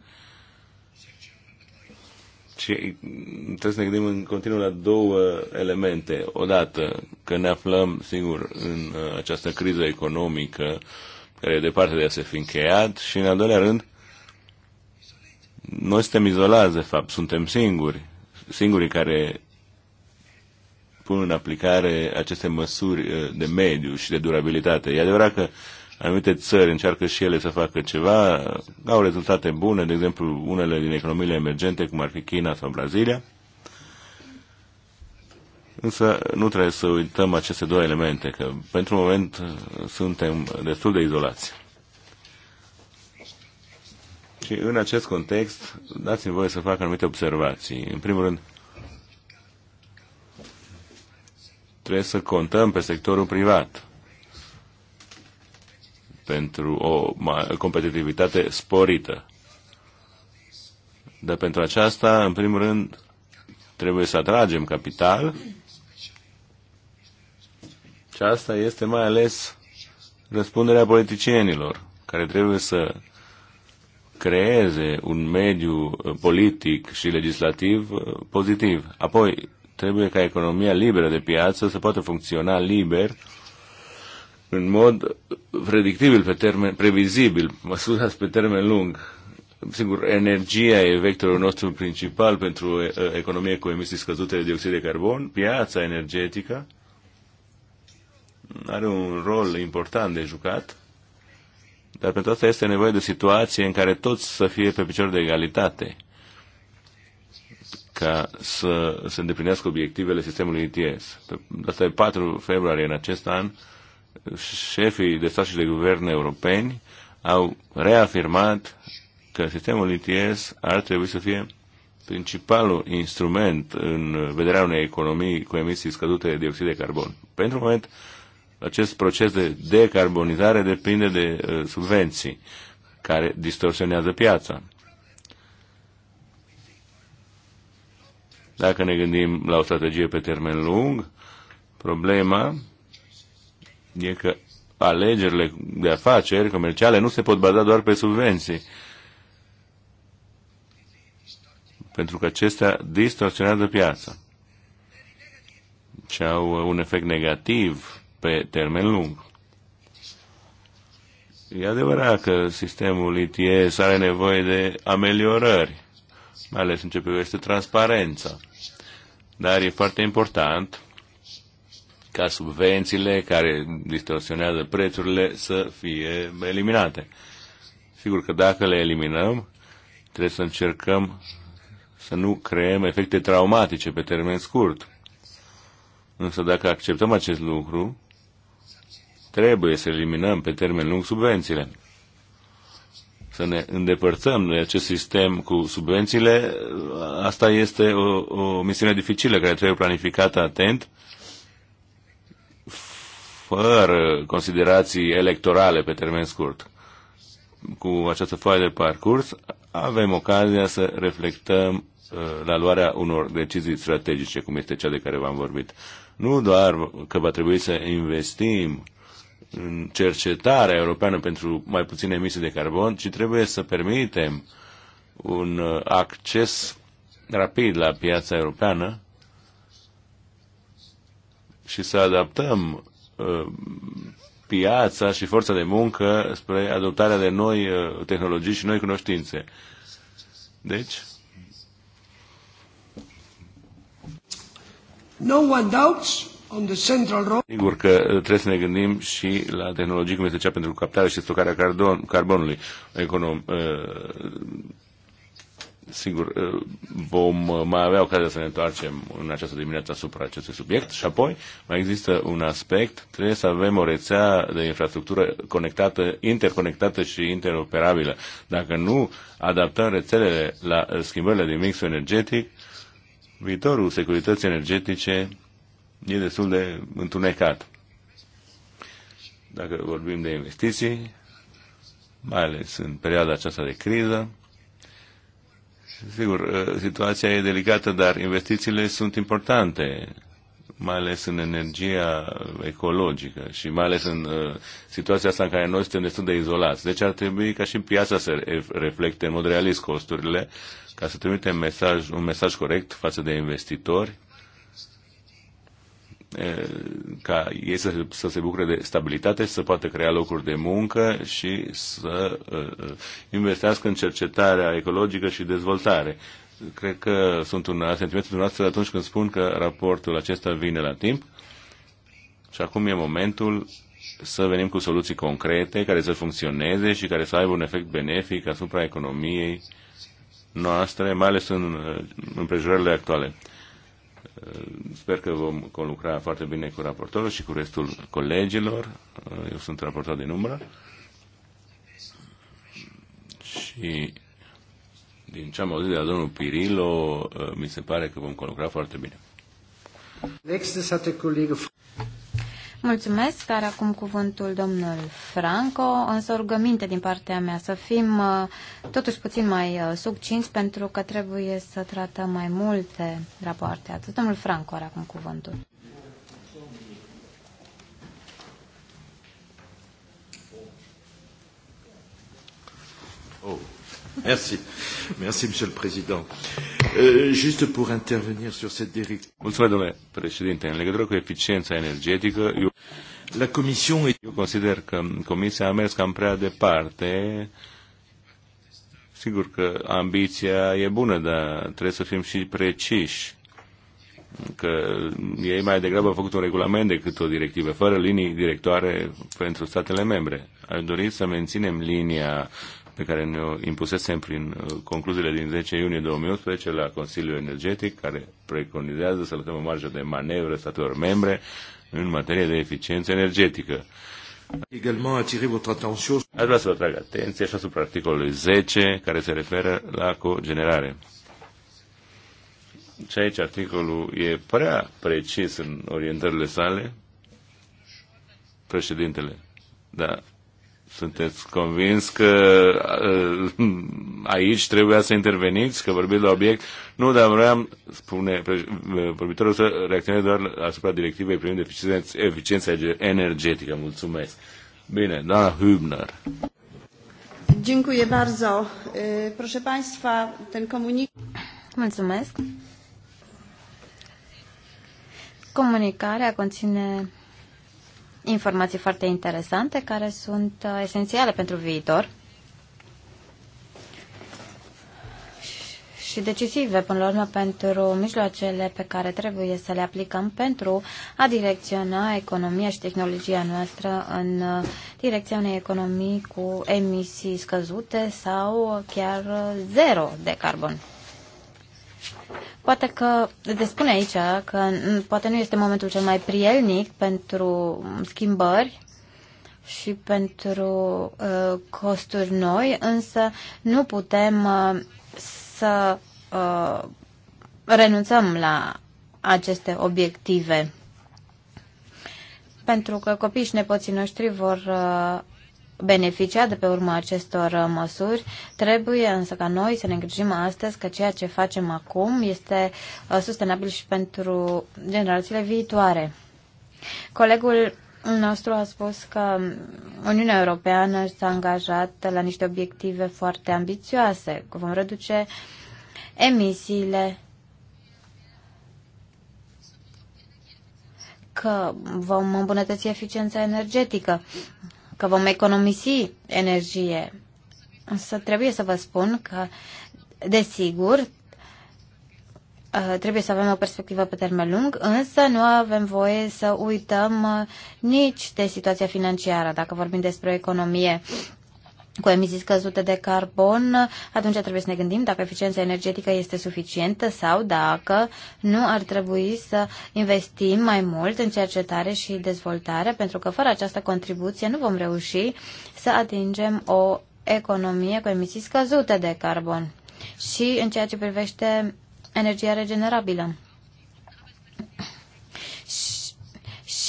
și trebuie să ne gândim în continuu la două elemente. Odată că ne aflăm, sigur, în uh, această criză economică care e departe de a se fi încheiat și, în al doilea rând, noi suntem izolați, de fapt, suntem singuri, singurii care pun în aplicare aceste măsuri uh, de mediu și de durabilitate. E adevărat că anumite țări încearcă și ele să facă ceva, au rezultate bune, de exemplu, unele din economiile emergente, cum ar fi China sau Brazilia, Însă nu trebuie să uităm aceste două elemente, că pentru moment suntem destul de izolați. Și în acest context, dați-mi voie să fac anumite observații. În primul rând, trebuie să contăm pe sectorul privat pentru o competitivitate sporită. Dar pentru aceasta, în primul rând, trebuie să atragem capital și asta este mai ales răspunderea politicienilor, care trebuie să creeze un mediu uh, politic și legislativ uh, pozitiv. Apoi, trebuie ca economia liberă de piață să poată funcționa liber în mod predictibil pe termen, previzibil, mă scuzați, pe termen lung. Sigur, energia e vectorul nostru principal pentru uh, economie cu emisii scăzute de dioxid de carbon. Piața energetică are un rol important de jucat dar pentru asta este nevoie de o situație în care toți să fie pe picior de egalitate ca să se îndeplinească obiectivele sistemului ETS. Asta e 4 februarie în acest an. Șefii de stat și de guverne europeni au reafirmat că sistemul ETS ar trebui să fie principalul instrument în vederea unei economii cu emisii scăzute de dioxid de carbon. Pentru moment, acest proces de decarbonizare depinde de uh, subvenții care distorsionează piața. Dacă ne gândim la o strategie pe termen lung, problema e că alegerile de afaceri comerciale nu se pot baza doar pe subvenții, pentru că acestea distorsionează piața și au un efect negativ pe termen lung. E adevărat că sistemul ITS are nevoie de ameliorări, mai ales în ce privește transparența. Dar e foarte important ca subvențiile care distorsionează prețurile să fie eliminate. Sigur că dacă le eliminăm, trebuie să încercăm să nu creăm efecte traumatice pe termen scurt. Însă dacă acceptăm acest lucru, Trebuie să eliminăm pe termen lung subvențiile. Să ne îndepărtăm de acest sistem cu subvențiile, asta este o, o misiune dificilă care trebuie planificată atent, fără considerații electorale pe termen scurt. Cu această foaie de parcurs avem ocazia să reflectăm uh, la luarea unor decizii strategice, cum este cea de care v-am vorbit. Nu doar că va trebui să investim în cercetarea europeană pentru mai puține emisii de carbon, ci trebuie să permitem un uh, acces rapid la piața europeană și să adaptăm uh, piața și forța de muncă spre adoptarea de noi uh, tehnologii și noi cunoștințe. Deci, No one doubts Sigur că uh, trebuie să ne gândim și la tehnologii cum este cea pentru captarea și stocarea carbon, carbonului econom. Uh, sigur, uh, vom mai avea ocazia să ne întoarcem în această dimineață asupra acestui subiect și apoi mai există un aspect, trebuie să avem o rețea de infrastructură conectată, interconectată și interoperabilă. Dacă nu adaptăm rețelele la schimbările din mixul energetic, viitorul securității energetice e destul de întunecat. Dacă vorbim de investiții, mai ales în perioada aceasta de criză, sigur, ă, situația e delicată, dar investițiile sunt importante, mai ales în energia ecologică și mai ales în ă, situația asta în care noi suntem destul de izolați. Deci ar trebui ca și piața să reflecte în mod realist costurile, ca să un mesaj, un mesaj corect față de investitori, ca ei să, să se bucure de stabilitate să poată crea locuri de muncă și să investească în cercetarea ecologică și dezvoltare. Cred că sunt un sentiment dumneavoastră atunci când spun că raportul acesta vine la timp și acum e momentul să venim cu soluții concrete care să funcționeze și care să aibă un efect benefic asupra economiei noastre, mai ales în împrejurările actuale. Sper că vom lucra foarte bine cu raportorul și cu restul colegilor. Eu sunt raportor din umbră. Și din ce am auzit de la domnul Pirilo, mi se pare că vom conlucra foarte bine. Mulțumesc, dar acum cuvântul domnul Franco, însă o rugăminte din partea mea să fim uh, totuși puțin mai uh, succinți pentru că trebuie să tratăm mai multe rapoarte. Atât domnul Franco are acum cuvântul. Oh. Merci. Merci, Monsieur le Président. Euh, pour intervenir sur cette Mulțumesc, domnule președinte. În legătură cu eficiența energetică, eu... La Comision... Eu consider că Comisia a mers cam prea departe. Sigur că ambiția e bună, dar trebuie să fim și preciși că ei mai degrabă au făcut un regulament decât o directivă, fără linii directoare pentru statele membre. Aș dori să menținem linia pe care ne-o impusesem prin uh, concluziile din 10 iunie 2018 la Consiliul Energetic, care preconizează să lăsăm o marjă de manevră statelor membre în materie de eficiență energetică. Aș vrea să vă atrag atenția și asupra articolului 10, care se referă la cogenerare. Și aici articolul e prea precis în orientările sale, președintele. Da, sunteți convins că uh, aici trebuia să interveniți, că vorbiți la obiect? Nu, dar vreau, spune vorbitorul, să reacționez doar asupra directivei privind eficiența energetică. Mulțumesc. Bine, doamna Hübner. Dziękuję bardzo. Proszę Państwa, ten komunik... Mulțumesc. Comunicarea conține informații foarte interesante care sunt uh, esențiale pentru viitor și decisive până la urmă pentru mijloacele pe care trebuie să le aplicăm pentru a direcționa economia și tehnologia noastră în uh, direcția unei economii cu emisii scăzute sau chiar zero de carbon. Poate că te spune aici că poate nu este momentul cel mai prielnic pentru schimbări și pentru uh, costuri noi, însă nu putem uh, să uh, renunțăm la aceste obiective. Pentru că copiii și nepoții noștri vor uh, beneficia de pe urma acestor uh, măsuri. Trebuie însă ca noi să ne îngrijim astăzi că ceea ce facem acum este uh, sustenabil și pentru generațiile viitoare. Colegul nostru a spus că Uniunea Europeană s-a angajat la niște obiective foarte ambițioase, că vom reduce emisiile, că vom îmbunătăți eficiența energetică că vom economisi energie. Însă trebuie să vă spun că, desigur, uh, trebuie să avem o perspectivă pe termen lung, însă nu avem voie să uităm uh, nici de situația financiară. Dacă vorbim despre o economie cu emisii scăzute de carbon, atunci trebuie să ne gândim dacă eficiența energetică este suficientă sau dacă nu ar trebui să investim mai mult în cercetare și dezvoltare, pentru că fără această contribuție nu vom reuși să atingem o economie cu emisii scăzute de carbon. Și în ceea ce privește energia regenerabilă.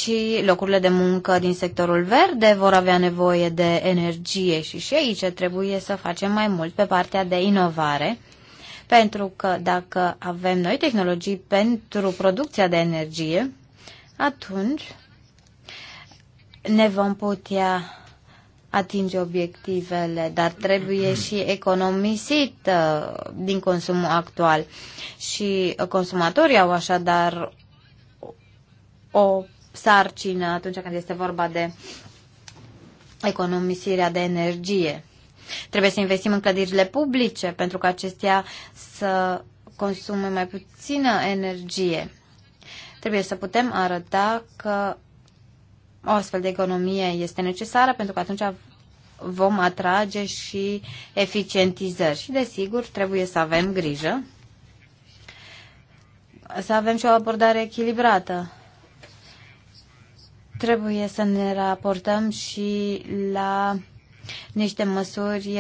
și locurile de muncă din sectorul verde vor avea nevoie de energie și și aici trebuie să facem mai mult pe partea de inovare, pentru că dacă avem noi tehnologii pentru producția de energie, atunci ne vom putea atinge obiectivele, dar trebuie mm-hmm. și economisit uh, din consumul actual. Și consumatorii au așadar o sarcină atunci când este vorba de economisirea de energie. Trebuie să investim în clădirile publice pentru că acestea să consume mai puțină energie. Trebuie să putem arăta că o astfel de economie este necesară pentru că atunci vom atrage și eficientizări. Și desigur trebuie să avem grijă să avem și o abordare echilibrată Trebuie să ne raportăm și la niște măsuri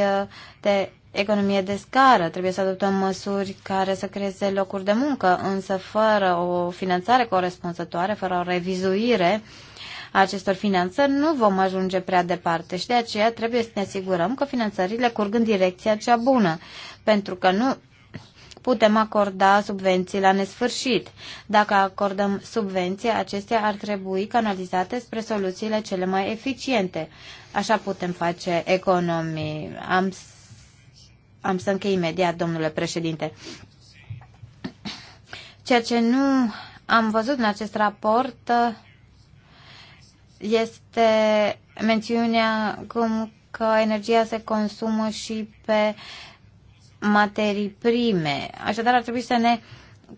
de economie de scară. Trebuie să adoptăm măsuri care să creeze locuri de muncă, însă fără o finanțare corespunzătoare, fără o revizuire a acestor finanțări, nu vom ajunge prea departe și de aceea trebuie să ne asigurăm că finanțările curg în direcția cea bună, pentru că nu putem acorda subvenții la nesfârșit. Dacă acordăm subvenții, acestea ar trebui canalizate spre soluțiile cele mai eficiente. Așa putem face economii. Am, am să închei imediat, domnule președinte. Ceea ce nu am văzut în acest raport uh, este mențiunea cum că energia se consumă și pe uh, materii prime. Așadar, ar trebui să ne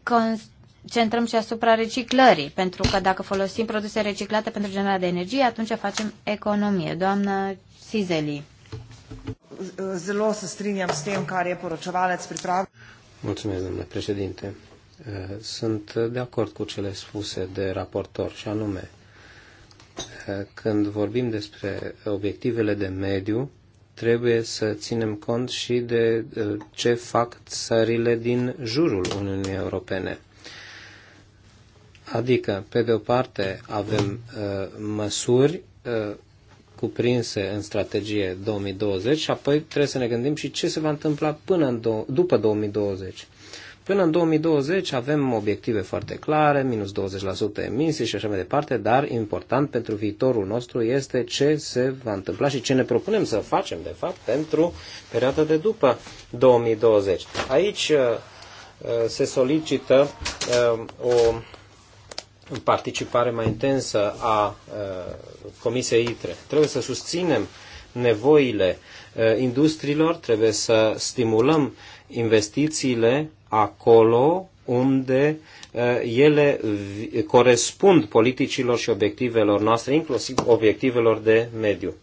concentrăm și asupra reciclării, pentru că dacă folosim produse reciclate pentru generarea de energie, atunci facem economie. Doamna Sizeli. Zelo se strinjam s tem, kar je poročevalec pripravil. Mulțumesc, domnule președinte. Eh, sunt de acord cu cele spuse de raportor, și anume, eh, când vorbim despre obiectivele de mediu, trebuie să ținem cont și de ce fac țările din jurul Uniunii Europene. Adică, pe de o parte, avem uh, măsuri uh, cuprinse în strategie 2020 și apoi trebuie să ne gândim și ce se va întâmpla până în după 2020. Până în 2020 avem obiective foarte clare, minus 20% emisii și așa mai departe, dar important pentru viitorul nostru este ce se va întâmpla și ce ne propunem să facem, de fapt, pentru perioada de după 2020. Aici uh, uh, se solicită uh, o participare mai intensă a Comisiei ITRE. Trebuie să susținem nevoile industriilor, trebuie să stimulăm investițiile acolo unde uh, ele corespund politicilor și obiectivelor noastre, inclusiv obiectivelor de mediu.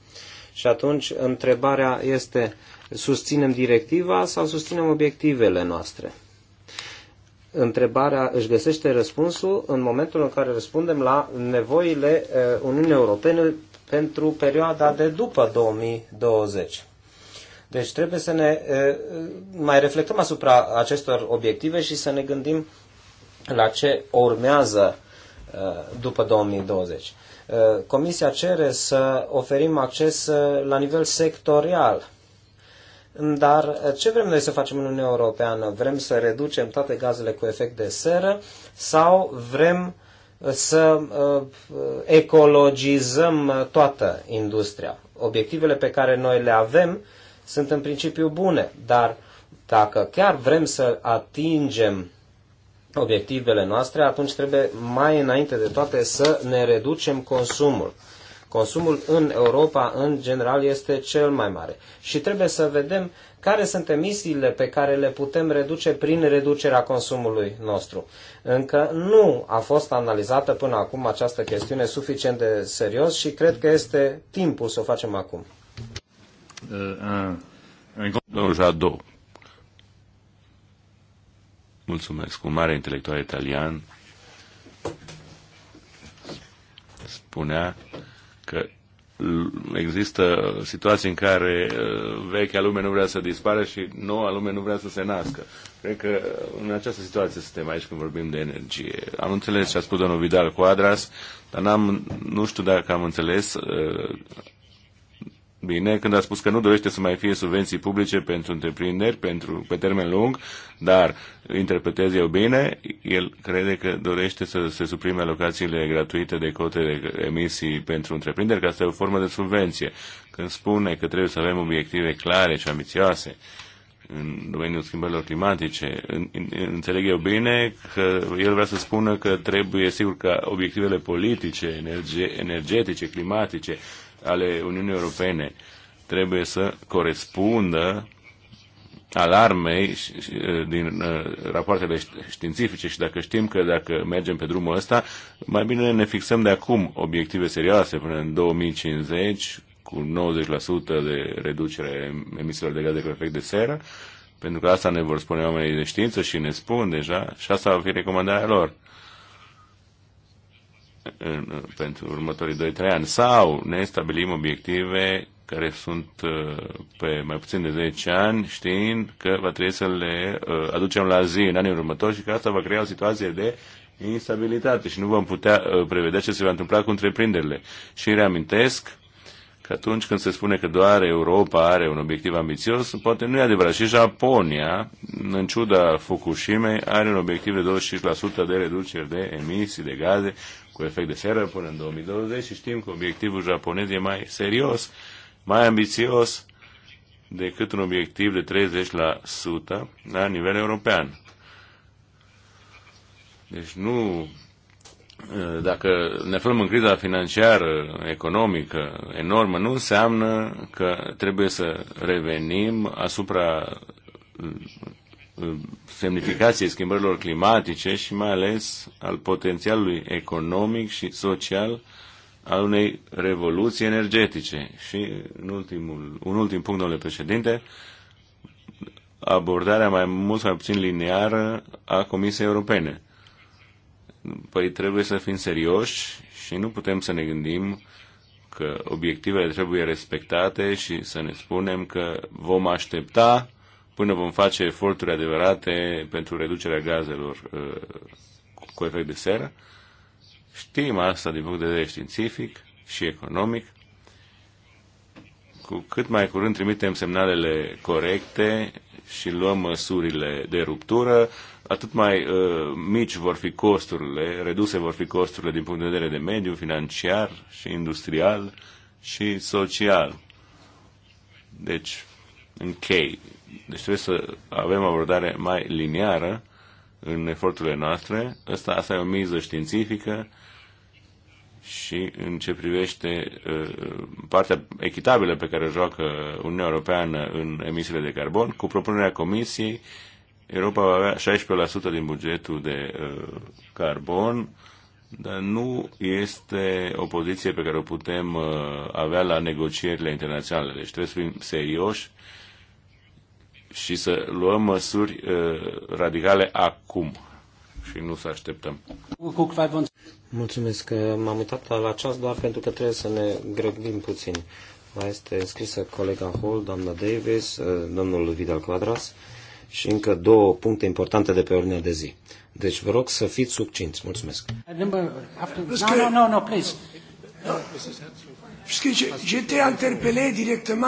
Și atunci întrebarea este, susținem directiva sau susținem obiectivele noastre? Întrebarea își găsește răspunsul în momentul în care răspundem la nevoile uh, Uniunii Europene pentru perioada de după 2020. Deci trebuie să ne mai reflectăm asupra acestor obiective și să ne gândim la ce urmează după 2020. Comisia cere să oferim acces la nivel sectorial. Dar ce vrem noi să facem în Uniunea Europeană? Vrem să reducem toate gazele cu efect de seră sau vrem să ecologizăm toată industria? Obiectivele pe care noi le avem sunt în principiu bune, dar dacă chiar vrem să atingem obiectivele noastre, atunci trebuie mai înainte de toate să ne reducem consumul. Consumul în Europa, în general, este cel mai mare. Și trebuie să vedem care sunt emisiile pe care le putem reduce prin reducerea consumului nostru. Încă nu a fost analizată până acum această chestiune suficient de serios și cred că este timpul să o facem acum. Uh, uh, un, Domnul Jadot. Mulțumesc. Un mare intelectual italian spunea că există situații în care uh, vechea lume nu vrea să dispare și noua lume nu vrea să se nască. Cred că în această situație suntem aici când vorbim de energie. Am înțeles ce a spus domnul Vidal Quadras, dar n-am, nu știu dacă am înțeles bine când a spus că nu dorește să mai fie subvenții publice pentru întreprinderi pentru, pe termen lung, dar interpretez eu bine, el crede că dorește să se suprime alocațiile gratuite de cote de emisii pentru întreprinderi, că asta e o formă de subvenție. Când spune că trebuie să avem obiective clare și ambițioase, în domeniul schimbărilor climatice. Înțeleg eu bine că el vrea să spună că trebuie, sigur, ca obiectivele politice, energe, energetice, climatice ale Uniunii Europene trebuie să corespundă alarmei din rapoartele științifice și dacă știm că dacă mergem pe drumul ăsta, mai bine ne fixăm de acum obiective serioase până în 2050 cu 90% de reducere emisiilor de gaze cu efect de seră, pentru că asta ne vor spune oamenii de știință și ne spun deja și asta va fi recomandarea lor în, pentru următorii 2-3 ani sau ne stabilim obiective care sunt uh, pe mai puțin de 10 ani, știind că va trebui să le uh, aducem la zi în anii următori și că asta va crea o situație de instabilitate și nu vom putea uh, prevedea ce se va întâmpla cu întreprinderile. Și reamintesc că atunci când se spune că doar Europa are un obiectiv ambițios, poate nu e adevărat. Și Japonia, în ciuda Fukushima, are un obiectiv de 25% de reducere de emisii de gaze cu efect de seră până în 2020 și știm că obiectivul japonez e mai serios, mai ambițios decât un obiectiv de 30% la nivel european. Deci nu dacă ne aflăm în criza financiară, economică, enormă, nu înseamnă că trebuie să revenim asupra uh, semnificației schimbărilor climatice și mai ales al potențialului economic și social al unei revoluții energetice. Și în ultimul, un ultim punct, domnule președinte, abordarea mai mult sau mai puțin lineară a Comisiei Europene Păi trebuie să fim serioși și nu putem să ne gândim că obiectivele trebuie respectate și să ne spunem că vom aștepta până vom face eforturi adevărate pentru reducerea gazelor uh, cu efect de seră. Știm asta din punct de vedere științific și economic. Cu cât mai curând trimitem semnalele corecte și luăm măsurile de ruptură, atât mai uh, mici vor fi costurile, reduse vor fi costurile din punct de vedere de mediu, financiar și industrial și social. Deci, închei. Deci trebuie să avem abordare mai liniară în eforturile noastre. Asta, asta e o miză științifică și în ce privește uh, partea echitabilă pe care o joacă Uniunea Europeană în emisiile de carbon, cu propunerea Comisiei Europa va avea 16% din bugetul de uh, carbon, dar nu este o poziție pe care o putem uh, avea la negocierile internaționale. Deci trebuie să fim serioși și să luăm măsuri uh, radicale acum și nu să așteptăm. Mulțumesc că m-am uitat la ceas doar pentru că trebuie să ne grăbim puțin. Mai este înscrisă colega Hall, doamna Davis, uh, domnul Vidal Quadras și încă două puncte importante de pe ordinea de zi. Deci vă rog să fiți succinți. Mulțumesc. No, no,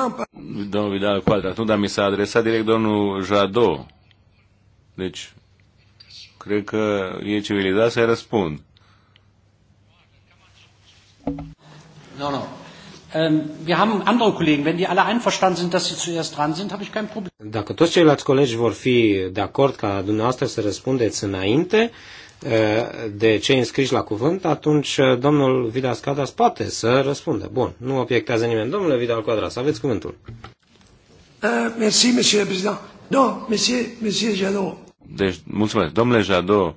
no, Domnul Vidal Quadra, atunci dar mi s-a adresat direct domnul Jadot. Deci, cred că e civilizat să-i răspund. Nu, no, nu. No. Ähm, wir haben andere Kollegen. Wenn die alle einverstanden sind, dass sie zuerst dran sind, habe ich kein problem. Dacă toți ceilalți colegi vor fi de acord ca dumneavoastră să răspundeți înainte eh, de cei înscriși la cuvânt, atunci eh, domnul Vidal Cadras poate să răspundă. Bun, nu obiectează nimeni. Domnule Vidal Cadras, aveți cuvântul. Uh, merci, monsieur le président. Non, monsieur, monsieur Jadot. Deci, mulțumesc. Domnule Jadot,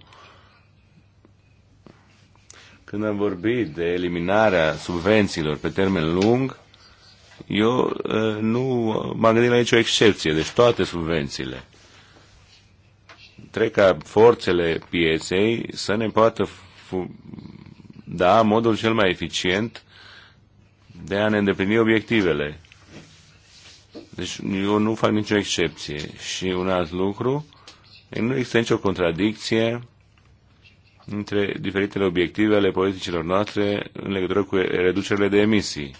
când am vorbit de eliminarea subvențiilor pe termen lung, eu uh, nu m-am gândit la nicio excepție, deci toate subvențiile. Trebuie ca forțele pieței să ne poată da modul cel mai eficient de a ne îndeplini obiectivele. Deci eu nu fac nicio excepție. Și un alt lucru, nu există nicio contradicție între diferitele obiective ale politicilor noastre în legătură cu reducerile de emisii.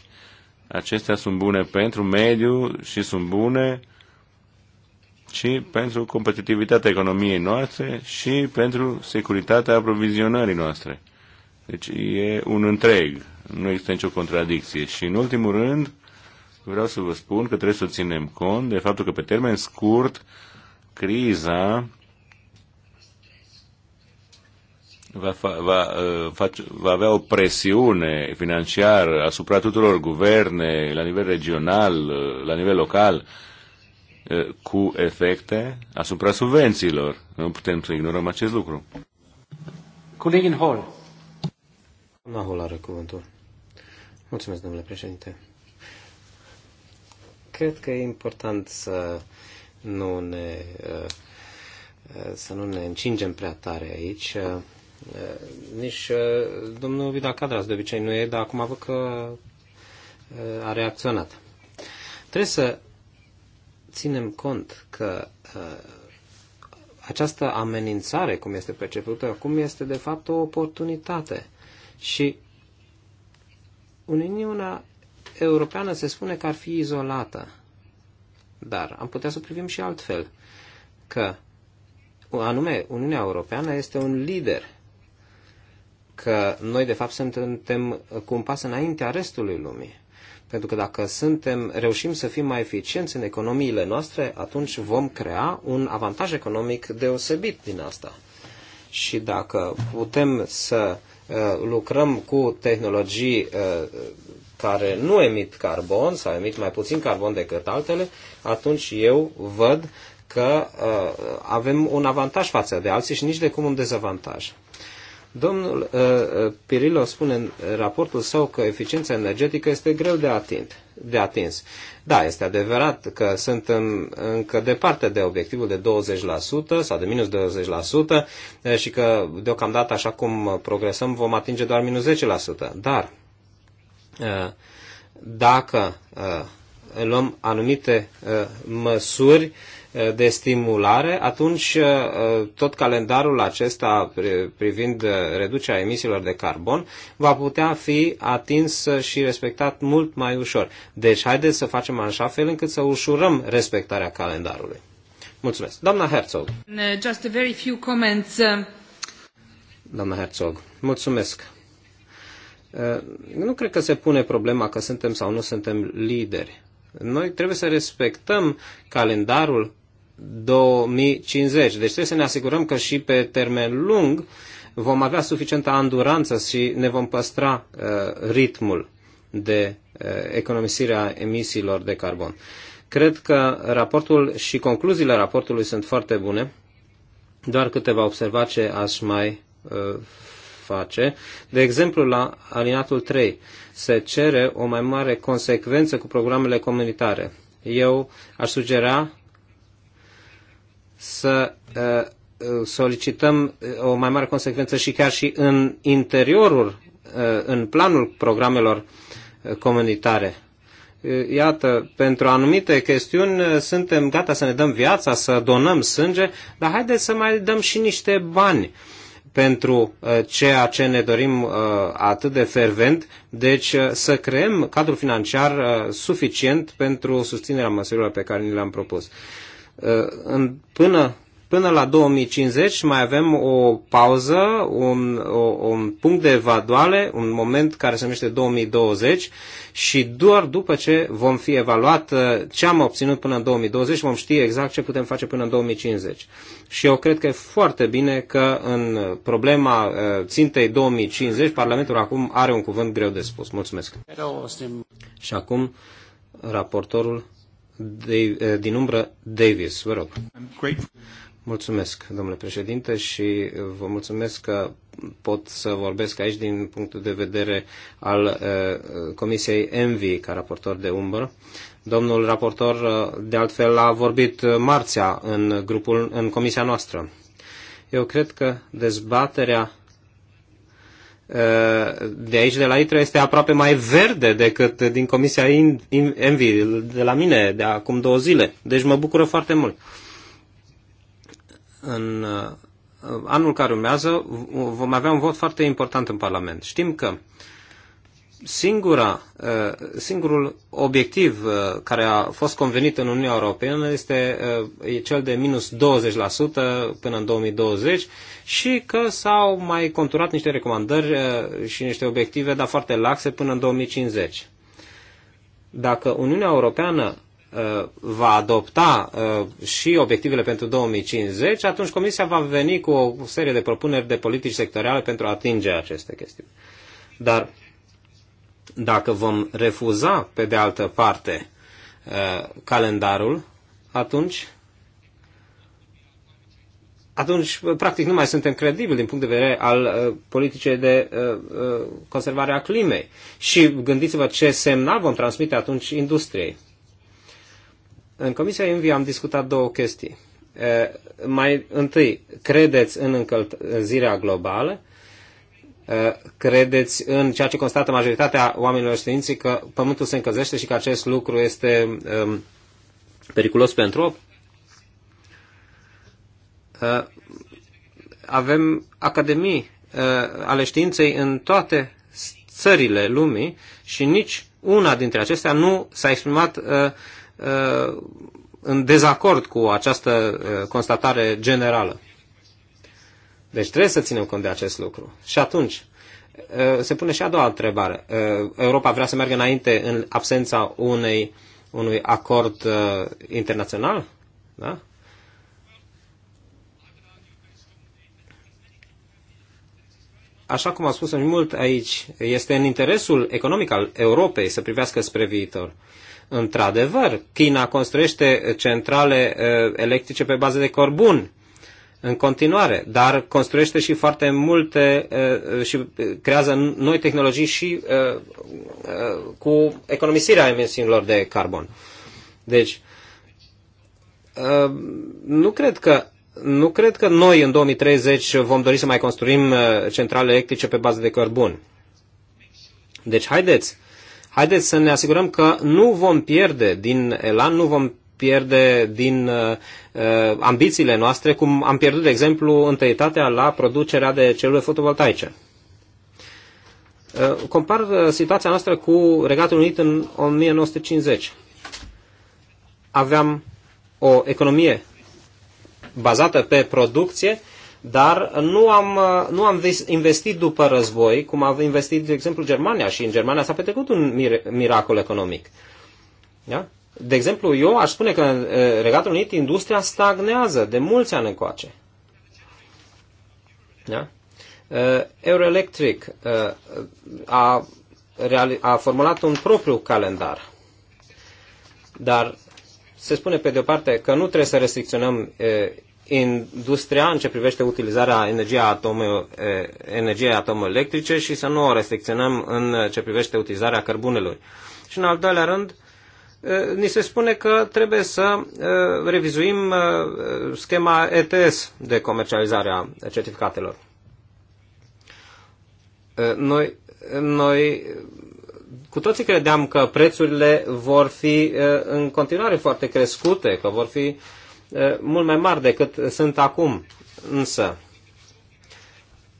Acestea sunt bune pentru mediu și sunt bune și pentru competitivitatea economiei noastre și pentru securitatea aprovizionării noastre. Deci e un întreg, nu există nicio contradicție. Și în ultimul rând, vreau să vă spun că trebuie să ținem cont de faptul că pe termen scurt criza va, fa, va, uh, face, va avea o presiune financiară asupra tuturor guverne, la nivel regional, uh, la nivel local, uh, cu efecte asupra subvențiilor. Nu putem să ignorăm acest lucru. Colegin Hall. Doamna Hall are cuvântul. Mulțumesc, domnule președinte. Cred că e important să nu ne, să nu ne încingem prea tare aici. Nici domnul Vida Cadras de obicei nu e, dar acum văd că a reacționat. Trebuie să ținem cont că această amenințare, cum este percepută acum, este de fapt o oportunitate. Și Uniunea Europeană se spune că ar fi izolată. Dar am putea să privim și altfel, că anume Uniunea Europeană este un lider că noi de fapt suntem cu un pas înaintea restului lumii. Pentru că dacă suntem, reușim să fim mai eficienți în economiile noastre, atunci vom crea un avantaj economic deosebit din asta. Și dacă putem să uh, lucrăm cu tehnologii uh, care nu emit carbon sau emit mai puțin carbon decât altele, atunci eu văd că uh, avem un avantaj față de alții și nici de cum un dezavantaj. Domnul uh, uh Pirilo spune în raportul său că eficiența energetică este greu de, atint, de atins. Da, este adevărat că suntem încă departe de obiectivul de 20% sau de minus 20% uh, și că deocamdată, așa cum progresăm, vom atinge doar minus 10%. Dar uh, dacă uh, luăm anumite uh, măsuri, uh, de stimulare, atunci uh, tot calendarul acesta privind uh, reducerea emisiilor de carbon va putea fi atins și respectat mult mai ușor. Deci haideți să facem așa fel încât să ușurăm respectarea calendarului. Mulțumesc. Doamna Herzog. Uh, just a very few comments. Doamna Herzog, mulțumesc. Nu cred că se pune problema că suntem sau nu suntem lideri. Noi trebuie să respectăm calendarul 2050. Deci trebuie să ne asigurăm că și pe termen lung vom avea suficientă anduranță și ne vom păstra uh, ritmul de uh, economisire a emisiilor de carbon. Cred că raportul și concluziile raportului sunt foarte bune. Doar câteva observații aș mai uh, face. De exemplu, la alinatul 3 se cere o mai mare consecvență cu programele comunitare. Eu aș sugera să uh, uh, solicităm uh, o mai mare consecvență și chiar și în interiorul, în planul programelor comunitare. Iată, pentru anumite chestiuni suntem gata să ne dăm viața, să donăm sânge, dar haideți să mai dăm și niște bani pentru ceea ce ne dorim atât de fervent, deci să creăm cadrul financiar suficient pentru susținerea măsurilor pe care ni le-am propus în, până, până la 2050 mai avem o pauză, un, o, un punct de evaluare, un moment care se numește 2020 și doar după ce vom fi evaluat uh, ce am obținut până în 2020 vom ști exact ce putem face până în 2050. Și eu cred că e foarte bine că în problema uh, țintei 2050 Parlamentul acum are un cuvânt greu de spus. Mulțumesc. Și acum raportorul Eh, din umbră Davis. Vă rog. Mulțumesc, domnule președinte, și vă mulțumesc că pot să vorbesc aici din punctul de vedere al uh, Comisiei Envi ca raportor de umbră. Domnul raportor, eh, de altfel, a vorbit marțea în, grupul, în comisia noastră. Eu cred că dezbaterea de aici, de la ITRE, este aproape mai verde decât din Comisia Envi de la mine de acum două zile. Deci mă bucură foarte mult. În uh, anul care urmează vom avea un vot foarte important în Parlament. Știm că uh, singura, uh, singurul obiectiv uh, care a fost convenit în Uniunea Europeană este uh, cel de minus 20% până în 2020 și că s-au mai conturat niște recomandări și niște obiective, dar foarte laxe, până în 2050. Dacă Uniunea Europeană va adopta și obiectivele pentru 2050, atunci Comisia va veni cu o serie de propuneri de politici sectoriale pentru a atinge aceste chestiuni. Dar dacă vom refuza, pe de altă parte, uh, calendarul, atunci atunci, practic, nu mai suntem credibili din punct de vedere al uh, politicii de uh, conservare a climei. Și gândiți-vă ce semnal vom transmite atunci industriei. În Comisia Invi am discutat două chestii. mai întâi, credeți în încălzirea globală Eh, credeți în ceea ce constată majoritatea oamenilor științii că Pământul se încălzește și că acest lucru este um, periculos pentru uh, Avem academii uh, ale științei în toate țările lumii și nici una dintre acestea nu s-a exprimat uh, uh, în dezacord cu această uh, constatare generală. Deci trebuie să ținem cont de acest lucru. Și atunci, uh, se pune și a doua întrebare. Uh, Europa vrea să meargă înainte în absența unei, unui acord uh, internațional? Da? Așa cum am spus mai mult aici, este în interesul economic al Europei să privească spre viitor. Într-adevăr, China construiește centrale electrice pe bază de corbun în continuare, dar construiește și foarte multe uh, și creează noi tehnologii și uh, uh, cu economisirea emisiilor de carbon. Deci, nu cred că nu cred că noi în 2030 vom dori să mai construim centrale electrice pe bază de carbon. Deci haideți, haideți să ne asigurăm că nu vom pierde din elan, nu vom pierde din uh, uh, ambițiile noastre, cum am pierdut, de exemplu, întâietatea la producerea de celule fotovoltaice. Uh, compar situația noastră cu Regatul Unit în 1950. Aveam o economie bazată pe producție, dar nu am, nu am investit după război, cum a investit, de exemplu, Germania și în Germania s-a petrecut un mir- miracol economic. Da? De exemplu, eu aș spune că în Regatul Unit industria stagnează de mulți ani încoace. Da? Euroelectric a, a formulat un propriu calendar. Dar se spune pe de o parte că nu trebuie să restricționăm industria în ce privește utilizarea energiei atom, energie atomoelectrice și să nu o restricționăm în ce privește utilizarea cărbunelui. Și în al doilea rând, ni se spune că trebuie să revizuim schema ETS de comercializare a certificatelor. Noi, noi cu toții credeam că prețurile vor fi în continuare foarte crescute, că vor fi mult mai mari decât sunt acum. Însă,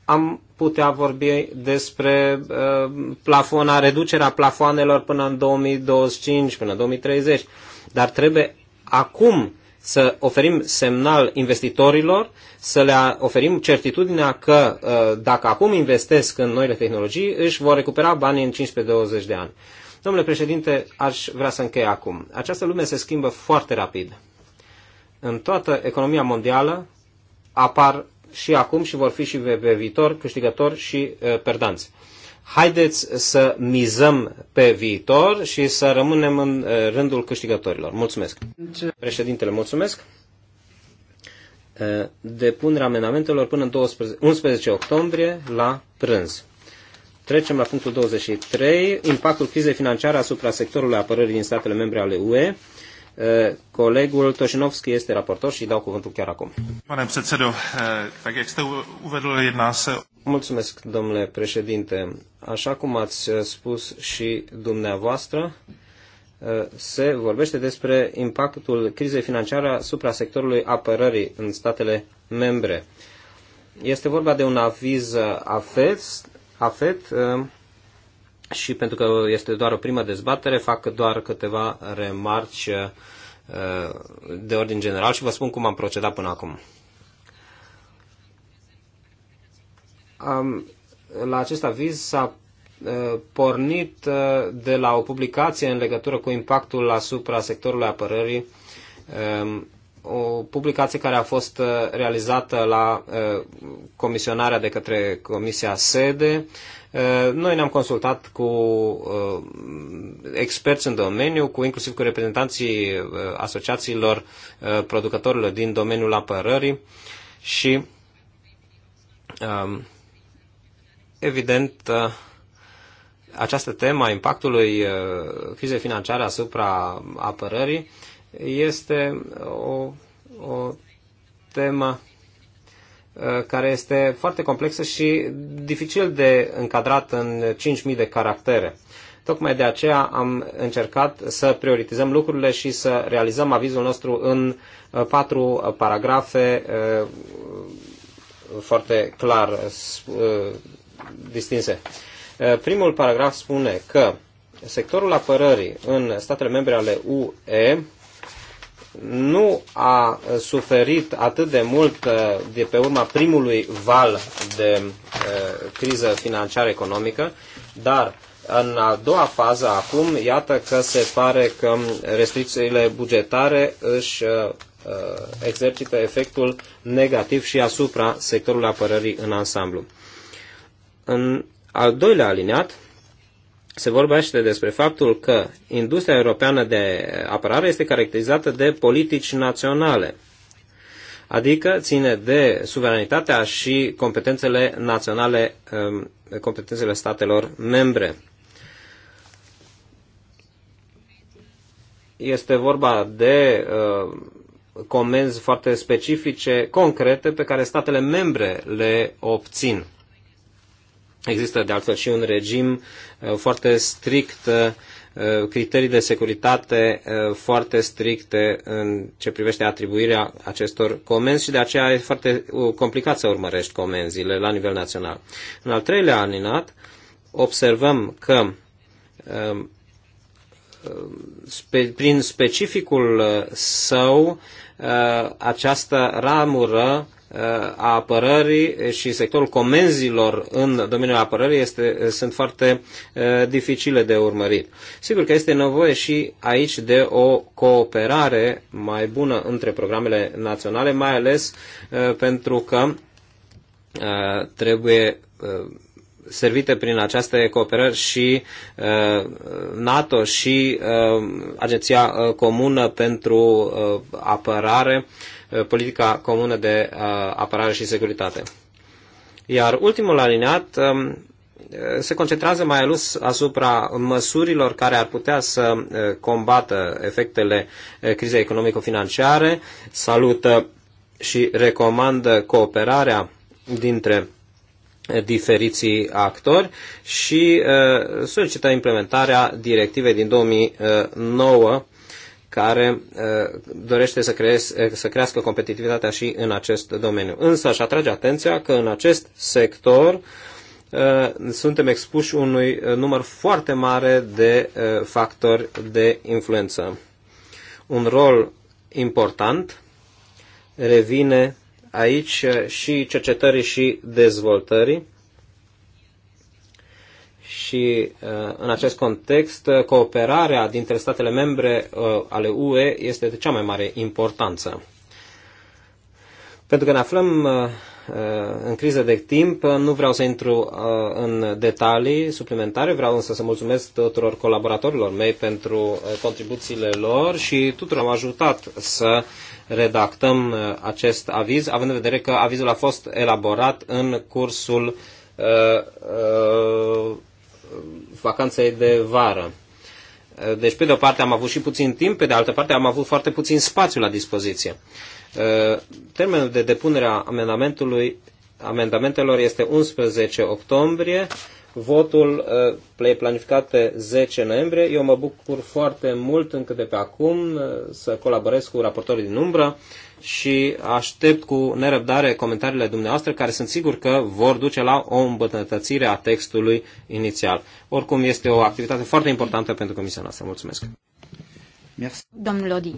am putea vorbi despre uh, plafona, reducerea plafoanelor până în 2025, până în 2030, dar trebuie acum să oferim semnal investitorilor, să le oferim certitudinea că uh, dacă acum investesc în noile tehnologii, își vor recupera banii în 15-20 de ani. Domnule președinte, aș vrea să închei acum. Această lume se schimbă foarte rapid. În toată economia mondială apar și acum și vor fi și pe viitor câștigători și uh, perdanți. Haideți să mizăm pe viitor și să rămânem în uh, rândul câștigătorilor. Mulțumesc. Președintele, mulțumesc. Uh, Depunerea amendamentelor până în 11 octombrie la prânz. Trecem la punctul 23. Impactul crizei financiare asupra sectorului apărării din statele membre ale UE. Colegul Toșinovski este raportor și dau cuvântul chiar acum. Pane předsedo, eh, tak jak jste uvedl, jedná se... Mulțumesc, domnule președinte. Așa cum ați eh, spus și dumneavoastră, eh, se vorbește despre impactul crizei financiare asupra sectorului apărării în statele membre. Este vorba de un aviz AFET, AFET și pentru că este doar o primă dezbatere, fac doar câteva remarci uh, de ordin general și vă spun cum am procedat până acum. La acest aviz s-a uh, pornit uh, de la o publicație în legătură cu impactul asupra sectorului apărării um, o publicație care a fost uh, realizată la uh, comisionarea de către Comisia Sede. Uh, noi ne-am consultat cu experți în domeniu, cu inclusiv cu reprezentanții asociațiilor producătorilor din domeniul apărării și um, evident această temă a impactului crizei financiare asupra apărării este o, o temă uh, care este foarte complexă și dificil de încadrat în 5.000 de caractere. Tocmai de aceea am încercat să prioritizăm lucrurile și să realizăm avizul nostru în uh, patru paragrafe uh, foarte clar distinse. Primul paragraf spune că sectorul apărării în statele membre ale UE nu a suferit atât de mult uh, de pe urma primului val de uh, criză financiară economică, dar în a doua fază acum, iată că se pare că restricțiile bugetare își uh, exercită efectul negativ și asupra sectorului apărării în ansamblu. În al doilea aliniat, se vorbește despre faptul că industria europeană de apărare este caracterizată de politici naționale, adică ține de suveranitatea și competențele naționale, um, competențele statelor membre. Este vorba de uh, comenzi foarte specifice, concrete, pe care statele membre le obțin. Există de altfel și un regim uh, foarte strict, uh, criterii de securitate uh, foarte stricte în ce privește atribuirea acestor comenzi și de aceea e foarte complicat să urmărești comenzile la nivel național. În al treilea aninat observăm că um, prin specificul său această ramură a apărării și sectorul comenzilor în domeniul apărării este, sunt foarte dificile de urmărit. Sigur că este nevoie și aici de o cooperare mai bună între programele naționale, mai ales pentru că trebuie servite prin aceste cooperări și uh, NATO și uh, Agenția uh, Comună pentru Apărare, politica comună de apărare și securitate. Iar ultimul alineat um, se concentrează mai ales asupra măsurilor care ar putea să combată efectele crizei economico-financiare, salută și recomandă cooperarea dintre diferiții actori și uh, solicită implementarea directivei din 2009 care uh, dorește să, creez, să crească competitivitatea și în acest domeniu. Însă aș atrage atenția că în acest sector uh, suntem expuși unui număr foarte mare de factori de influență. Un rol important revine aici uh, și cercetării și dezvoltării. Și uh, în acest context, uh, cooperarea dintre statele membre ale UE este de cea mai mare importanță. Pentru că ne aflăm în criză de timp, nu vreau să intru în detalii suplimentare, vreau însă să mulțumesc tuturor colaboratorilor mei pentru contribuțiile lor și tuturor am ajutat să uh, redactăm uh, acest aviz, având în vedere că avizul a fost elaborat în cursul uh, uh, vacanței de vară. Uh, deci, pe de o parte am avut și puțin timp, pe de altă parte am avut foarte puțin spațiu la dispoziție. Uh, termenul de depunere a amendamentului, amendamentelor este 11 octombrie votul uh, planificat pe 10 noiembrie. Eu mă bucur foarte mult încă de pe acum uh, să colaborez cu raportorii din umbră și aștept cu nerăbdare comentariile dumneavoastră, care sunt sigur că vor duce la o îmbătătățire a textului inițial. Oricum, este o activitate foarte importantă pentru Comisia noastră. Mulțumesc! Domnul Lodi.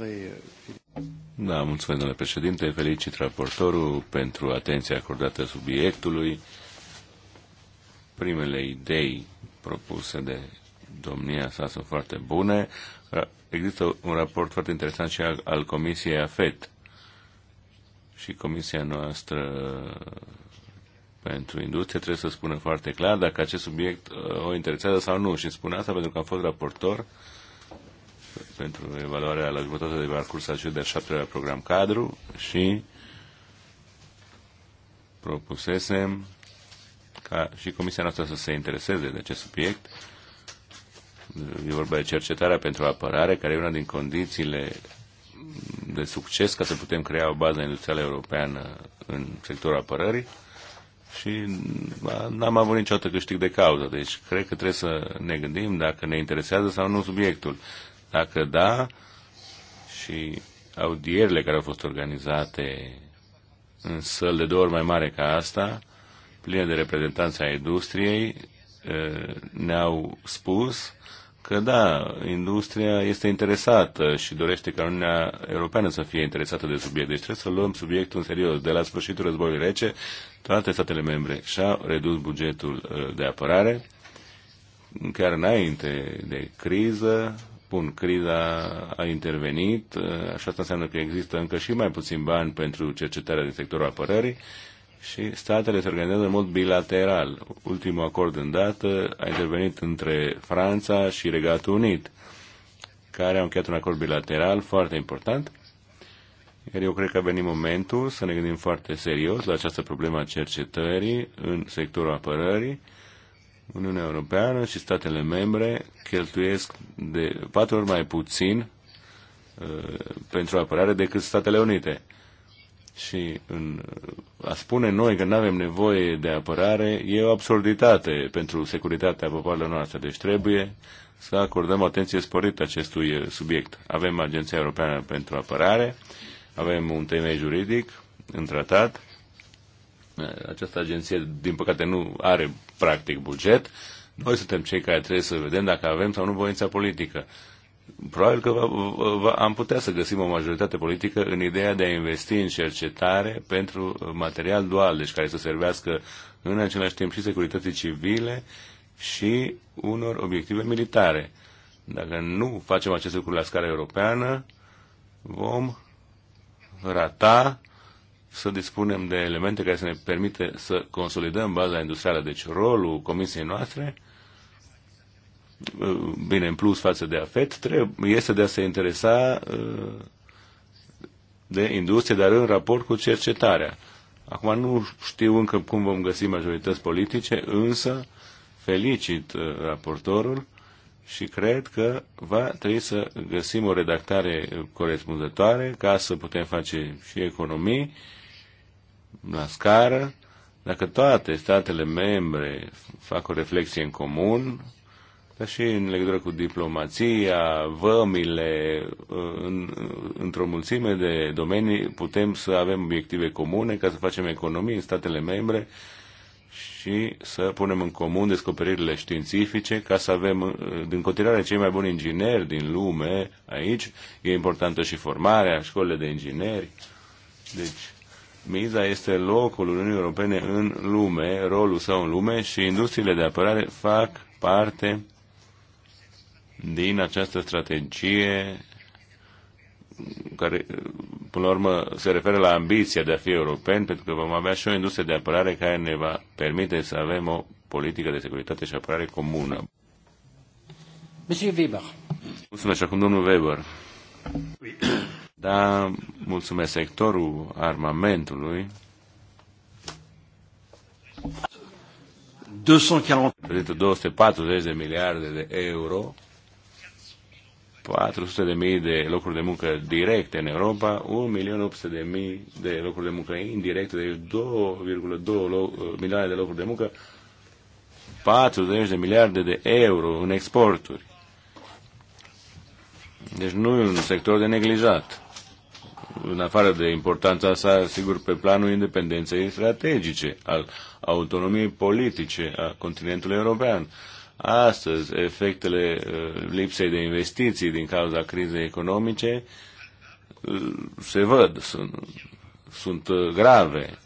Euh, da, mulțumesc, domnule președinte. Felicit raportorul pentru atenția acordată subiectului primele idei propuse de domnia sa sunt foarte bune. Uh, există un raport foarte interesant și al, al Comisiei AFET și Comisia noastră pentru industrie trebuie să spună foarte clar dacă acest subiect uh, o interesează sau nu. Și spun asta pentru că am fost raportor pentru evaluarea la jumătate de parcurs al de șaptelea program cadru și propusesem ca și Comisia noastră să se intereseze de acest subiect. E vorba de cercetarea pentru apărare, care e una din condițiile de succes ca să putem crea o bază industrială europeană în sectorul apărării și n-am avut niciodată câștig de cauză. Deci cred că trebuie să ne gândim dacă ne interesează sau nu subiectul. Dacă da, și audierile care au fost organizate în săl de două ori mai mare ca asta, plină de reprezentanți ai industriei ne-au spus că da, industria este interesată și dorește ca Uniunea Europeană să fie interesată de subiect. Deci trebuie să luăm subiectul în serios. De la sfârșitul războiului rece, toate statele membre și-au redus bugetul de apărare, chiar înainte de criză, Bun, criza a intervenit, așa asta înseamnă că există încă și mai puțin bani pentru cercetarea din sectorul apărării și statele se organizează în mod bilateral. Ultimul acord în dată a intervenit între Franța și Regatul Unit, care au încheiat un acord bilateral foarte important. Iar eu cred că a venit momentul să ne gândim foarte serios la această problemă a cercetării în sectorul apărării. Uniunea Europeană și statele membre cheltuiesc de patru ori mai puțin uh, pentru apărare decât Statele Unite și în, a spune noi că nu avem nevoie de apărare e o absurditate pentru securitatea popoarelor noastre. Deci trebuie să acordăm atenție sporită acestui subiect. Avem Agenția Europeană pentru Apărare, avem un temei juridic în tratat. Această agenție, din păcate, nu are practic buget. Noi suntem cei care trebuie să vedem dacă avem sau nu voința politică probabil că va, va, am putea să găsim o majoritate politică în ideea de a investi în cercetare pentru material dual, deci care să servească în același timp și securității civile și unor obiective militare. Dacă nu facem acest lucru la scară europeană, vom rata să dispunem de elemente care să ne permite să consolidăm baza industrială. Deci rolul comisiei noastre Uh, bine, în plus față de AFET, trebuie, este de a se interesa uh, de industrie, dar în raport cu cercetarea. Acum nu știu încă cum vom găsi majorități politice, însă felicit uh, raportorul și cred că va trebui să găsim o redactare corespunzătoare ca să putem face și economii la scară. Dacă toate statele membre fac o reflexie în comun, dar și în legătură cu diplomația, vămile, uh, în, uh, într-o mulțime de domenii putem să avem obiective comune ca să facem economii în statele membre și să punem în comun descoperirile științifice ca să avem uh, din continuare cei mai buni ingineri din lume aici. E importantă și formarea, școlile de ingineri. Deci, miza este locul Uniunii Europene în lume, rolul său în lume și industriile de apărare fac parte din această strategie care, până la urmă, se referă la ambiția de a fi european, pentru că vom avea și o industrie de apărare care ne va permite să avem o politică de securitate și apărare comună. Monsieur Weber. Mulțumesc. Acum domnul Weber. Da, mulțumesc. Sectorul armamentului 240 de miliarde de euro 400.000 de locuri de muncă directe în Europa, 1.800.000 de locuri de muncă indirecte, deci 2,2 milioane de locuri de muncă, 40 de miliarde de euro în exporturi. Deci nu e un sector de neglijat. În afară de importanța sa, sigur, pe planul independenței strategice, al autonomiei politice a continentului european astăzi efectele uh, lipsei de investiții din cauza crizei economice uh, se văd, sunt, sunt uh, grave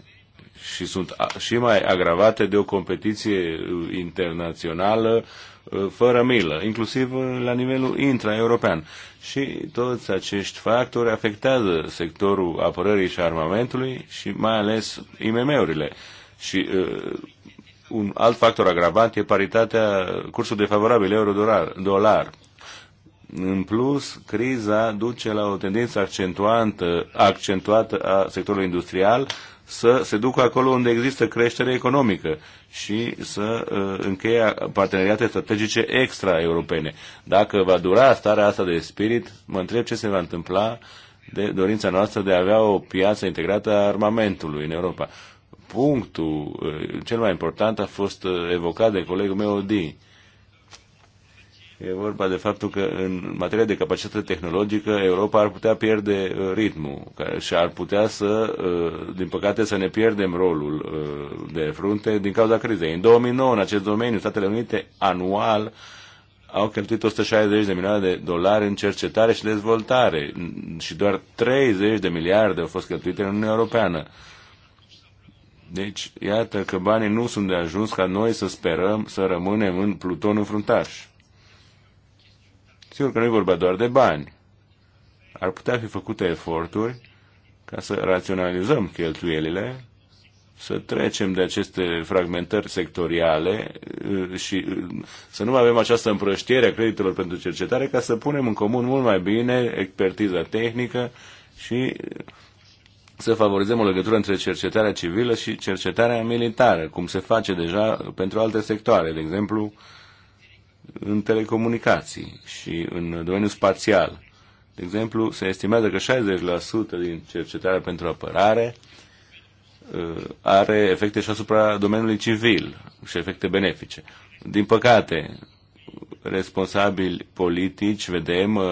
și sunt și mai agravate de o competiție internațională fără milă, inclusiv la nivelul intraeuropean. Și toți acești factori afectează sectorul apărării și armamentului și mai ales IMM-urile. Și un alt factor agravant e paritatea, cursul defavorabil euro-dolar. În plus, criza duce la o tendință accentuantă, accentuată a sectorului industrial să se ducă acolo unde există creștere economică și să uh, încheie parteneriate strategice extra-europene. Dacă va dura starea asta de spirit, mă întreb ce se va întâmpla de dorința noastră de a avea o piață integrată a armamentului în Europa punctul uh, cel mai important a fost uh, evocat de colegul meu Odi. E vorba de faptul că în materie de capacitate tehnologică Europa ar putea pierde uh, ritmul și ar putea să, din păcate, să ne pierdem rolul de frunte din cauza crizei. În 2009, în acest domeniu, Statele Unite anual au cheltuit 160 de milioane de dolari în cercetare și dezvoltare și doar 30 de miliarde au fost cheltuite în Uniunea Europeană. Deci, iată că banii nu sunt de ajuns ca noi să sperăm să rămânem în Pluton fruntaș. Sigur că nu e vorba doar de bani. Ar putea fi făcute eforturi ca să raționalizăm cheltuielile, să trecem de aceste fragmentări sectoriale uh, și uh, să nu mai avem această împrăștiere a creditelor pentru cercetare ca să punem în comun mult mai bine expertiza tehnică și să favorizăm o legătură între cercetarea civilă și cercetarea militară, cum se face deja pentru alte sectoare, de exemplu în telecomunicații și în domeniul spațial. De exemplu, se estimează că 60% din cercetarea pentru apărare uh, are efecte și asupra domeniului civil și efecte benefice. Din păcate, responsabili politici, vedem, uh,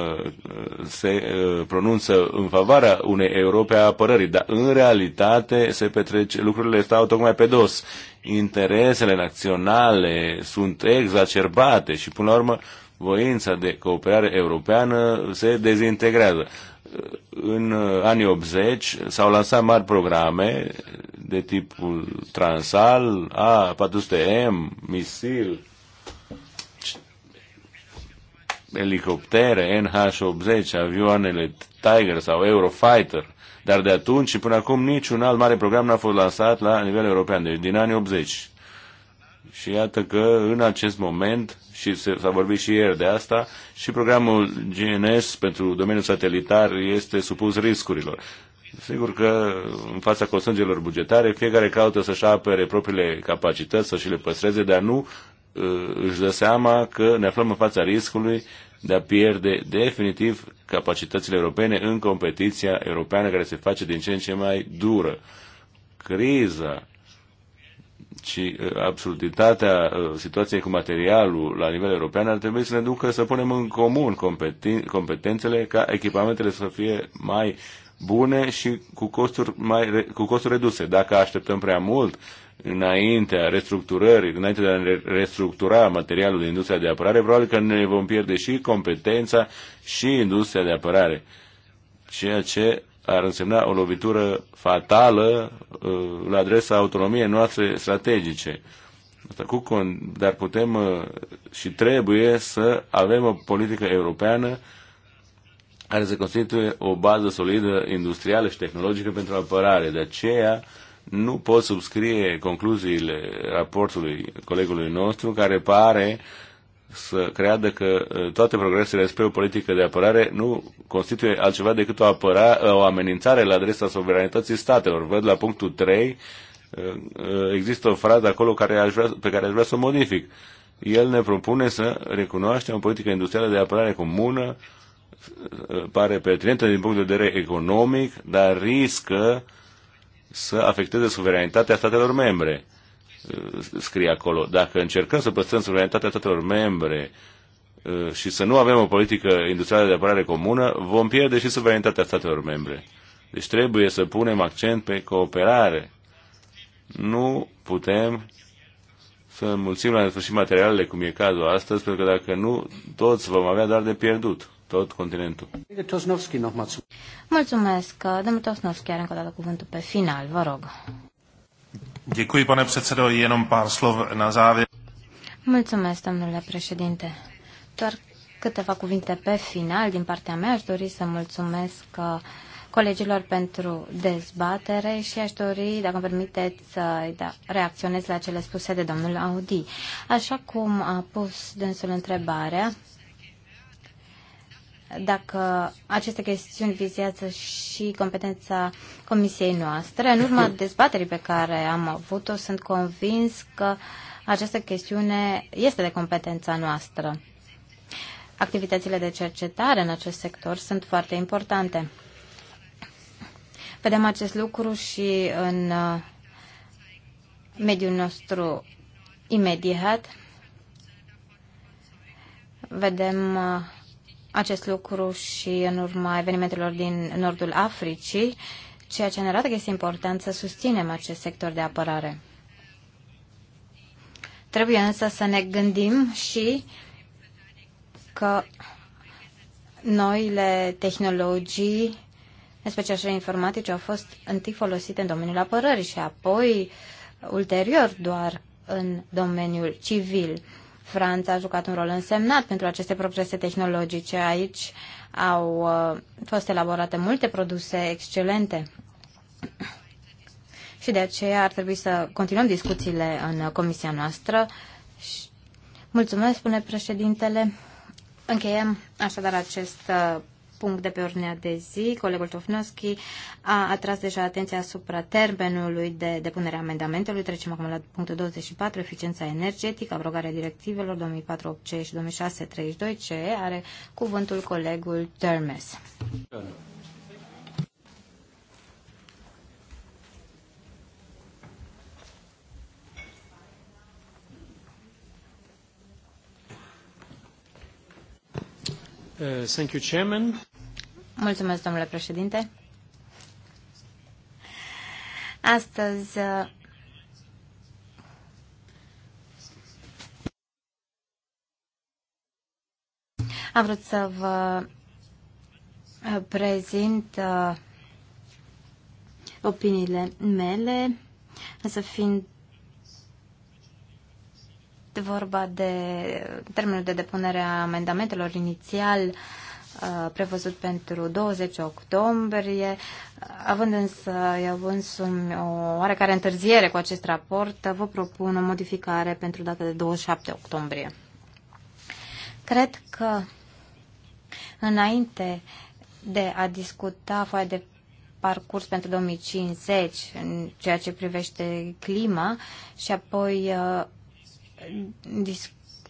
se uh, pronunță în favoarea unei Europe a apărării, dar în realitate se petrece, lucrurile stau tocmai pe dos. Interesele naționale sunt exacerbate și, până la urmă, voința de cooperare europeană se dezintegrează. Uh, în anii 80 s-au lansat mari programe de tipul Transal, A400M, Misil, elicoptere NH-80, avioanele Tiger sau Eurofighter, dar de atunci și până acum niciun alt mare program n-a fost lansat la nivel european, deci din anii 80. Și iată că în acest moment, și s-a vorbit și ieri de asta, și programul GNS pentru domeniul satelitar este supus riscurilor. Sigur că în fața constrângerilor bugetare, fiecare caută să-și apere propriile capacități, să și le păstreze, dar nu Uh, își dă seama că ne aflăm în fața riscului de a pierde definitiv capacitățile europene în competiția europeană care se face din ce în ce mai dură. Criza și uh, absurditatea uh, situației cu materialul la nivel european ar trebui să ne ducă să punem în comun competențele ca echipamentele să fie mai bune și cu costuri, mai, cu costuri reduse. Dacă așteptăm prea mult, înaintea restructurării, înainte de a restructura materialul de industria de apărare, probabil că ne vom pierde și competența și industria de apărare, ceea ce ar însemna o lovitură fatală uh, la adresa autonomiei noastre strategice. Asta cu, dar putem uh, și trebuie să avem o politică europeană care să constituie o bază solidă industrială și tehnologică pentru apărare. De aceea, nu pot subscrie concluziile raportului colegului nostru care pare să creadă că uh, toate progresele spre o politică de apărare nu constituie altceva decât o, apăra, uh, o amenințare la adresa suveranității statelor. Văd la punctul 3, uh, există o frază acolo care aș vrea, pe care aș vrea să o modific. El ne propune să recunoaștem o politică industrială de apărare comună, pare pertinentă din punct de vedere economic, dar riscă uh, să afecteze suveranitatea statelor membre. Uh, scrie acolo. Dacă încercăm să păstrăm suveranitatea statelor membre uh, și să nu avem o politică industrială de apărare comună, vom pierde și suveranitatea statelor membre. Deci trebuie să punem accent pe cooperare. Nu putem să înmulțim la nesfârșit materialele, cum e cazul astăzi, pentru că dacă nu, toți vom avea doar de pierdut tot continentul. Mulțumesc. Domnul Tosnovski are încă o dată cuvântul pe final. Vă rog. Děkuji, pane předsedo, jenom pár slov na závěr. Mulțumesc, domnule președinte. Doar câteva cuvinte pe final din partea mea. Aș dori să mulțumesc uh, colegilor pentru dezbatere și aș dori, dacă îmi permiteți, să da, reacționez la cele spuse de domnul Audi. Așa cum a pus dânsul întrebarea, dacă aceste chestiuni vizează și competența comisiei noastre. În urma dezbaterii pe care am avut-o, sunt convins că această chestiune este de competența noastră. Activitățile de cercetare în acest sector sunt foarte importante. Vedem acest lucru și în uh, mediul nostru imediat. Vedem uh, acest lucru și în urma evenimentelor din nordul Africii, ceea ce ne arată că este important să susținem acest sector de apărare. Trebuie însă să ne gândim și că noile tehnologii, în special cele informatice, au fost întâi folosite în domeniul apărării și apoi, ulterior, doar în domeniul civil. Franța a jucat un rol însemnat pentru aceste progrese tehnologice. Aici au uh, fost elaborate multe produse excelente. Și de aceea ar trebui să continuăm discuțiile în comisia noastră. Mulțumesc, spune președintele. Încheiem așadar acest uh, punct de pe ordinea de zi. Colegul Tofnoschi a atras deja atenția asupra termenului de depunere a amendamentelor. Trecem acum la punctul 24, eficiența energetică, abrogarea directivelor 2004 c și 2006-32 c Are cuvântul colegul Termes. Uh, thank you, Chairman. Mulțumesc, domnule președinte. Astăzi am vrut să vă prezint uh, opiniile mele, însă fiind vorba de termenul de depunere a amendamentelor inițial, prevăzut pentru 20 octombrie, având însă eu însumi o oarecare întârziere cu acest raport, vă propun o modificare pentru data de 27 octombrie. Cred că înainte de a discuta foaia de parcurs pentru 2050 în ceea ce privește clima și apoi uh,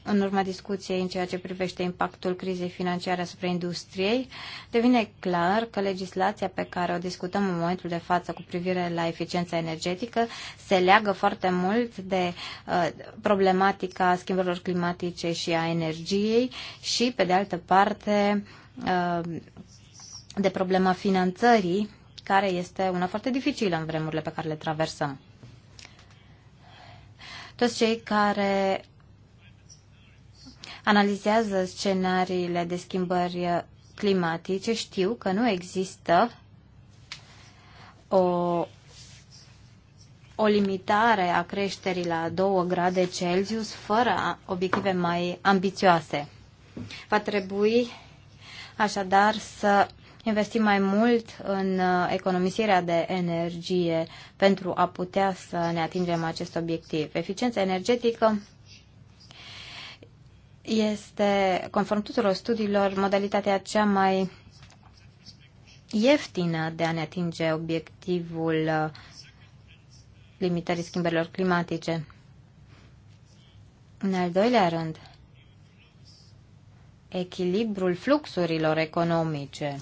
în urma discuției în ceea ce privește impactul crizei financiare asupra industriei, devine clar că legislația pe care o discutăm în momentul de față cu privire la eficiența energetică se leagă foarte mult de uh, problematica schimbărilor climatice și a energiei și, pe de altă parte, uh, de problema finanțării, care este una foarte dificilă în vremurile pe care le traversăm toți cei care analizează scenariile de schimbări climatice știu că nu există o, o limitare a creșterii la 2 grade Celsius fără obiective mai ambițioase. Va trebui așadar să investim mai mult în uh, economisirea de energie pentru a putea să ne atingem acest obiectiv. Eficiența energetică este, conform tuturor studiilor, modalitatea cea mai ieftină de a ne atinge obiectivul uh, limitării schimbărilor climatice. În al doilea rând, echilibrul fluxurilor economice.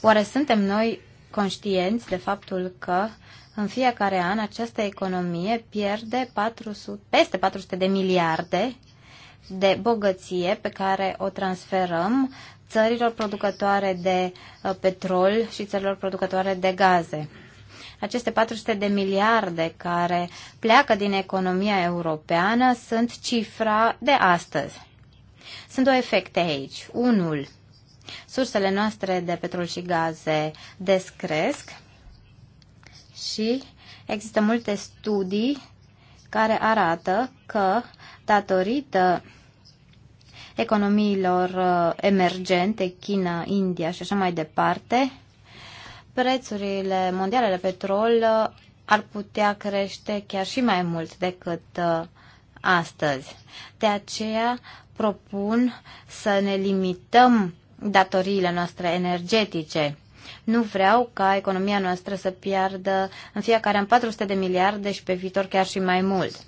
Oare suntem noi conștienți de faptul că în fiecare an această economie pierde 400, peste 400 de miliarde de bogăție pe care o transferăm țărilor producătoare de uh, petrol și țărilor producătoare de gaze. Aceste 400 de miliarde care pleacă din economia europeană sunt cifra de astăzi. Sunt două efecte aici. Unul, sursele noastre de petrol și gaze descresc și există multe studii care arată că datorită economiilor uh, emergente, China, India și așa mai departe, prețurile mondiale de petrol uh, ar putea crește chiar și mai mult decât uh, astăzi. De aceea propun să ne limităm datoriile noastre energetice nu vreau ca economia noastră să piardă în fiecare an 400 de miliarde și pe viitor chiar și mai mult.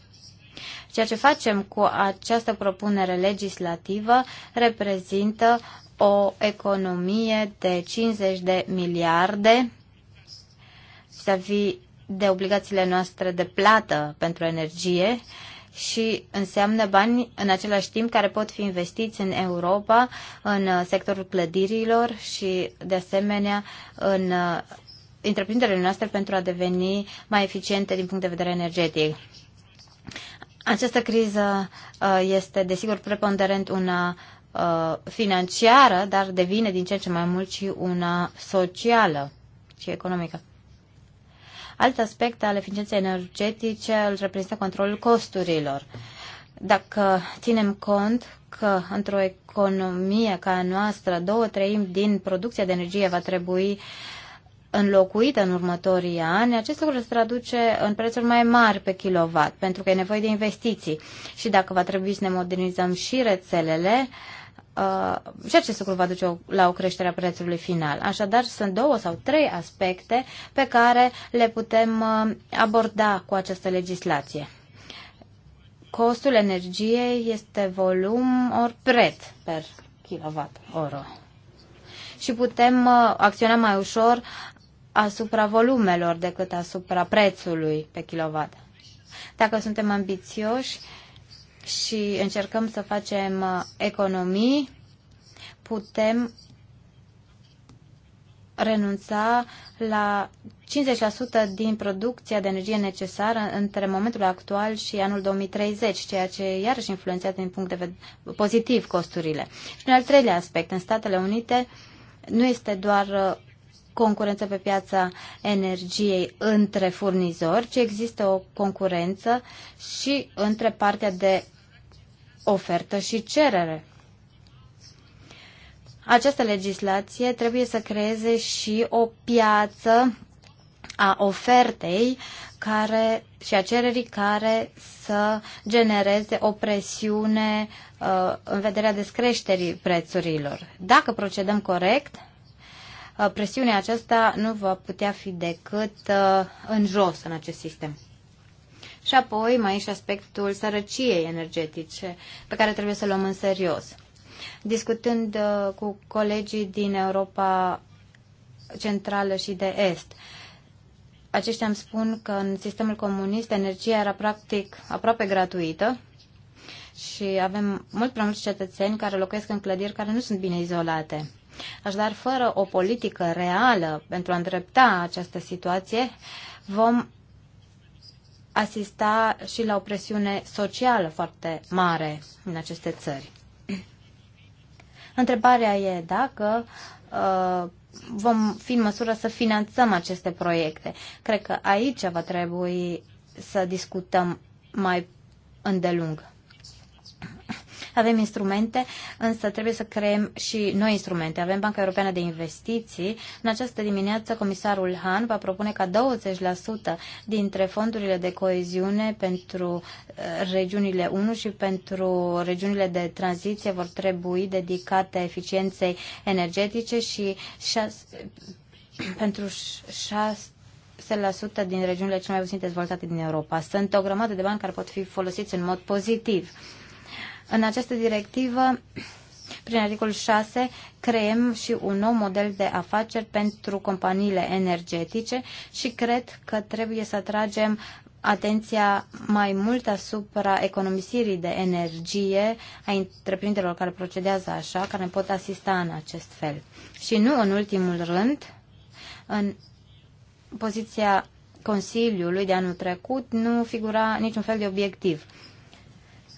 Ceea ce facem cu această propunere legislativă reprezintă o economie de 50 de miliarde vis-a-vis de obligațiile noastre de plată pentru energie și înseamnă bani în același timp care pot fi investiți în Europa, în uh, sectorul clădirilor și de asemenea în uh, întreprinderile noastre pentru a deveni mai eficiente din punct de vedere energetic. Această criză uh, este, desigur, preponderent una financiară, dar devine din ce în ce mai mult și una socială și economică. Alt aspect al eficienței energetice îl reprezintă controlul costurilor. Dacă ținem cont că într-o economie ca a noastră două treimi din producția de energie va trebui înlocuită în următorii ani, acest lucru se traduce în prețuri mai mari pe kilowatt, pentru că e nevoie de investiții. Și dacă va trebui să ne modernizăm și rețelele, uh, uh, și acest lucru va duce la o creștere a prețului final. Așadar, sunt două sau trei aspecte pe care le putem uh, aborda cu această legislație. Costul energiei este volum ori preț per kilowatt-oră. Și putem uh, acționa mai ușor asupra volumelor decât asupra prețului pe kilowatt. Dacă suntem ambițioși, uh, și încercăm să facem uh, economii, putem renunța la 50% din producția de energie necesară între momentul actual și anul 2030, ceea ce iarăși influențează din punct de vedere pozitiv costurile. Și un al treilea aspect, în Statele Unite nu este doar uh, concurență pe piața energiei între furnizori, ci există o concurență și între partea de ofertă și cerere. Această legislație trebuie să creeze și o piață a ofertei care, și a cererii care să genereze o presiune uh, în vederea descreșterii prețurilor. Dacă procedăm corect, uh, presiunea aceasta nu va putea fi decât uh, în jos în acest sistem. Și apoi mai e și aspectul sărăciei energetice, pe care trebuie să luăm în serios. Discutând uh, cu colegii din Europa Centrală și de Est, aceștia îmi spun că în sistemul comunist energia era practic aproape gratuită și avem mult prea mulți cetățeni care locuiesc în clădiri care nu sunt bine izolate. Așadar, fără o politică reală pentru a îndrepta această situație, vom asista și la o presiune socială foarte mare în aceste țări. Întrebarea e dacă uh, vom fi în măsură să finanțăm aceste proiecte. Cred că aici va trebui să discutăm mai îndelung. Avem instrumente, însă trebuie să creăm și noi instrumente. Avem Banca Europeană de Investiții. În această dimineață, comisarul Han va propune ca 20% dintre fondurile de coeziune pentru eh, regiunile 1 și pentru regiunile de tranziție vor trebui dedicate eficienței energetice și șas- pentru 6 sută din regiunile cele mai puțin dezvoltate din Europa. Sunt o grămadă de bani care pot fi folosiți în mod pozitiv. În această directivă, prin articolul 6, creăm și un nou model de afaceri pentru companiile energetice și cred că trebuie să tragem atenția mai mult asupra economisirii de energie a întreprinderilor care procedează așa, care ne pot asista în acest fel. Și nu în ultimul rând, în poziția Consiliului de anul trecut nu figura niciun fel de obiectiv.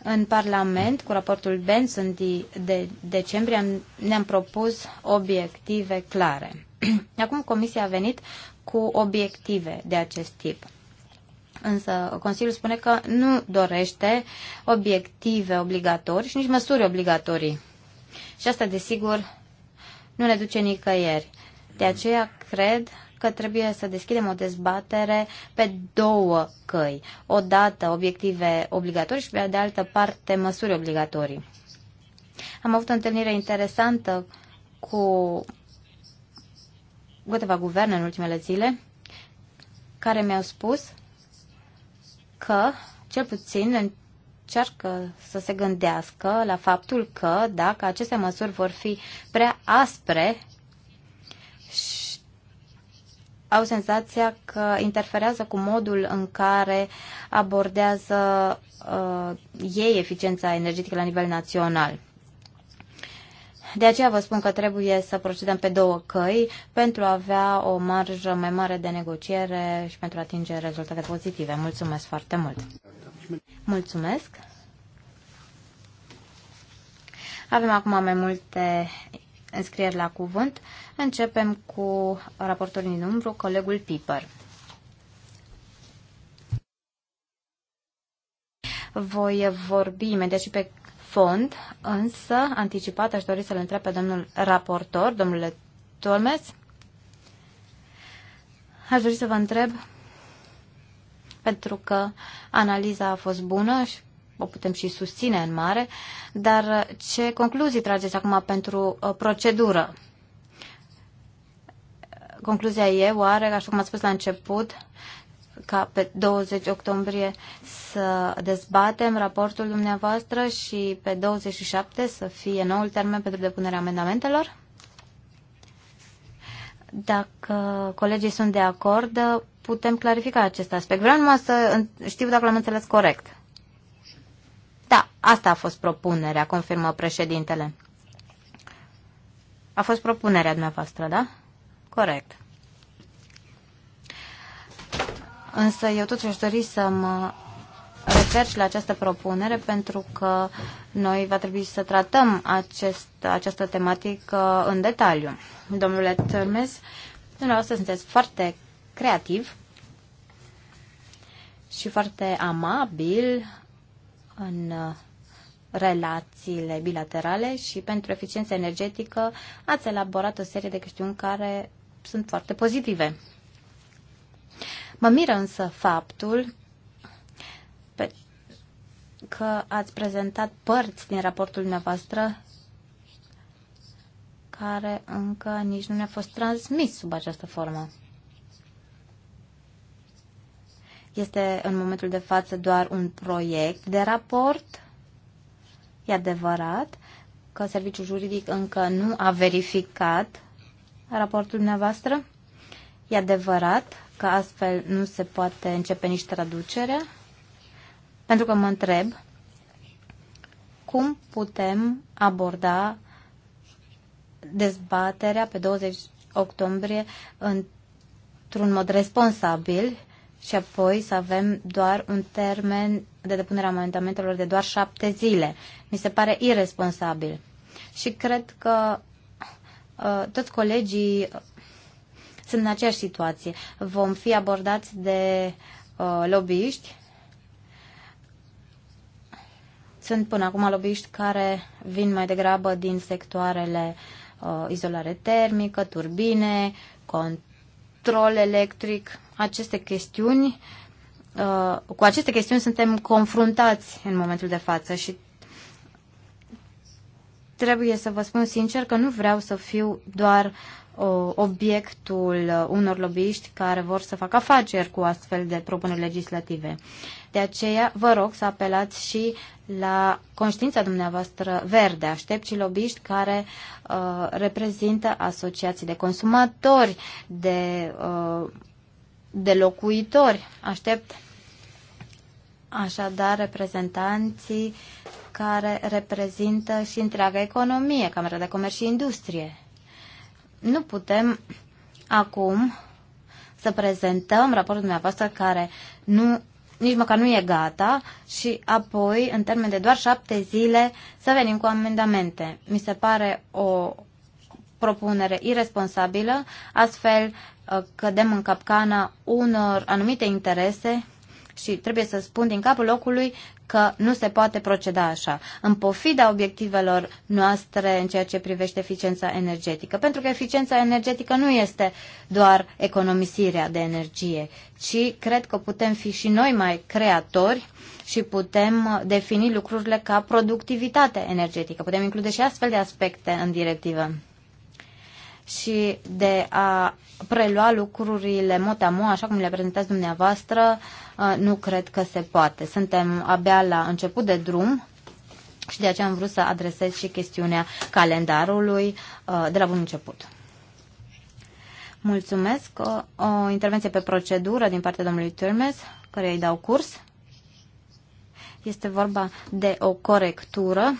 În Parlament, cu raportul Benson de, de decembrie, am, ne-am propus obiective clare. Acum Comisia a venit cu obiective de acest tip. Însă Consiliul spune că nu dorește obiective obligatorii și nici măsuri obligatorii. Și asta, desigur, nu ne duce nicăieri. De aceea cred că trebuie să deschidem o dezbatere pe două căi. O dată obiective obligatorii și pe de altă parte măsuri obligatorii. Am avut o întâlnire interesantă cu câteva guverne în ultimele zile care mi-au spus că, cel puțin, încearcă să se gândească la faptul că dacă aceste măsuri vor fi prea aspre, au senzația că interferează cu modul în care abordează uh, ei eficiența energetică la nivel național. De aceea vă spun că trebuie să procedăm pe două căi pentru a avea o marjă mai mare de negociere și pentru a atinge rezultate pozitive. Mulțumesc foarte mult! Mulțumesc! Avem acum mai multe înscrieri la cuvânt. Începem cu raportul din umbru, colegul Piper. Voi vorbi imediat și pe fond, însă, anticipat, aș dori să-l întreb pe domnul raportor, domnule Tolmes. Aș dori să vă întreb, pentru că analiza a fost bună și o putem și susține în mare, dar ce concluzii trageți acum pentru uh, procedură? Concluzia e oare, așa cum am spus la început, ca pe 20 octombrie să dezbatem raportul dumneavoastră și pe 27 să fie noul termen pentru depunerea amendamentelor? Dacă colegii sunt de acord, putem clarifica acest aspect. Vreau numai să știu dacă l-am înțeles corect. Da, asta a fost propunerea, confirmă președintele. A fost propunerea dumneavoastră, da? corect. Însă eu totuși aș dori să mă refer și la această propunere pentru că noi va trebui să tratăm acest, această tematică în detaliu. Domnule Târmes, dumneavoastră sunteți foarte creativ și foarte amabil în relațiile bilaterale și pentru eficiență energetică ați elaborat o serie de chestiuni care sunt foarte pozitive. Mă miră însă faptul că ați prezentat părți din raportul dumneavoastră care încă nici nu ne-a fost transmis sub această formă. Este în momentul de față doar un proiect de raport. E adevărat că serviciul juridic încă nu a verificat raportul dumneavoastră. E adevărat că astfel nu se poate începe nici traducerea, pentru că mă întreb cum putem aborda dezbaterea pe 20 octombrie într-un mod responsabil și apoi să avem doar un termen de depunere a amendamentelor de doar șapte zile. Mi se pare irresponsabil. Și cred că Uh, toți colegii sunt în aceeași situație. Vom fi abordați de uh, lobbyiști. Sunt până acum lobbyiști care vin mai degrabă din sectoarele uh, izolare termică, turbine, control electric, aceste chestiuni. Uh, cu aceste chestiuni suntem confruntați în momentul de față și trebuie să vă spun sincer că nu vreau să fiu doar uh, obiectul unor lobbyiști care vor să facă afaceri cu astfel de propuneri legislative. De aceea vă rog să apelați și la conștiința dumneavoastră verde. Aștept și lobbyiști care uh, reprezintă asociații de consumatori, de, uh, de locuitori. Aștept așadar reprezentanții care reprezintă și întreaga economie, Camera de Comerț și Industrie. Nu putem acum să prezentăm raportul dumneavoastră care nu, nici măcar nu e gata și apoi, în termen de doar șapte zile, să venim cu amendamente. Mi se pare o propunere irresponsabilă, astfel uh, cădem în capcana unor anumite interese și trebuie să spun din capul locului că nu se poate proceda așa, în pofida obiectivelor noastre în ceea ce privește eficiența energetică. Pentru că eficiența energetică nu este doar economisirea de energie, ci cred că putem fi și noi mai creatori și putem uh, defini lucrurile ca productivitate energetică. Putem include și astfel de aspecte în directivă și de a prelua lucrurile motamo, așa cum le prezentați dumneavoastră, uh, nu cred că se poate. Suntem abia la început de drum și de aceea am vrut să adresez și chestiunea calendarului uh, de la bun început. Mulțumesc. O intervenție pe procedură din partea domnului Turmes, care îi dau curs. Este vorba de o corectură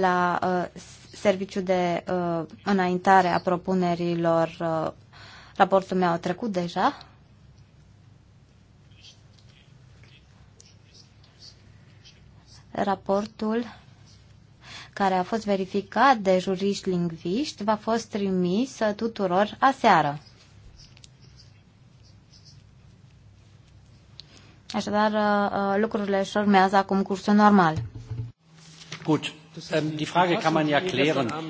la uh, serviciu de uh, înaintare a propunerilor. Uh, raportul meu a trecut deja. Raportul care a fost verificat de juriști lingviști va fost trimis uh, tuturor aseară. Așadar, uh, uh, lucrurile își urmează acum cursul normal. Good. Ähm,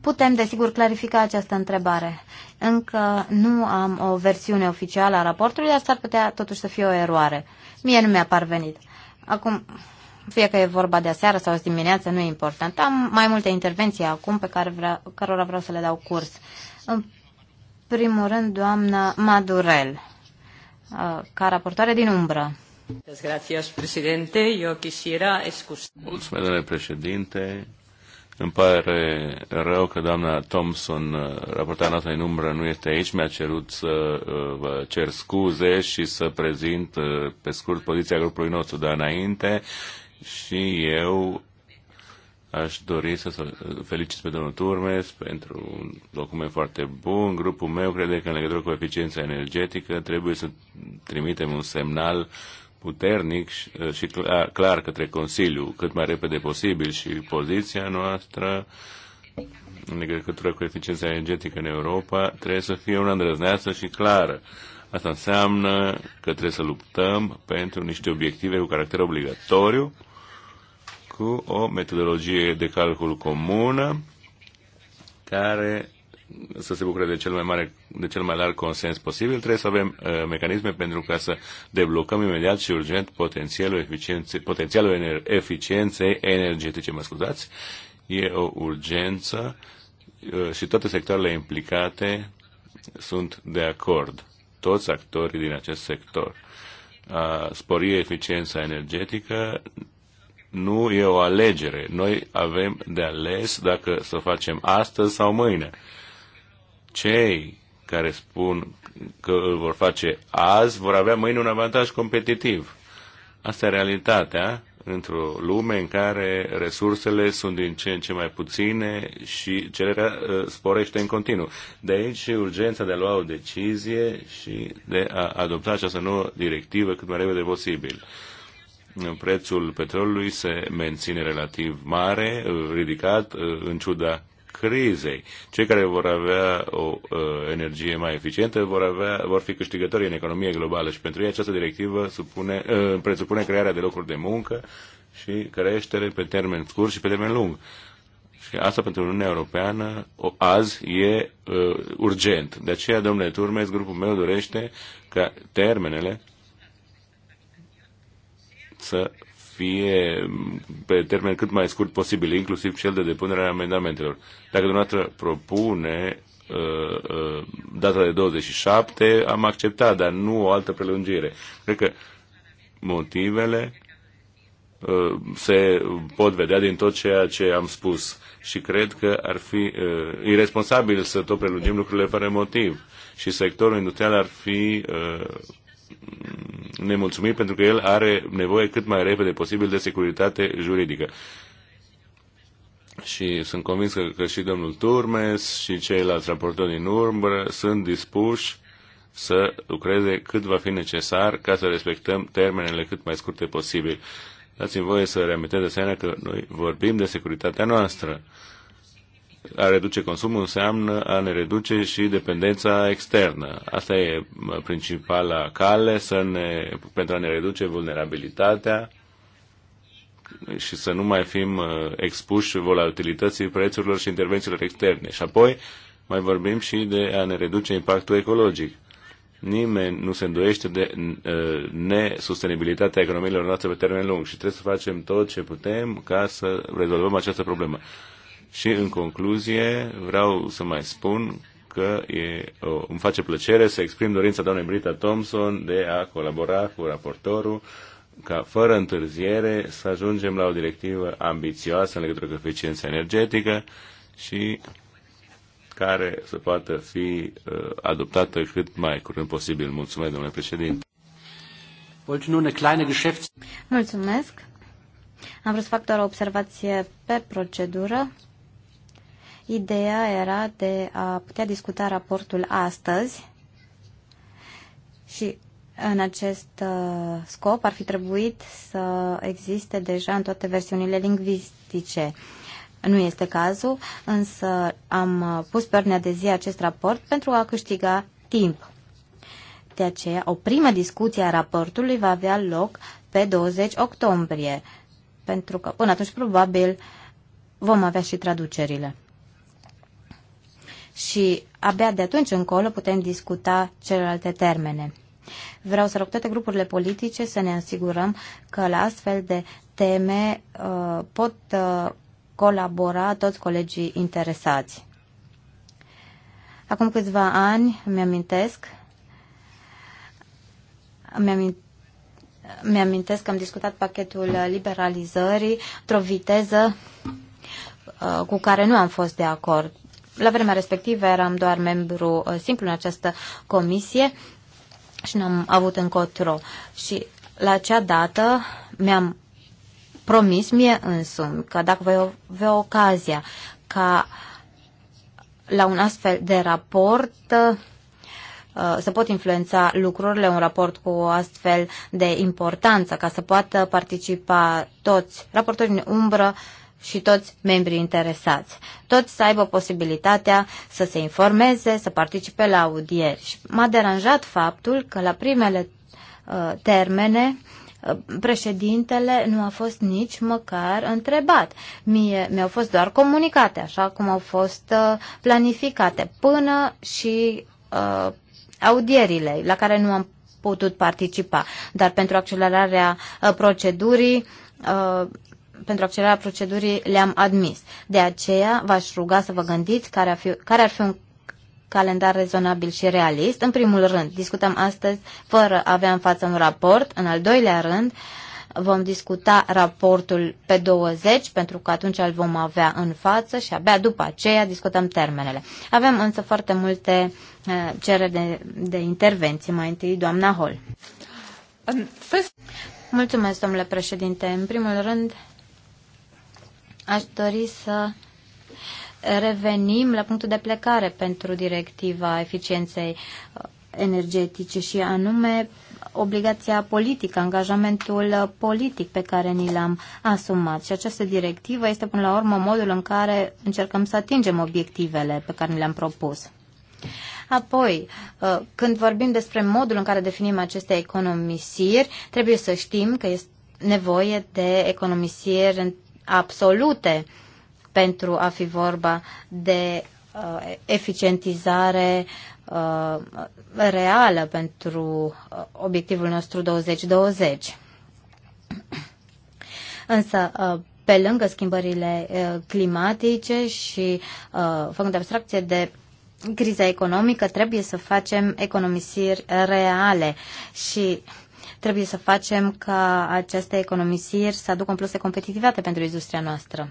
Putem, desigur, clarifica această întrebare. Încă nu am o versiune oficială a raportului, dar s-ar putea totuși să fie o eroare. Mie nu mi-a parvenit. Acum, fie că e vorba de aseară sau azi dimineață, nu e important. Am mai multe intervenții acum pe care vrea, cărora vreau să le dau curs. În primul rând, doamna Madurel, uh, ca raportoare din umbră. Mulțumesc, domnule președinte. Îmi pare rău că doamna Thompson, uh, raportarea noastră în umbră, nu este aici. Mi-a cerut să uh, vă cer scuze și să prezint uh, pe scurt poziția grupului nostru de înainte. Și eu aș dori să felicit pe domnul Turmes pentru un document foarte bun. Grupul meu crede că în legătură cu eficiența energetică trebuie să trimitem un semnal uh, puternic și uh, clar către Consiliu, cât mai repede posibil și poziția noastră în legătură cu eficiența energetică în Europa trebuie să fie una îndrăzneață și clară. Asta înseamnă că trebuie să luptăm pentru niște obiective cu caracter obligatoriu, cu o metodologie de calcul comună, care să se bucure de cel mai mare, de cel mai larg consens posibil, trebuie să avem uh, mecanisme pentru ca să deblocăm imediat și urgent potențialul, eficienței, potențialul ener, eficienței energetice, mă scuzați. E o urgență uh, și toate sectoarele implicate sunt de acord. Toți actorii din acest sector. A spori eficiența energetică nu e o alegere. Noi avem de ales dacă să o facem astăzi sau mâine. Uh, cei care spun că îl vor face azi vor avea mâine un avantaj competitiv. Asta e realitatea într-o lume în care resursele sunt din ce în ce mai puține și cererea uh, sporește în continuu. De aici urgența de a lua o decizie și de a adopta această nouă directivă cât mai repede posibil. Prețul petrolului se menține relativ mare, uh, ridicat, uh, în ciuda crizei. Cei care vor avea o uh, energie mai eficientă vor, avea, vor fi câștigători în economie globală și pentru ei această directivă supune, uh, presupune crearea de locuri de muncă și creștere pe termen scurt și pe termen lung. Și asta pentru Uniunea Europeană o, azi e uh, urgent. De aceea, domnule Turmes, grupul meu dorește ca termenele să fie pe termen cât mai scurt posibil, inclusiv cel de depunere a amendamentelor. Dacă dumneavoastră propune uh, uh, data de 27, am acceptat, dar nu o altă prelungire. Cred că motivele uh, se pot vedea din tot ceea ce am spus și cred că ar fi uh, irresponsabil să tot prelungim lucrurile fără motiv și sectorul industrial ar fi uh, nemulțumit pentru că el are nevoie cât mai repede posibil de securitate juridică. Și sunt convins că, că și domnul Turmes și ceilalți raportori din urmă sunt dispuși să lucreze cât va fi necesar ca să respectăm termenele cât mai scurte posibil. Dați-mi voie să reamintesc de asemenea că noi vorbim de securitatea noastră. Uh, a reduce consumul înseamnă a ne reduce și dependența externă. Asta e principala cale să ne, pentru a ne reduce vulnerabilitatea și să nu mai fim expuși volatilității prețurilor și intervențiilor externe. Și apoi mai vorbim și de a ne reduce impactul ecologic. Nimeni nu se îndoiește de ă, nesustenibilitatea economiilor noastre pe termen lung și trebuie să facem tot ce putem ca să rezolvăm această problemă. Și în concluzie vreau să mai spun că e, o, îmi face plăcere să exprim dorința doamnei Brita Thompson de a colabora cu raportorul ca fără întârziere să ajungem la o directivă ambițioasă în legătură cu eficiența energetică și care să poată fi uh, adoptată cât mai curând posibil. Mulțumesc, domnule președinte. Mulțumesc. Am vrut să fac doar o observație pe procedură. Ideea era de a putea discuta raportul astăzi și în acest uh, scop ar fi trebuit să existe deja în toate versiunile lingvistice. Nu este cazul, însă am uh, pus pe ordinea de zi acest raport pentru a câștiga timp. De aceea, o primă discuție a raportului va avea loc pe 20 octombrie, pentru că până atunci probabil vom avea și traducerile și abia de atunci încolo putem discuta celelalte termene. Vreau să rog toate grupurile politice să ne asigurăm că la astfel de teme uh, pot uh, colabora toți colegii interesați. Acum câțiva ani, îmi amintesc, îmi amintesc mi-amintesc că am discutat pachetul liberalizării într-o viteză uh, cu care nu am fost de acord la vremea respectivă eram doar membru uh, simplu în această comisie și n-am avut încotro. Și la acea dată mi-am promis mie însumi că dacă voi avea ocazia ca la un astfel de raport uh, să pot influența lucrurile, un raport cu o astfel de importanță, ca să poată participa toți raportorii în umbră, și toți membrii interesați. Toți să aibă posibilitatea să se informeze, să participe la audieri. Și m-a deranjat faptul că la primele uh, termene uh, președintele nu a fost nici măcar întrebat. Mie mi-au fost doar comunicate, așa cum au fost uh, planificate, până și uh, audierile la care nu am putut participa. Dar pentru accelerarea uh, procedurii uh, pentru accelerarea procedurii le-am admis. De aceea v-aș ruga să vă gândiți care ar fi, care ar fi un calendar rezonabil și realist. În primul rând, discutăm astăzi fără a avea în față un raport. În al doilea rând, vom discuta raportul pe 20, pentru că atunci îl vom avea în față și abia după aceea discutăm termenele. Avem însă foarte multe eh, cereri de, de intervenții. Mai întâi, doamna Hall. Um, Mulțumesc, domnule președinte. În primul rând, Aș dori să revenim la punctul de plecare pentru directiva eficienței uh, energetice și anume obligația politică, angajamentul politic pe care ni l-am asumat. Și această directivă este până la urmă modul în care încercăm să atingem obiectivele pe care ni le-am propus. Apoi, uh, când vorbim despre modul în care definim aceste economisiri, trebuie să știm că este nevoie de economisiri absolute pentru a fi vorba de uh, eficientizare uh, reală pentru uh, obiectivul nostru 2020. Însă, uh, pe lângă schimbările uh, climatice și uh, făcând abstracție de criza economică, trebuie să facem economisiri reale și Trebuie să facem ca aceste economisiri să aducă în plus de competitivitate pentru industria noastră.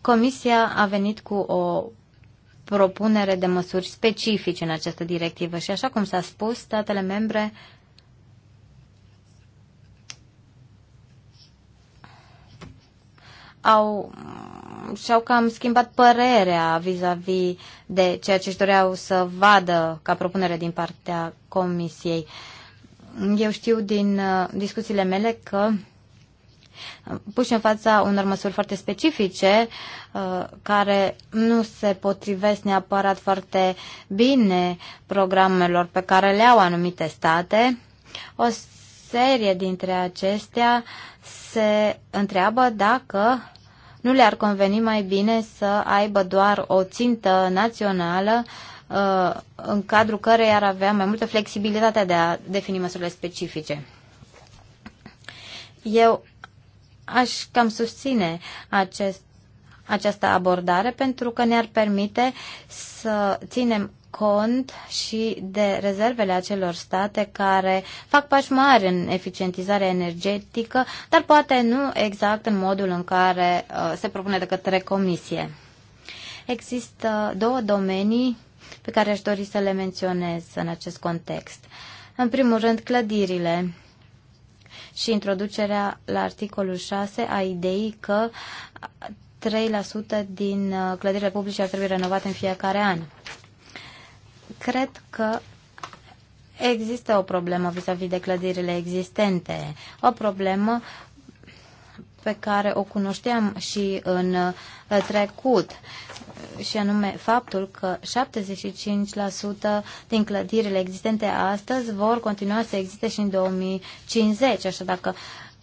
Comisia a venit cu o propunere de măsuri specifice în această directivă și, așa cum s-a spus, statele membre au și-au cam schimbat părerea vis-a-vis -vis de ceea ce își doreau să vadă ca propunere din partea Comisiei. Uh, eu știu din uh, discuțiile mele că uh, puși în fața unor măsuri foarte specifice uh, care nu se potrivesc neapărat foarte bine programelor pe care le au anumite state, o serie dintre acestea se întreabă dacă nu le-ar conveni mai bine să aibă doar o țintă națională uh, Uh, în cadrul care ar avea mai multă flexibilitate de a defini măsurile specifice. Eu aș cam susține acest, această abordare pentru că ne-ar permite să ținem cont și de rezervele acelor state care fac pași mari în eficientizarea energetică, dar poate nu exact în modul în care uh, se propune de către Comisie. Există două domenii pe care aș dori să le menționez în acest context. În primul rând, clădirile și introducerea la articolul 6 a ideii că 3% din uh, clădirile publice ar trebui renovate în fiecare an. Cred că există o problemă vis-a-vis -vis de clădirile existente, o problemă pe care o cunoșteam și în uh, trecut și anume faptul că 75% din clădirile existente astăzi vor continua să existe și în 2050. Așa dacă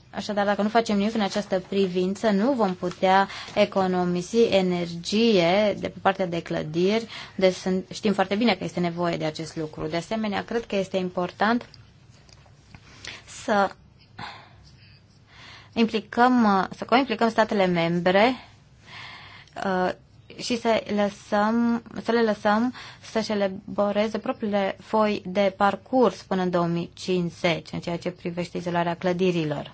Așadar, dacă nu facem nimic în această privință, nu vom putea economisi energie de pe partea de clădiri. Deci sunt, știm foarte bine că este nevoie de acest lucru. De asemenea, cred că este important să implicăm, să coimplicăm statele membre uh, și să, lăsăm, să le lăsăm să-și elaboreze propriile foi de parcurs până în 2050 în ceea ce privește izolarea clădirilor.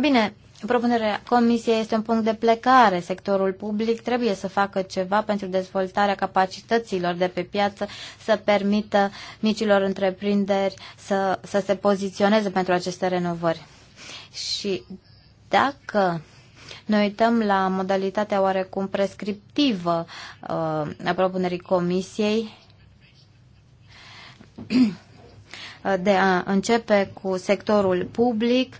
Bine, propunerea Comisiei este un punct de plecare. Sectorul public trebuie să facă ceva pentru dezvoltarea capacităților de pe piață, să permită micilor întreprinderi să, să se poziționeze pentru aceste renovări. Și dacă ne uităm la modalitatea oarecum prescriptivă uh, a propunerii Comisiei de a începe cu sectorul public,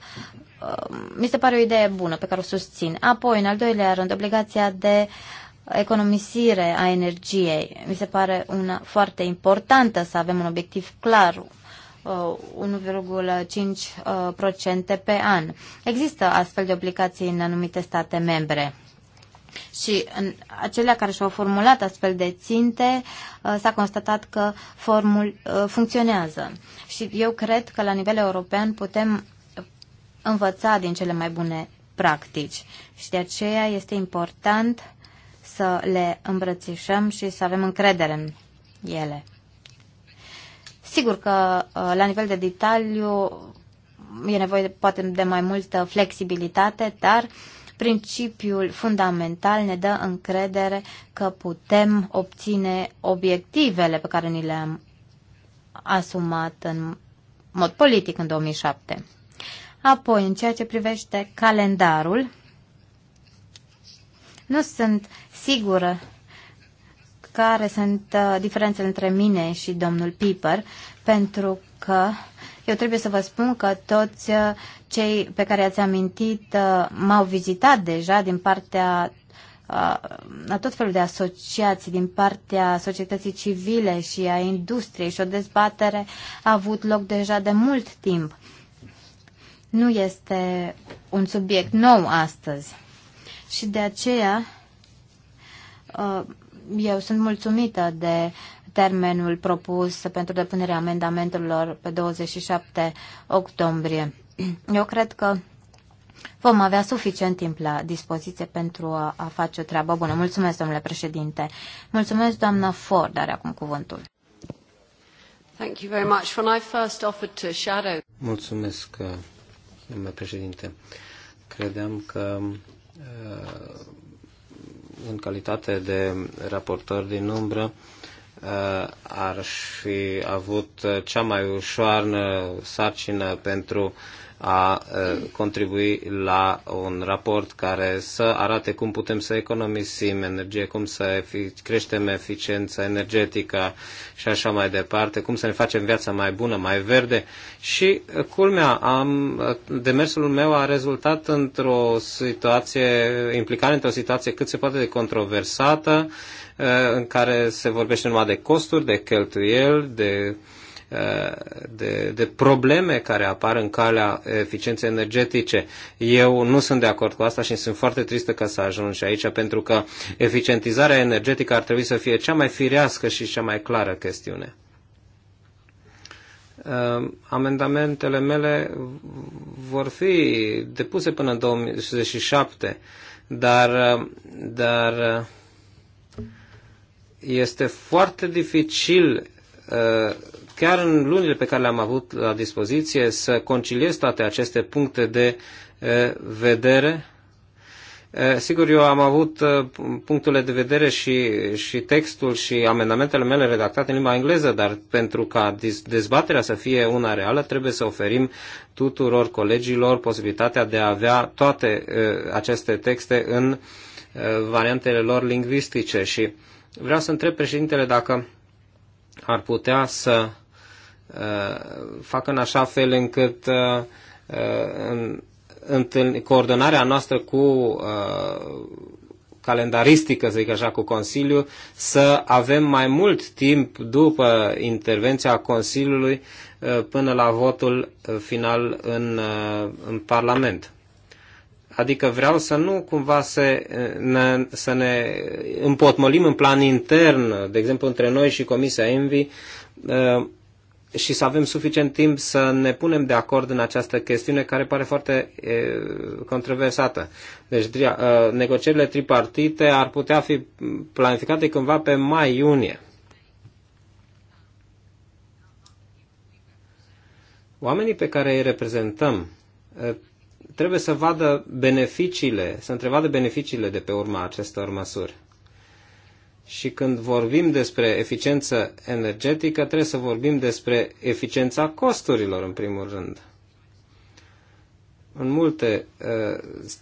uh, mi se pare o idee bună pe care o susțin. Apoi, în al doilea rând, obligația de economisire a energiei. Mi se pare una foarte importantă să avem un obiectiv clar, Uh, 1,5% uh, pe an. Există astfel de obligații în anumite state membre. Și în acelea care și-au formulat astfel de ținte, uh, s-a constatat că formul, funcționează. Și eu cred că la nivel european putem învăța din cele mai bune practici. Și de aceea este important să le îmbrățișăm și să avem încredere în ele. Sigur că uh, la nivel de detaliu e nevoie poate de mai multă flexibilitate, dar principiul fundamental ne dă încredere că putem obține obiectivele pe care ni le-am asumat în mod politic în 2007. Apoi, în ceea ce privește calendarul, nu sunt sigură care sunt uh, diferențele între mine și domnul Piper, pentru că eu trebuie să vă spun că toți uh, cei pe care ați amintit uh, m-au vizitat deja din partea a tot felul de asociații din partea societății civile și a industriei și o dezbatere a avut loc deja de mult timp. Nu este un subiect nou astăzi și de aceea eu sunt mulțumită de termenul propus pentru depunerea amendamentelor pe 27 octombrie. Eu cred că vom avea suficient timp la dispoziție pentru a, a face o treabă bună. Mulțumesc, domnule președinte. Mulțumesc, doamna Ford, are acum cuvântul. Thank you very much. When I first offered to shadow... Mulțumesc, uh, domnule președinte. Credeam că uh, în calitate de raportor din umbră, eh, ar fi avut cea mai ușoară sarcină pentru a contribui la un raport care să arate cum putem să economisim energie, cum să creștem eficiența energetică și așa mai departe, cum să ne facem viața mai bună, mai verde. Și culmea, am, demersul meu a rezultat într-o situație, implicare într-o situație cât se poate de controversată, în care se vorbește numai de costuri, de cheltuieli, de uh, de, de probleme care apar în calea eficienței energetice. Eu nu sunt de acord cu asta și sunt foarte tristă că s-a ajuns aici, pentru că eficientizarea energetică ar trebui să fie cea mai firească și cea mai clară chestiune. Amendamentele mele vor fi depuse până în 2007, dar, dar este foarte dificil uh, chiar în lunile pe care le-am avut la dispoziție, să conciliez toate aceste puncte de vedere. Sigur, eu am avut punctele de vedere și, și textul și amendamentele mele redactate în limba engleză, dar pentru ca dezbaterea să fie una reală, trebuie să oferim tuturor colegilor posibilitatea de a avea toate aceste texte în variantele lor lingvistice și vreau să întreb președintele dacă ar putea să Uh, fac în așa fel încât uh, uh, în, în coordonarea noastră cu calendaristică, să zic așa, cu Consiliul, să avem mai mult timp după intervenția Consiliului până la votul final în, în Parlament. Adică vreau să nu cumva să ne, să ne împotmolim în plan intern, de exemplu între noi și Comisia Envi, și să avem suficient timp să ne punem de acord în această chestiune care pare foarte e, controversată. Deci ă, negocierile tripartite ar putea fi planificate cândva pe mai-iunie. Oamenii pe care îi reprezentăm ă, trebuie să vadă beneficiile, să întrevadă beneficiile de pe urma acestor măsuri. Și când vorbim despre eficiență energetică, trebuie să vorbim despre eficiența costurilor, în primul rând. În multe uh,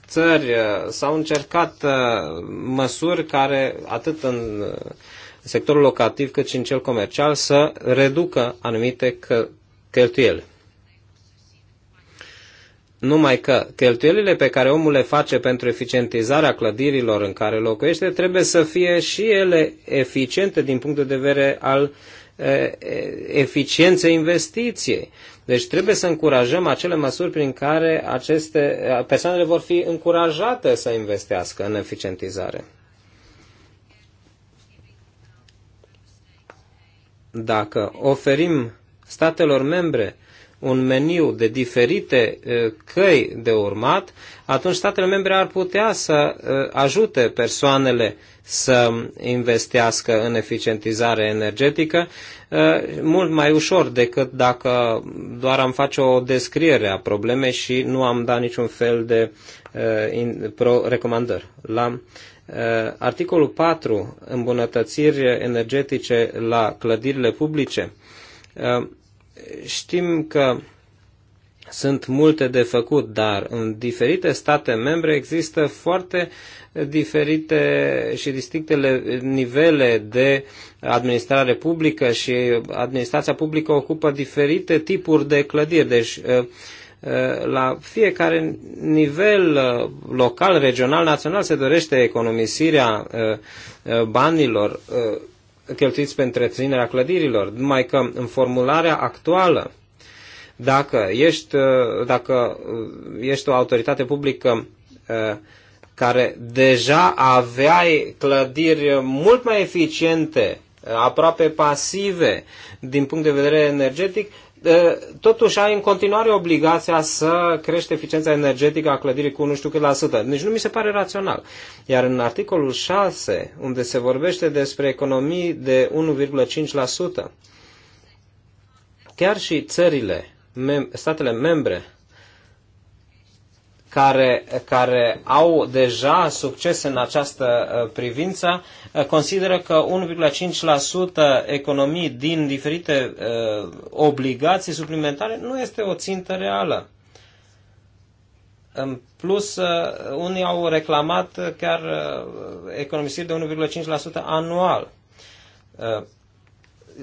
țări uh, s-au încercat uh, măsuri care, atât în sectorul locativ cât și în cel comercial, să reducă anumite cheltuieli. Numai că cheltuielile pe care omul le face pentru eficientizarea clădirilor în care locuiește trebuie să fie și ele eficiente din punct de vedere al eficienței investiției. Deci trebuie să încurajăm acele măsuri prin care aceste persoanele vor fi încurajate să investească în eficientizare. Dacă oferim statelor membre un meniu de diferite căi de urmat, atunci statele membre ar putea să ajute persoanele să investească în eficientizare energetică mult mai ușor decât dacă doar am face o descriere a problemei și nu am dat niciun fel de recomandări. La articolul 4, îmbunătățiri energetice la clădirile publice, știm că sunt multe de făcut, dar în diferite state membre există foarte diferite și distinctele nivele de administrare publică și administrația publică ocupă diferite tipuri de clădiri. Deci, uh, uh, la fiecare nivel uh, local, regional, național se dorește economisirea banilor cheltuiți pe întreținerea clădirilor, numai că în formularea actuală, dacă ești, uh, dacă uh, ești o autoritate publică uh, care deja aveai clădiri mult mai eficiente, aproape pasive din punct de vedere energetic, totuși ai în continuare obligația să crești eficiența energetică a clădirii cu nu știu cât la sută. Deci nu mi se pare rațional. Iar în articolul 6, unde se vorbește despre economii de 1,5%, chiar și țările, mem- statele membre care, care au deja succes în această uh, privință uh, consideră că 1,5% economii din diferite uh, obligații suplimentare nu este o țintă reală. În plus, unii au reclamat chiar economisiri de 1,5% anual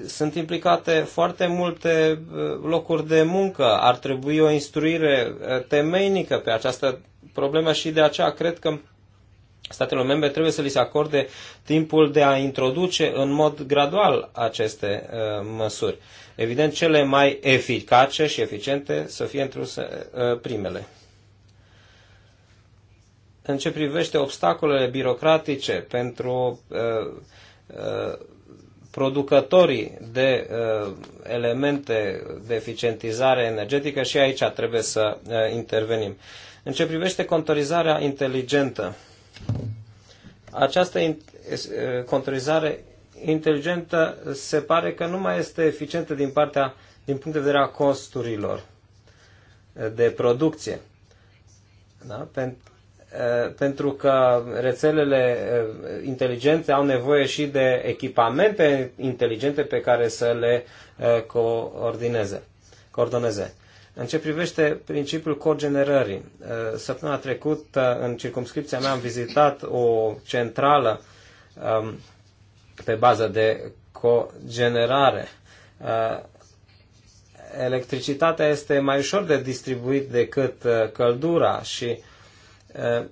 sunt implicate foarte multe uh, locuri de muncă. Ar trebui o instruire uh, temeinică pe această problemă și de aceea cred că statelor membre trebuie să li se acorde timpul de a introduce în mod gradual aceste uh, măsuri. Evident, cele mai eficace și eficiente să fie intruse uh, primele. În ce privește obstacolele birocratice pentru uh, uh producătorii de uh, elemente de eficientizare energetică și aici trebuie să uh, intervenim. În ce privește contorizarea inteligentă, această in, uh, contorizare inteligentă se pare că nu mai este eficientă din partea, din punct de vedere a costurilor de producție. Da? Pentru Eh, pentru că rețelele eh, inteligente au nevoie și de echipamente inteligente pe care să le eh, coordoneze. coordoneze. În ce privește principiul cogenerării, săptămâna trecută în circumscripția mea am vizitat o centrală ehm, pe bază de cogenerare. Electricitatea este mai ușor de distribuit decât căldura și uh, Uh,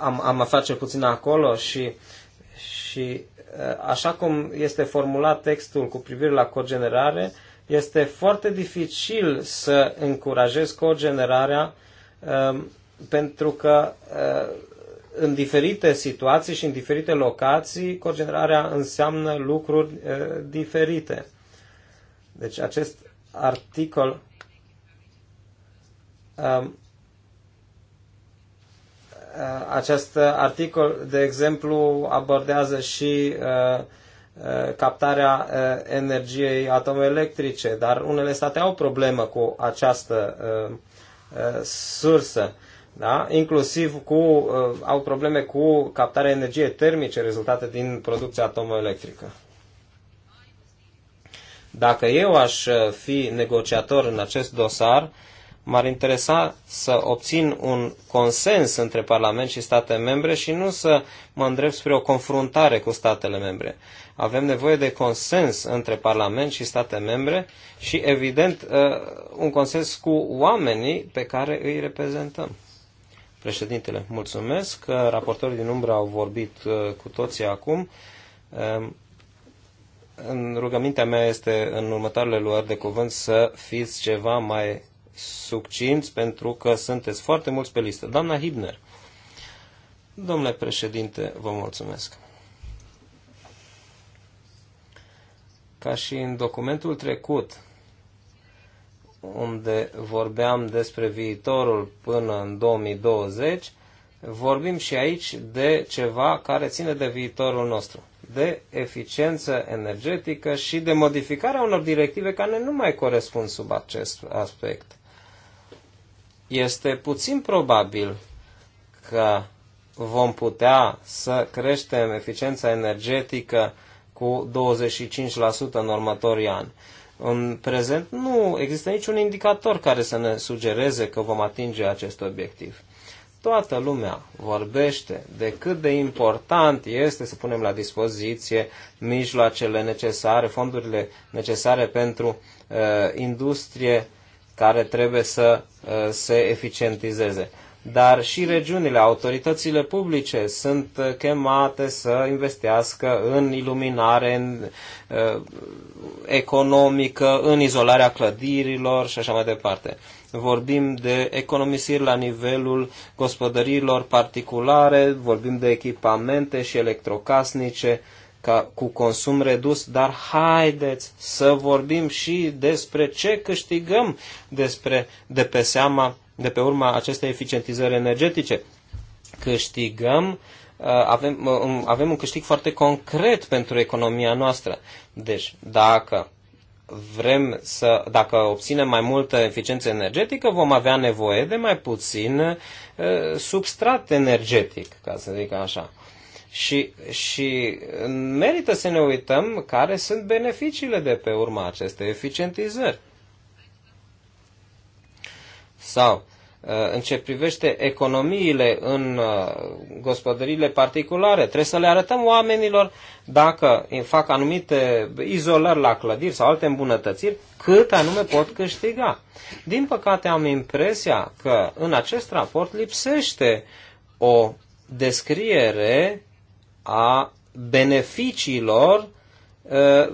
am, am a face puțin acolo și, și uh, așa cum este formulat textul cu privire la cogenerare, este foarte dificil să încurajezi cogenerarea um, pentru că uh, în diferite situații și în diferite locații, cogenerarea înseamnă lucruri diferite. Deci acest articol um, Uh, acest articol, de exemplu, abordează și uh, uh, captarea energiei atomoelectrice, dar unele state au problemă cu această sursă. Da? inclusiv cu, uh, au probleme cu captarea energiei termice rezultate din producția atomoelectrică. Dacă eu aș fi negociator în acest dosar, M-ar interesa să obțin un consens între Parlament și state membre și nu să mă îndrept spre o confruntare cu statele membre. Avem nevoie de consens între Parlament și state membre și, evident, uh, un consens cu oamenii pe care îi reprezentăm. Președintele, mulțumesc. Raportorii din umbră au vorbit uh, cu toții acum. Um, în rugămintea mea este în următoarele luări de cuvânt să fiți ceva mai succinți pentru că sunteți foarte mulți pe listă. Doamna Hibner. Domnule președinte, vă mulțumesc. Ca și în documentul trecut, unde vorbeam despre viitorul până în 2020, vorbim și aici de ceva care ține de viitorul nostru, de eficiență energetică și de modificarea unor directive care nu mai corespund sub acest aspect este puțin probabil că vom putea să creștem eficiența energetică cu 25% în următorii ani. În prezent nu există niciun indicator care să ne sugereze că vom atinge acest obiectiv. Toată lumea vorbește de cât de important este să punem la dispoziție mijloacele necesare, fondurile necesare pentru uh, industrie uh, care trebuie să uh, se eficientizeze. Dar și regiunile, autoritățile publice sunt uh, chemate să investească în iluminare în, uh, economică, în izolarea clădirilor și așa mai departe. Vorbim de economisiri la nivelul gospodăriilor particulare, vorbim de echipamente și electrocasnice, uh, ca, cu consum redus, dar haideți să vorbim și despre ce câștigăm despre, de pe seama, de pe urma acestei eficientizări energetice. Câștigăm, uh, avem, uh, avem un câștig foarte concret pentru economia noastră. Deci, dacă vrem să, dacă obținem mai multă eficiență energetică, vom avea nevoie de mai puțin uh, substrat energetic, ca să zic așa. Și, și merită să ne uităm care sunt beneficiile de pe urma acestei eficientizări. Sau, uh, în ce privește economiile în uh, gospodăriile particulare, trebuie să le arătăm oamenilor dacă fac anumite izolări la clădiri sau alte îmbunătățiri, cât anume pot câștiga. Din păcate am impresia că în acest raport lipsește o descriere a beneficiilor uh,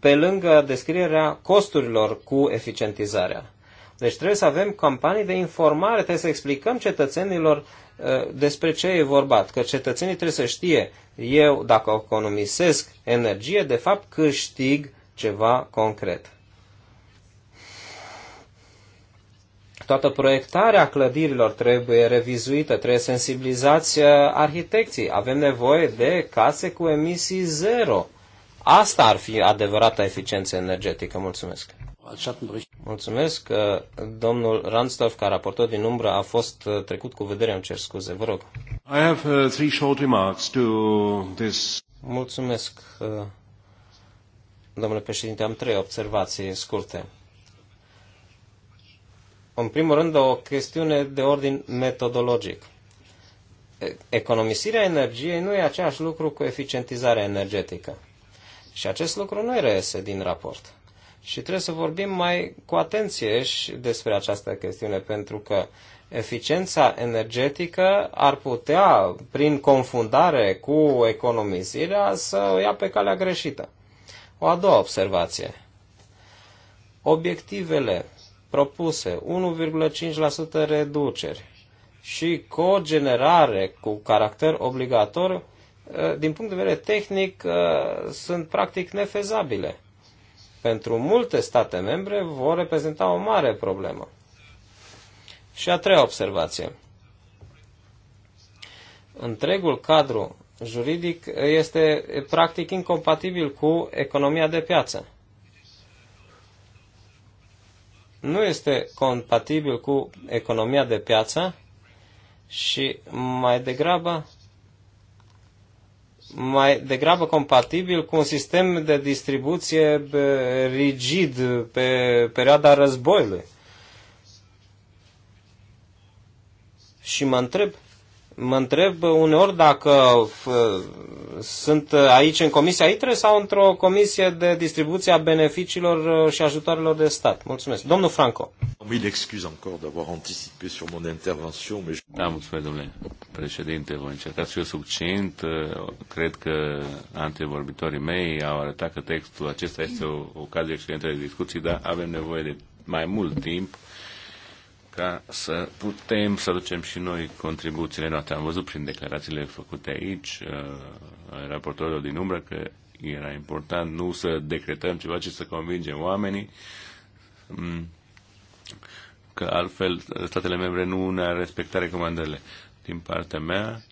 pe lângă descrierea costurilor cu eficientizarea. Deci trebuie să avem campanii de informare, trebuie să explicăm cetățenilor uh, despre ce e vorba, că cetățenii trebuie să știe, eu dacă economisesc energie, de fapt câștig ceva concret. toată proiectarea clădirilor trebuie revizuită, trebuie sensibilizați uh, arhitecții. Avem nevoie de case cu emisii zero. Asta ar fi adevărata eficiență energetică. Mulțumesc. Mulțumesc. Uh, domnul Ransdorf, ca raportor din umbră, a fost uh, trecut cu vedere îmi cer scuze, vă rog. I have three short remarks to this. Mulțumesc, domnule președinte, am trei observații scurte. În primul rând, o chestiune de ordin metodologic. Economisirea energiei nu e același lucru cu eficientizarea energetică. Și acest lucru nu reiese din raport. Și trebuie să vorbim mai cu atenție și despre această chestiune, pentru că eficiența energetică ar putea, prin confundare cu economisirea, să o ia pe calea greșită. O a doua observație. Obiectivele propuse, 1,5% reduceri și cogenerare cu caracter obligatoriu, ă, din punct de vedere tehnic, ă, sunt practic nefezabile. Pentru multe state membre vor reprezenta o mare problemă. Și a treia observație. Întregul cadru juridic este practic incompatibil cu economia de piață nu este compatibil cu economia de piață și mai degrabă mai degrabă compatibil cu un sistem de distribuție rigid pe perioada războiului. Și mă întreb mă întreb uneori dacă sunt aici în Comisia ITRE sau într-o comisie de distribuție a beneficiilor și ajutoarelor de stat. Mulțumesc. Domnul Franco. Excuse encore d'avoir anticipé sur mon intervention, mais... Da, mulțumesc, domnule președinte. Voi încerca să fiu succint. Cred că antevorbitorii mei au arătat că textul acesta este o ocazie excelentă de discuții, dar avem nevoie de mai mult timp ca să putem să ducem și noi contribuțiile noastre. Am văzut prin declarațiile făcute aici, uh, ale raportorilor din umbră, că era important nu să decretăm ceva, ci să convingem oamenii mm, că altfel statele membre nu ne-ar respecta recomandările. Din partea mea,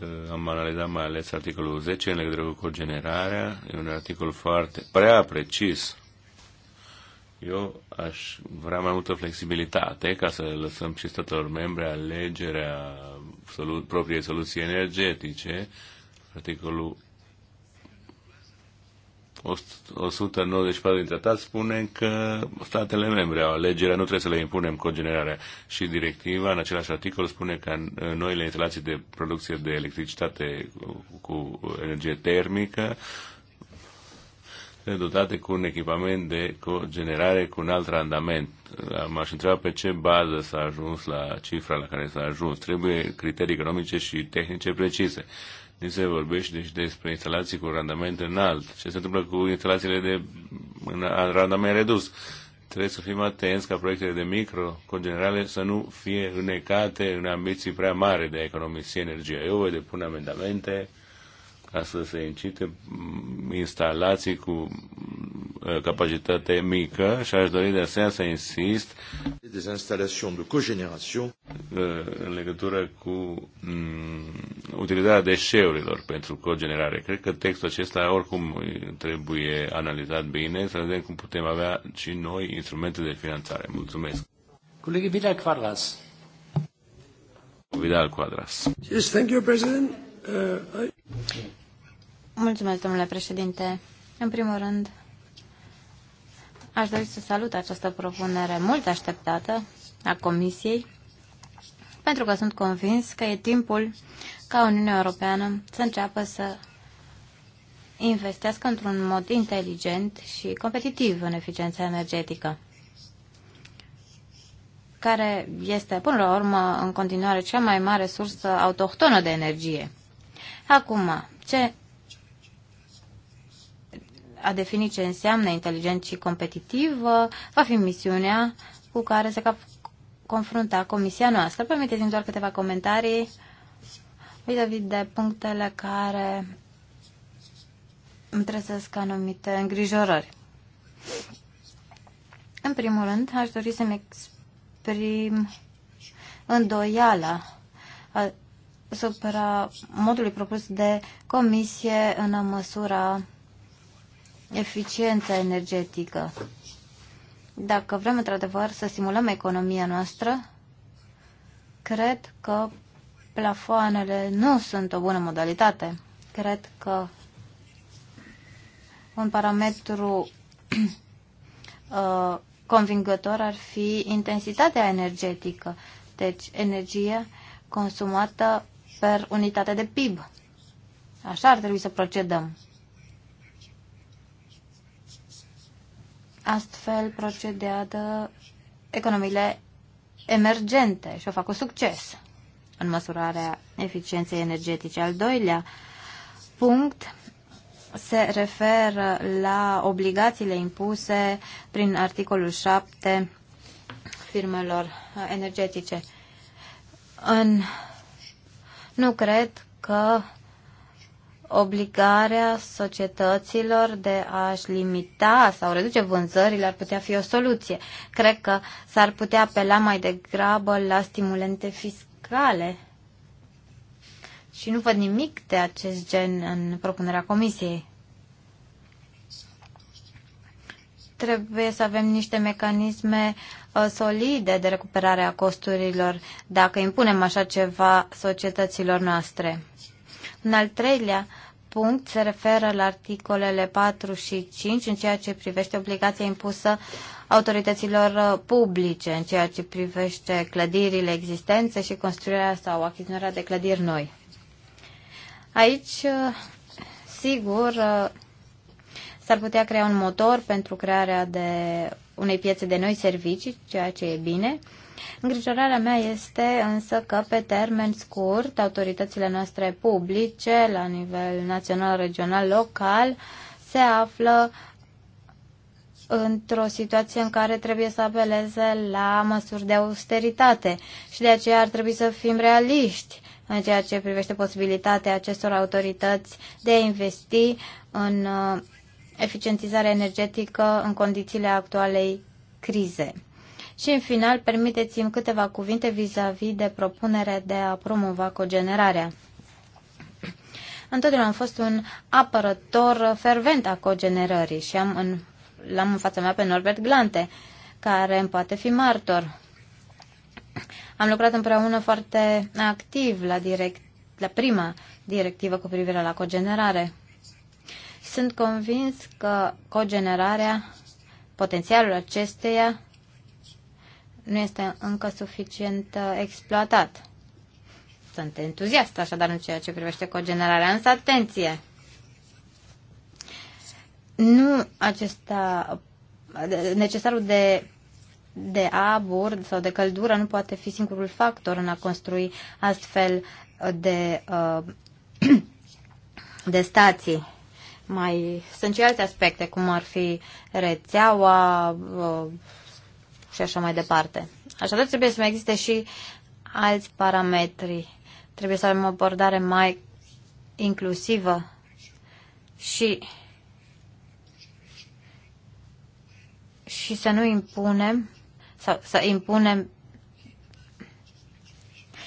uh, am analizat mai ales articolul 10 în legătură cu generarea. E un articol foarte prea precis eu aș vrea mai multă flexibilitate ca să lăsăm și statelor membre alegerea solu- propriei soluții energetice. Articolul 194 din tratat spune că statele membre au alegerea, nu trebuie să le impunem cogenerarea. Și directiva, în același articol, spune că noile instalații de producție de electricitate cu energie termică dotate cu un echipament de generare cu un alt randament. M-aș întreba pe ce bază s-a ajuns la cifra la care s-a ajuns. Trebuie criterii economice și tehnice precise. Nu se vorbește deci despre instalații cu randament înalt. Ce se întâmplă cu instalațiile de randament redus? Trebuie să fim atenți ca proiectele de micro, cu generale să nu fie înecate în ambiții prea mari de a economisi energie. Eu voi depune amendamente ca să se incite instalații cu uh, capacitate mică și aș dori de asemenea să insist des instalations de cogénération uh, în legătură cu mm, utilizarea deșeurilor pentru cogenerare. Cred că textul acesta oricum trebuie analizat bine să vedem cum putem avea și noi instrumente de finanțare. Mulțumesc. Colegii Vidal Quadras. Vidal Quadras. Yes, thank you, President. Uh, I... Mulțumesc, domnule președinte. În primul rând, aș dori să salut această propunere mult așteptată a Comisiei, pentru că sunt convins că e timpul ca Uniunea Europeană să înceapă să investească într-un mod inteligent și competitiv în eficiența energetică, care este, până la urmă, în continuare cea mai mare sursă autohtonă de energie. Acum, ce a defini ce înseamnă inteligent și competitiv uh, va fi misiunea cu care se confrunta comisia noastră. Permiteți-mi doar câteva comentarii vis-a-vis de punctele care îmi trezesc anumite îngrijorări. În primul rând, aș dori să-mi exprim îndoiala asupra modului propus de comisie în măsura eficiența energetică. Dacă vrem într-adevăr să stimulăm economia noastră, cred că plafoanele nu sunt o bună modalitate. Cred că un parametru uh, convingător ar fi intensitatea energetică, deci energie consumată per unitate de PIB. Așa ar trebui să procedăm. Astfel procedează economiile emergente și o fac cu succes în măsurarea eficienței energetice. Al doilea punct se referă la obligațiile impuse prin articolul 7 firmelor energetice. În, nu cred că obligarea societăților de a-și limita sau reduce vânzările ar putea fi o soluție. Cred că s-ar putea apela mai degrabă la stimulente fiscale. Și nu văd nimic de acest gen în propunerea comisiei. Trebuie să avem niște mecanisme uh, solide de recuperare a costurilor dacă impunem așa ceva societăților noastre. În al treilea punct se referă la articolele 4 și 5 în ceea ce privește obligația impusă autorităților uh, publice în ceea ce privește clădirile existențe și construirea sau achiziționarea de clădiri noi. Aici, uh, sigur, uh, s-ar putea crea un motor pentru crearea de unei piețe de noi servicii, ceea ce e bine, Îngrijorarea mea este însă că pe termen scurt autoritățile noastre publice la nivel național, regional, local se află într-o situație în care trebuie să apeleze la măsuri de austeritate și de aceea ar trebui să fim realiști în ceea ce privește posibilitatea acestor autorități de a investi în uh, eficientizarea energetică în condițiile actualei crize. Și în final, permiteți-mi câteva cuvinte vis-a-vis -vis de propunerea de a promova cogenerarea. Întotdeauna am fost un apărător fervent a cogenerării și am în, l-am în fața mea pe Norbert Glante, care îmi poate fi martor. Am lucrat împreună foarte activ la, direct, la prima directivă cu privire la cogenerare. Sunt convins că cogenerarea, potențialul acesteia, nu este încă suficient uh, exploatat. Sunt entuziast, așadar, în ceea ce privește cogenerarea, însă atenție! Nu acesta, necesarul de, de abur sau de căldură nu poate fi singurul factor în a construi astfel de, uh, de stații. Mai sunt și alte aspecte, cum ar fi rețeaua, uh, și așa mai departe. Așadar, trebuie să mai existe și alți parametri. Trebuie să avem o abordare mai inclusivă și și să nu impunem sau să impunem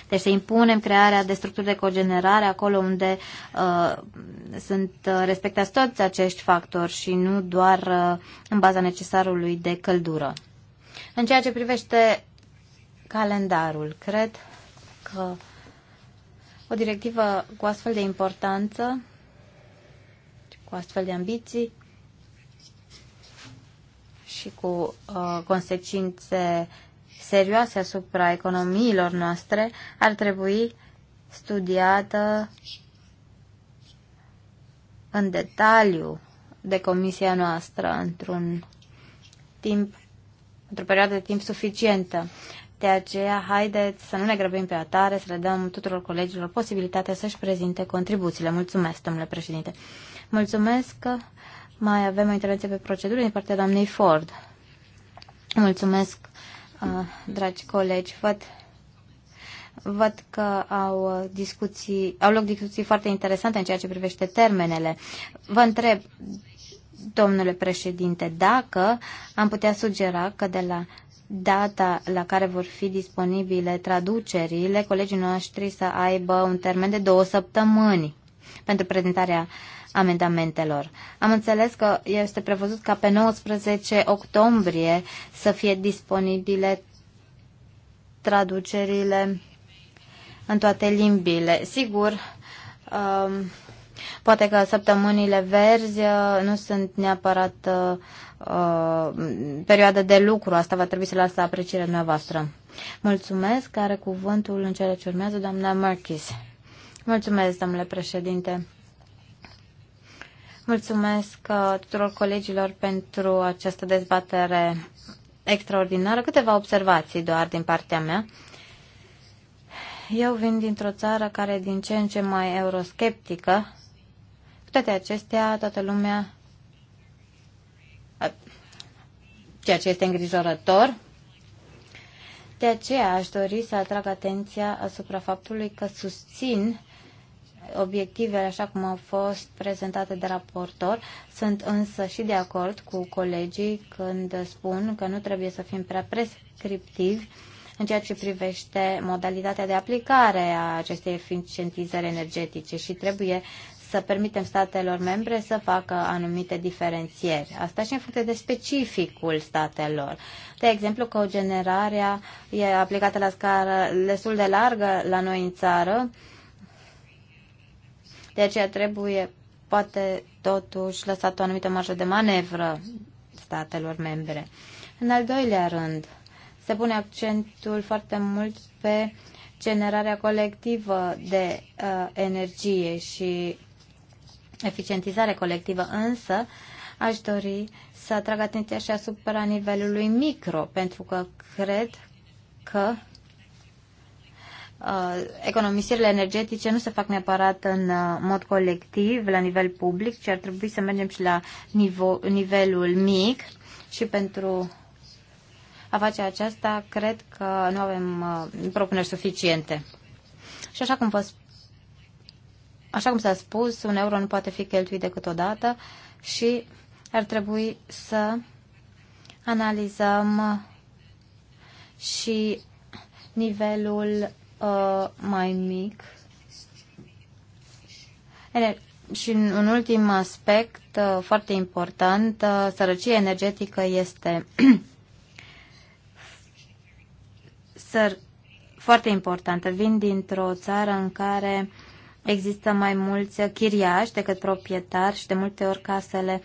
deci să impunem crearea de structuri de cogenerare acolo unde uh, sunt uh, respectați toți acești factori și nu doar uh, în baza necesarului de căldură. În ceea ce privește calendarul, cred că o directivă cu astfel de importanță, cu astfel de ambiții și cu uh, consecințe serioase asupra economiilor noastre ar trebui studiată în detaliu de comisia noastră într-un timp într-o perioadă de timp suficientă. De aceea, haideți să nu ne grăbim pe atare, să le dăm tuturor colegilor posibilitatea să-și prezinte contribuțiile. Mulțumesc, domnule președinte. Mulțumesc. Mai avem o intervenție pe procedură din partea doamnei Ford. Mulțumesc, uh, dragi colegi. Văd, văd că au, discuții, au loc discuții foarte interesante în ceea ce privește termenele. Vă întreb, domnule președinte, dacă am putea sugera că de la data la care vor fi disponibile traducerile, colegii noștri să aibă un termen de două săptămâni pentru prezentarea amendamentelor. Am înțeles că este prevăzut ca pe 19 octombrie să fie disponibile traducerile în toate limbile. Sigur, um, Poate că săptămânile verzi uh, nu sunt neapărat uh, uh, perioada de lucru. Asta va trebui să lasă aprecierea dumneavoastră. Mulțumesc. Are cuvântul în cele ce urmează doamna Marchis. Mulțumesc, domnule președinte. Mulțumesc uh, tuturor colegilor pentru această dezbatere extraordinară. Câteva observații doar din partea mea. Eu vin dintr-o țară care e din ce în ce mai eurosceptică toate acestea, toată lumea, ceea ce este îngrijorător, de aceea aș dori să atrag atenția asupra faptului că susțin obiectivele așa cum au fost prezentate de raportor. Sunt însă și de acord cu colegii când spun că nu trebuie să fim prea prescriptivi în ceea ce privește modalitatea de aplicare a acestei eficientizări energetice și trebuie să permitem statelor membre să facă anumite diferențieri. Asta și în funcție de specificul statelor. De exemplu, că o generarea e aplicată la scară destul de largă la noi în țară, de aceea trebuie poate totuși lăsat o anumită marjă de manevră statelor membre. În al doilea rând, se pune accentul foarte mult pe generarea colectivă de uh, energie și eficientizare colectivă, însă aș dori să atrag atenția și asupra nivelului micro, pentru că cred că uh, economisirile energetice nu se fac neapărat în uh, mod colectiv, la nivel public, ci ar trebui să mergem și la nivo- nivelul mic și pentru a face aceasta, cred că nu avem uh, propuneri suficiente. Și așa cum vă Așa cum s-a spus, un euro nu poate fi cheltuit decât o dată și ar trebui să analizăm și nivelul uh, mai mic. Ener și un ultim aspect uh, foarte important, uh, sărăcia energetică este săr foarte importantă. Vin dintr-o țară în care uh, există mai mulți chiriași decât proprietari și de multe ori casele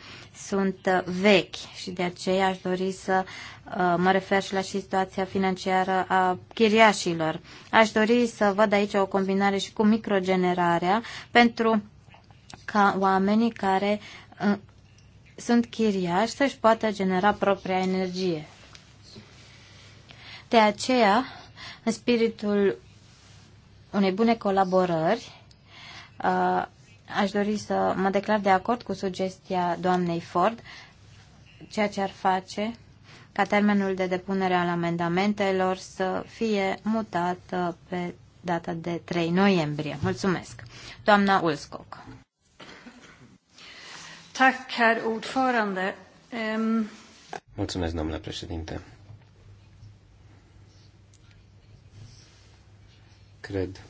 sunt uh, vechi și de aceea aș dori să uh, mă refer și la situația financiară a chiriașilor. Aș dori să văd aici o combinare și cu microgenerarea pentru ca oamenii care uh, sunt chiriași să-și poată genera propria energie. De aceea, în spiritul unei bune colaborări, Uh, aș dori să mă declar de acord cu sugestia doamnei Ford, ceea ce ar face ca termenul de depunere al amendamentelor să fie mutat uh, pe data de 3 noiembrie. Mulțumesc. Doamna Ulskog. Mulțumesc, domnule președinte. Cred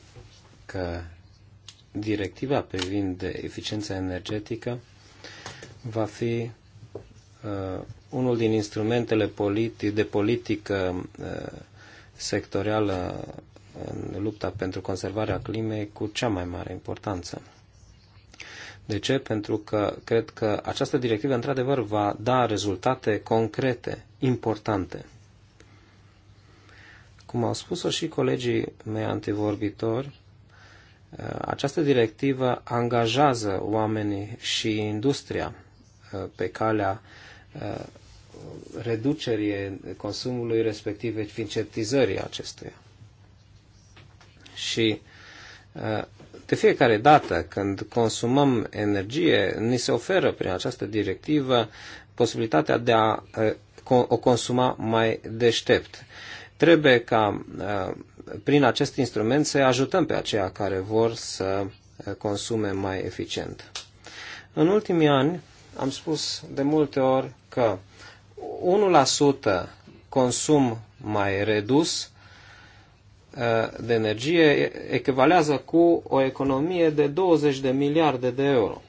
că directiva privind eficiența energetică va fi uh, unul din instrumentele politi- de politică uh, sectorială în lupta pentru conservarea climei cu cea mai mare importanță. De ce? Pentru că cred că această directivă, într-adevăr, va da rezultate concrete, importante. Cum au spus-o și colegii mei antivorbitori, această directivă angajează oamenii și industria uh, pe calea uh, reducerii consumului, respectiv eficientizării acestuia. Și uh, de fiecare dată când consumăm energie, ni se oferă prin această directivă posibilitatea de a o consuma mai deștept. Trebuie ca prin acest instrument să ajutăm pe aceia care vor să eh, consume mai eficient. În ultimii ani am spus de multe ori că 1% consum mai redus eh, de energie echivalează cu o economie de 20 de miliarde de euro.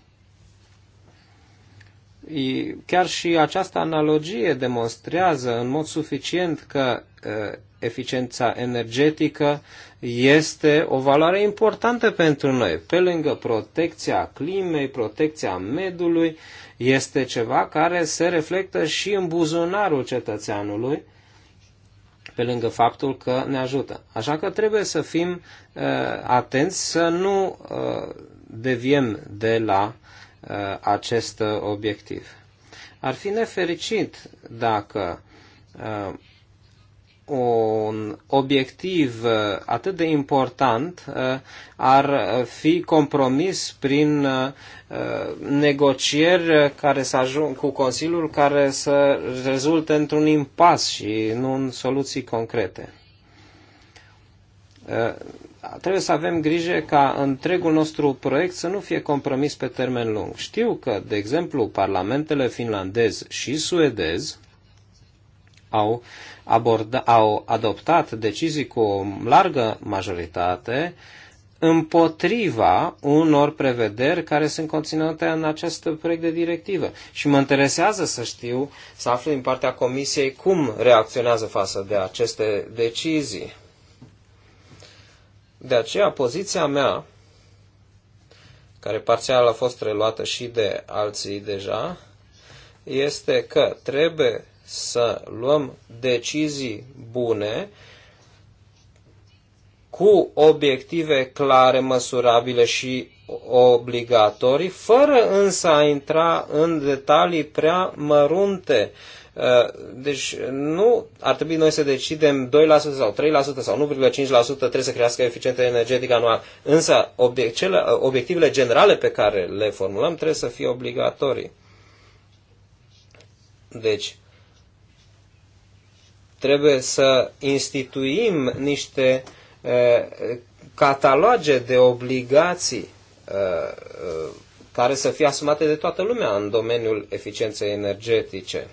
Chiar și această analogie demonstrează în mod suficient că eh, eficiența energetică este o valoare importantă pentru noi. Pe lângă protecția climei, protecția mediului, este ceva care se reflectă și în buzunarul cetățeanului, pe lângă faptul că ne ajută. Așa că trebuie să fim uh, atenți să nu uh, deviem de la uh, acest uh, obiectiv. Ar fi nefericit dacă uh, un obiectiv atât de important uh, ar fi compromis prin uh, negocieri care să ajung cu Consiliul care să rezulte într-un impas și nu în soluții concrete. Uh, trebuie să avem grijă ca întregul nostru proiect să nu fie compromis pe termen lung. Știu că, de exemplu, parlamentele finlandez și suedez au, aborda, au adoptat decizii cu o largă majoritate împotriva unor prevederi care sunt conținute în acest proiect de directivă. Și mă interesează să știu, să aflu din partea Comisiei cum reacționează față de aceste decizii. De aceea, poziția mea, care parțial a fost reluată și de alții deja, este că trebuie să luăm decizii bune cu obiective clare, măsurabile și obligatorii, fără însă a intra în detalii prea mărunte. Uh, deci nu ar trebui noi să decidem 2% sau 3% sau 1,5% trebuie să crească eficiența energetică anual. Însă uh, obiectivele generale pe care le formulăm trebuie să fie obligatorii. Deci, Trebuie să instituim niște cataloge de obligații care să fie asumate de toată lumea în domeniul eficienței energetice.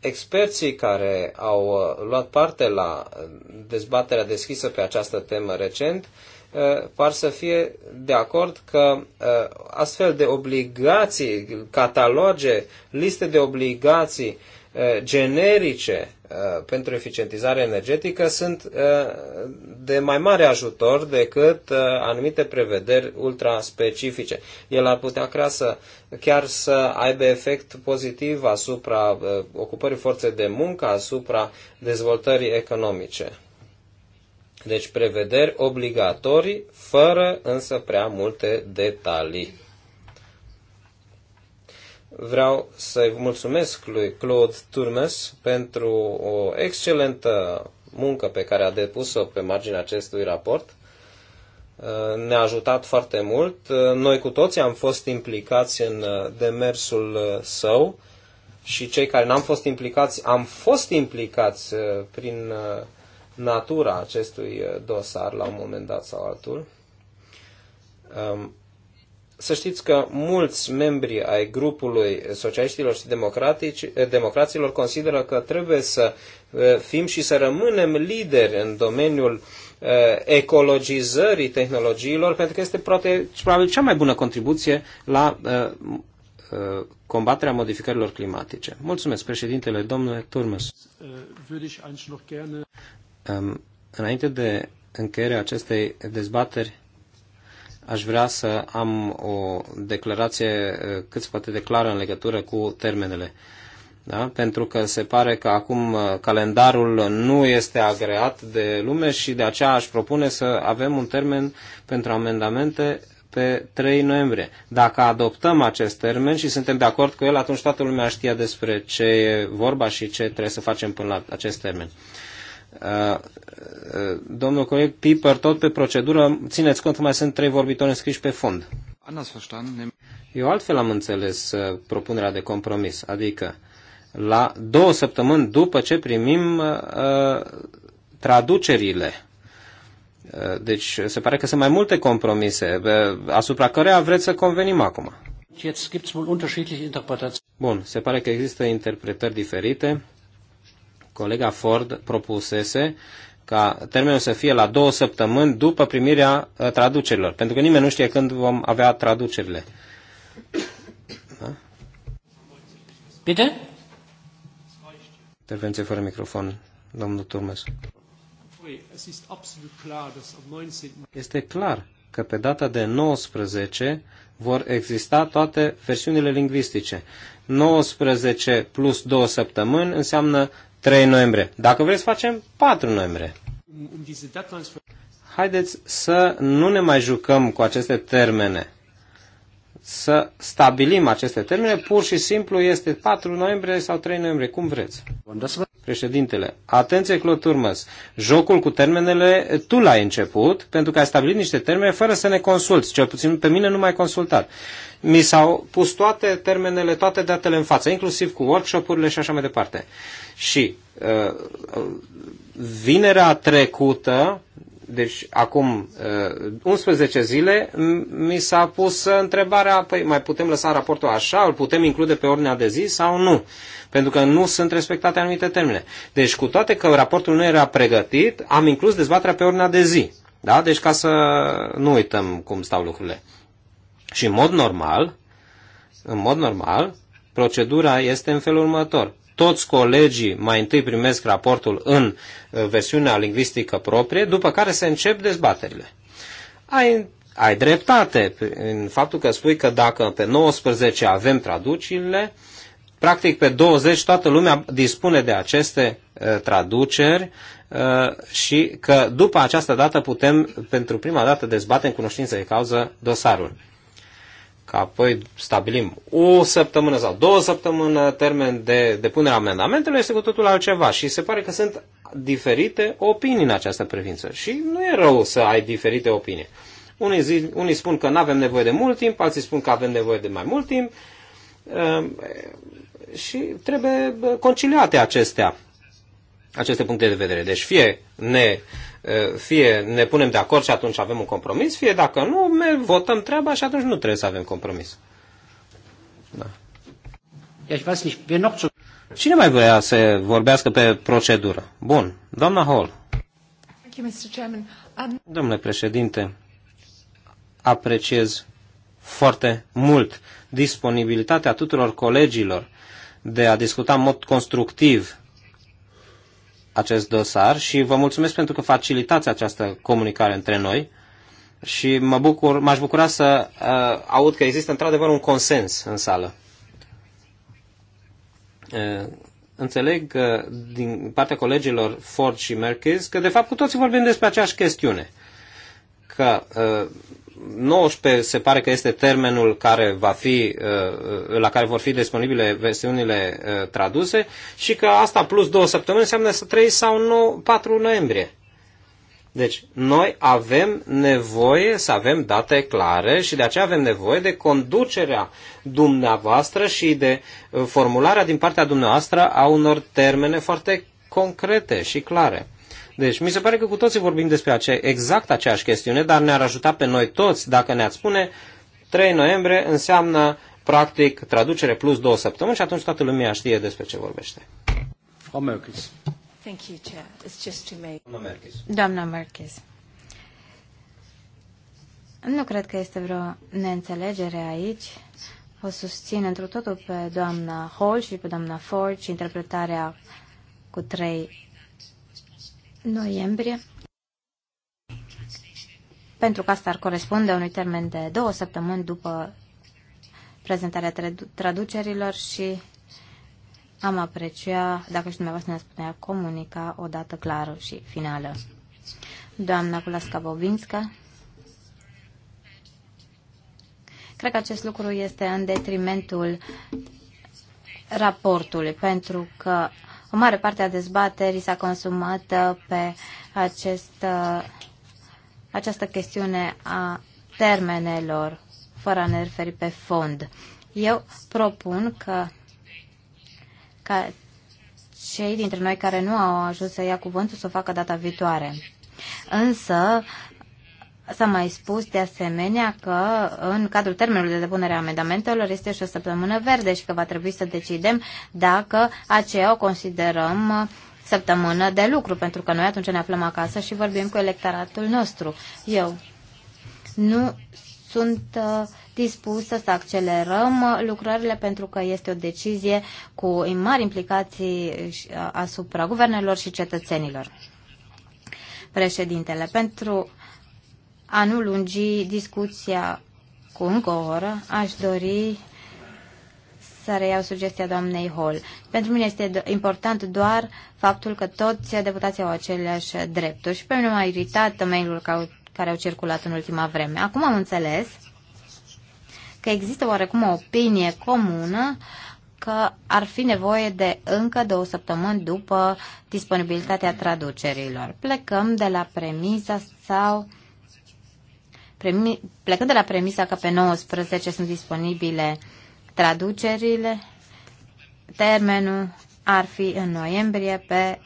Experții care au luat parte la dezbaterea deschisă pe această temă recent Uh, par să fie de acord că uh, astfel de obligații, cataloge, liste de obligații uh, generice pentru eficientizare energetică sunt de mai mare ajutor decât anumite prevederi ultraspecifice. El ar putea crea să, chiar să aibă efect pozitiv asupra ocupării forței de muncă, asupra dezvoltării economice. Deci prevederi obligatorii, fără însă prea multe detalii. Vreau să-i mulțumesc lui Claude Turmes pentru o excelentă muncă pe care a depus-o pe marginea acestui raport. Ne-a ajutat foarte mult. Noi cu toții am fost implicați în demersul său și cei care n-am fost implicați am fost implicați prin natura acestui uh, dosar la un moment dat sau altul. Um, să știți că mulți membri ai grupului socialiștilor și democratici, eh, democraților consideră că trebuie să eh, fim și să rămânem lideri în domeniul eh, ecologizării tehnologiilor, pentru că este poate, probabil cea mai bună contribuție la combaterea modificărilor climatice. Mulțumesc, președintele, domnule Turmes. Înainte de încheierea acestei dezbateri, aș vrea să am o declarație eh, cât se poate declară în legătură cu termenele. Da? Pentru că se pare că acum eh, calendarul nu este agreat de lume și de aceea aș propune să avem un termen pentru amendamente pe 3 noiembrie. Dacă adoptăm acest termen și suntem de acord cu el, atunci toată lumea știe despre ce e vorba și ce trebuie să facem până la acest termen. Uh, domnul coleg Piper, tot pe procedură, țineți cont că mai sunt trei vorbitori înscriși pe fond. Eu altfel am înțeles uh, propunerea de compromis, adică la două săptămâni după ce primim uh, traducerile. Uh, deci se pare că sunt mai multe compromise asupra căreia vreți să convenim acum. Deci, Bun, se pare că există interpretări diferite colega Ford propusese ca termenul să fie la două săptămâni după primirea uh, traducerilor, pentru că nimeni nu știe când vom avea traducerile. Da? Bine? Intervenție fără microfon, domnul Turmes. Este clar că pe data de 19 vor exista toate versiunile lingvistice. 19 plus 2 săptămâni înseamnă 3 noiembrie. Dacă vreți, facem 4 noiembrie. Haideți să nu ne mai jucăm cu aceste termene. Să stabilim aceste termene, pur și simplu este 4 noiembrie sau 3 noiembrie, cum vreți. Președintele, atenție, Claude Turmes, jocul cu termenele tu l-ai început, pentru că ai stabilit niște termene fără să ne consulți, cel puțin pe mine nu m-ai consultat. Mi s-au pus toate termenele, toate datele în față, inclusiv cu workshop-urile și așa mai departe. Și uh, uh vinerea trecută, deci acum 11 uh, zile mi s-a pus uh, întrebarea, păi mai putem lăsa raportul așa, îl putem include pe ordinea de zi sau nu? Pentru că nu sunt respectate anumite termene. Deci cu toate că raportul nu era pregătit, am inclus dezbaterea pe ordinea de zi. Da? Deci ca să nu uităm cum stau lucrurile. Și în mod normal, în mod normal, procedura este în felul următor toți colegii mai întâi primesc raportul în uh, versiunea lingvistică proprie, după care se încep dezbaterile. Ai, ai dreptate în faptul că spui că dacă pe 19 avem traducile, practic pe 20 toată lumea dispune de aceste uh, traduceri uh, și că după această dată putem pentru prima dată dezbate în cunoștință de cauză dosarul ca apoi stabilim o săptămână sau două săptămâni termen de depunere a amendamentelor, este cu totul altceva și se pare că sunt diferite opinii în această privință și nu e rău să ai diferite opinii. Unii, zi, unii spun că nu avem nevoie de mult timp, alții spun că avem nevoie de mai mult timp ehm, și trebuie conciliate acestea aceste puncte de vedere. Deci fie ne, fie ne punem de acord și atunci avem un compromis, fie dacă nu, ne votăm treaba și atunci nu trebuie să avem compromis. Da. Cine mai vrea să vorbească pe procedură? Bun, doamna Hall. Um, Domnule președinte, apreciez foarte mult disponibilitatea tuturor colegilor de a discuta în mod constructiv acest dosar și vă mulțumesc pentru că facilitați această comunicare între noi și mă bucur, m-aș bucura să uh, aud că există într-adevăr un consens în sală. Uh, înțeleg uh, din partea colegilor Ford și Merkis că de fapt cu toții vorbim despre aceeași chestiune că 19 uh, se pare că este termenul care va fi, uh, la care vor fi disponibile versiunile uh, traduse și că asta plus două săptămâni înseamnă să 3 sau 9, 4 noiembrie. Deci, noi avem nevoie să avem date clare și de aceea avem nevoie de conducerea dumneavoastră și de formularea din partea dumneavoastră a unor termene foarte concrete și clare. Deci, mi se pare că cu toții vorbim despre ace- exact aceeași chestiune, dar ne-ar ajuta pe noi toți dacă ne-ați spune 3 noiembrie înseamnă practic traducere plus două săptămâni și atunci toată lumea știe despre ce vorbește. Frau Merkis. Thank you, Chair. It's just to make... Doamna Merkis. Doamna Merkis. Nu cred că este vreo neînțelegere aici. O susțin întru totul pe doamna Hall și pe doamna Ford și interpretarea cu trei noiembrie, pentru că asta ar corespunde unui termen de două săptămâni după prezentarea traducerilor și am aprecia dacă și dumneavoastră ne-ați putea comunica o dată clară și finală. Doamna Kulaska Bobinska, cred că acest lucru este în detrimentul raportului, pentru că o mare parte a dezbaterii s-a consumat uh, pe acest, uh, această chestiune a termenelor, fără a ne referi pe fond. Eu propun că ca cei dintre noi care nu au ajuns să ia cuvântul să o facă data viitoare. Însă, S-a mai spus de asemenea că în cadrul termenului de depunere a amendamentelor este și o săptămână verde și că va trebui să decidem dacă aceea o considerăm săptămână de lucru, pentru că noi atunci ne aflăm acasă și vorbim cu electoratul nostru. Eu nu sunt uh, dispusă să accelerăm uh, lucrările pentru că este o decizie cu mari implicații uh, asupra guvernelor și cetățenilor. Președintele, pentru a nu lungi discuția cu încă o oră, aș dori să reiau sugestia doamnei Hall. Pentru mine este important doar faptul că toți deputații au aceleași drepturi și pe mine m-a iritat mail-ul care au circulat în ultima vreme. Acum am înțeles că există oarecum o opinie comună că ar fi nevoie de încă două săptămâni după disponibilitatea traducerilor. Plecăm de la premisa sau premi- plecând de la premisa că pe 19 sunt disponibile traducerile, termenul ar fi în noiembrie pe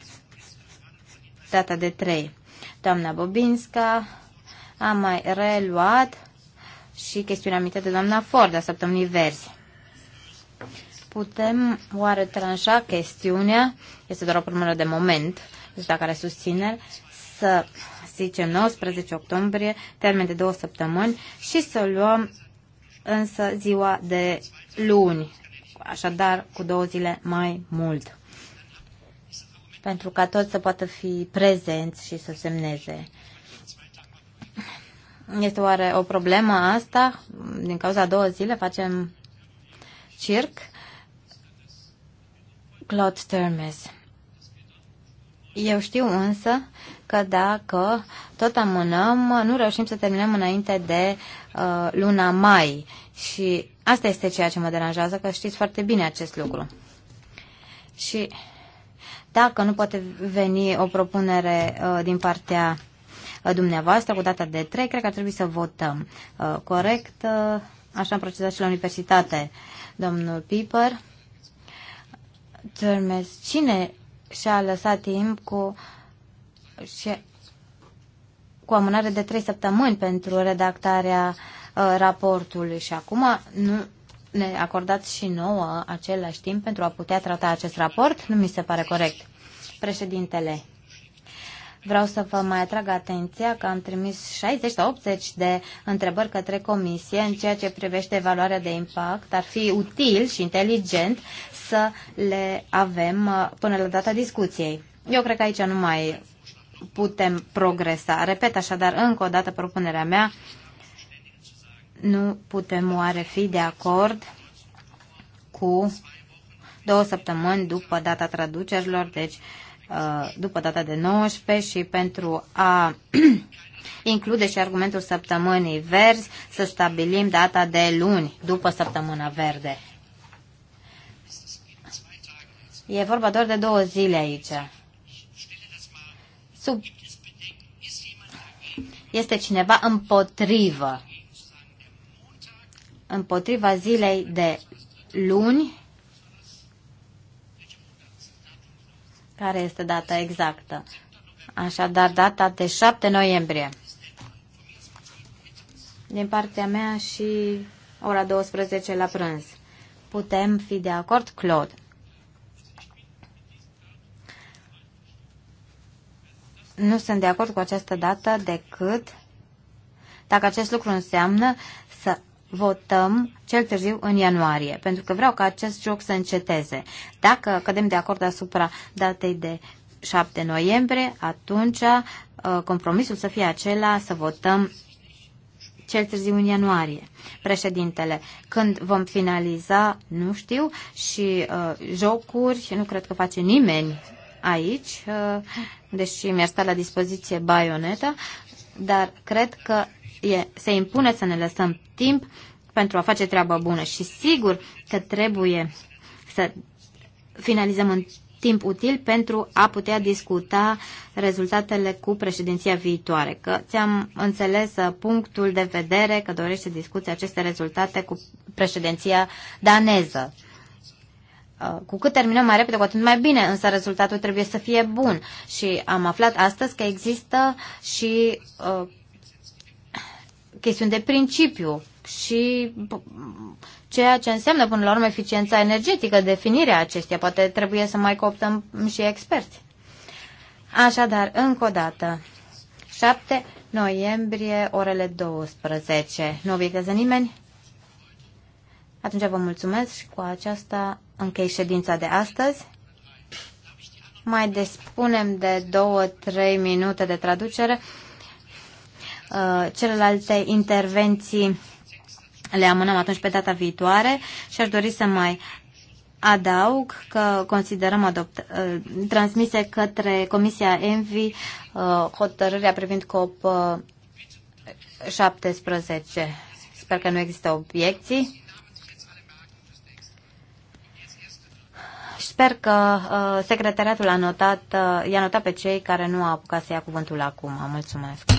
data de 3. Doamna Bobinska a mai reluat și chestiunea amintită de doamna Ford a săptămânii verzi. Putem oare tranșa chestiunea, este doar o problemă de moment, dacă are susțineri, să zicem, 19 octombrie, termen de două săptămâni, și să luăm însă ziua de luni, așadar cu două zile mai mult, pentru ca toți să poată fi prezenți și să semneze. Este oare o problemă asta? Din cauza două zile facem circ? Claude Termes. Eu știu însă că dacă tot amânăm, nu reușim să terminăm înainte de uh, luna mai. Și asta este ceea ce mă deranjează, că știți foarte bine acest lucru. Și dacă nu poate veni o propunere uh, din partea uh, dumneavoastră cu data de 3, cred că ar trebui să votăm. Uh, corect? Uh, așa am procedat și la universitate, domnul Piper. cine și-a lăsat timp cu și cu amânare de trei săptămâni pentru redactarea uh, raportului și acum nu ne acordați și nouă același timp pentru a putea trata acest raport? Nu mi se pare corect. Președintele, vreau să vă mai atrag atenția că am trimis 60 80 de întrebări către comisie în ceea ce privește evaluarea de impact. Ar fi util și inteligent să le avem uh, până la data discuției. Eu cred că aici nu mai putem progresa. Repet așadar încă o dată propunerea mea. Nu putem oare fi de acord cu două săptămâni după data traducerilor, deci uh, după data de 19 și pentru a include și argumentul săptămânii verzi, să stabilim data de luni după săptămâna verde. E vorba doar de două zile aici sub... este cineva împotrivă împotriva zilei de luni care este data exactă. Așadar, data de 7 noiembrie. Din partea mea și ora 12 la prânz. Putem fi de acord, Claude? nu sunt de acord cu această dată decât dacă acest lucru înseamnă să votăm cel târziu în ianuarie, pentru că vreau ca acest joc să înceteze. Dacă cădem de acord asupra datei de 7 noiembrie, atunci uh, compromisul să fie acela să votăm cel târziu în ianuarie. Președintele, când vom finaliza, nu știu, și uh, jocuri, nu cred că face nimeni aici, uh, deși mi-ar sta la dispoziție baioneta, dar cred că e, se impune să ne lăsăm timp pentru a face treaba bună și sigur că trebuie să finalizăm în timp util pentru a putea discuta rezultatele cu președinția viitoare. Că ți-am înțeles uh, punctul de vedere că dorește să discuți aceste rezultate cu președinția daneză. Uh, cu cât terminăm mai repede, cu atât mai bine, însă rezultatul trebuie să fie bun. Și am aflat astăzi că există și uh, chestiuni de principiu și ceea ce înseamnă până la urmă eficiența energetică, definirea acesteia. Poate trebuie să mai cooptăm și experți. Așadar, încă o dată, 7 noiembrie, orele 12. Nu obiectează nimeni? Atunci vă mulțumesc și cu aceasta închei ședința de astăzi. Mai despunem de două, trei minute de traducere. Uh, celelalte intervenții le amânăm atunci pe data viitoare și aș dori să mai adaug că considerăm adopt, uh, transmise către Comisia ENVI uh, hotărârea privind COP 17. Sper că nu există obiecții. Sper că uh, secretariatul a notat, uh, i-a notat pe cei care nu au apucat să ia cuvântul acum. Mulțumesc!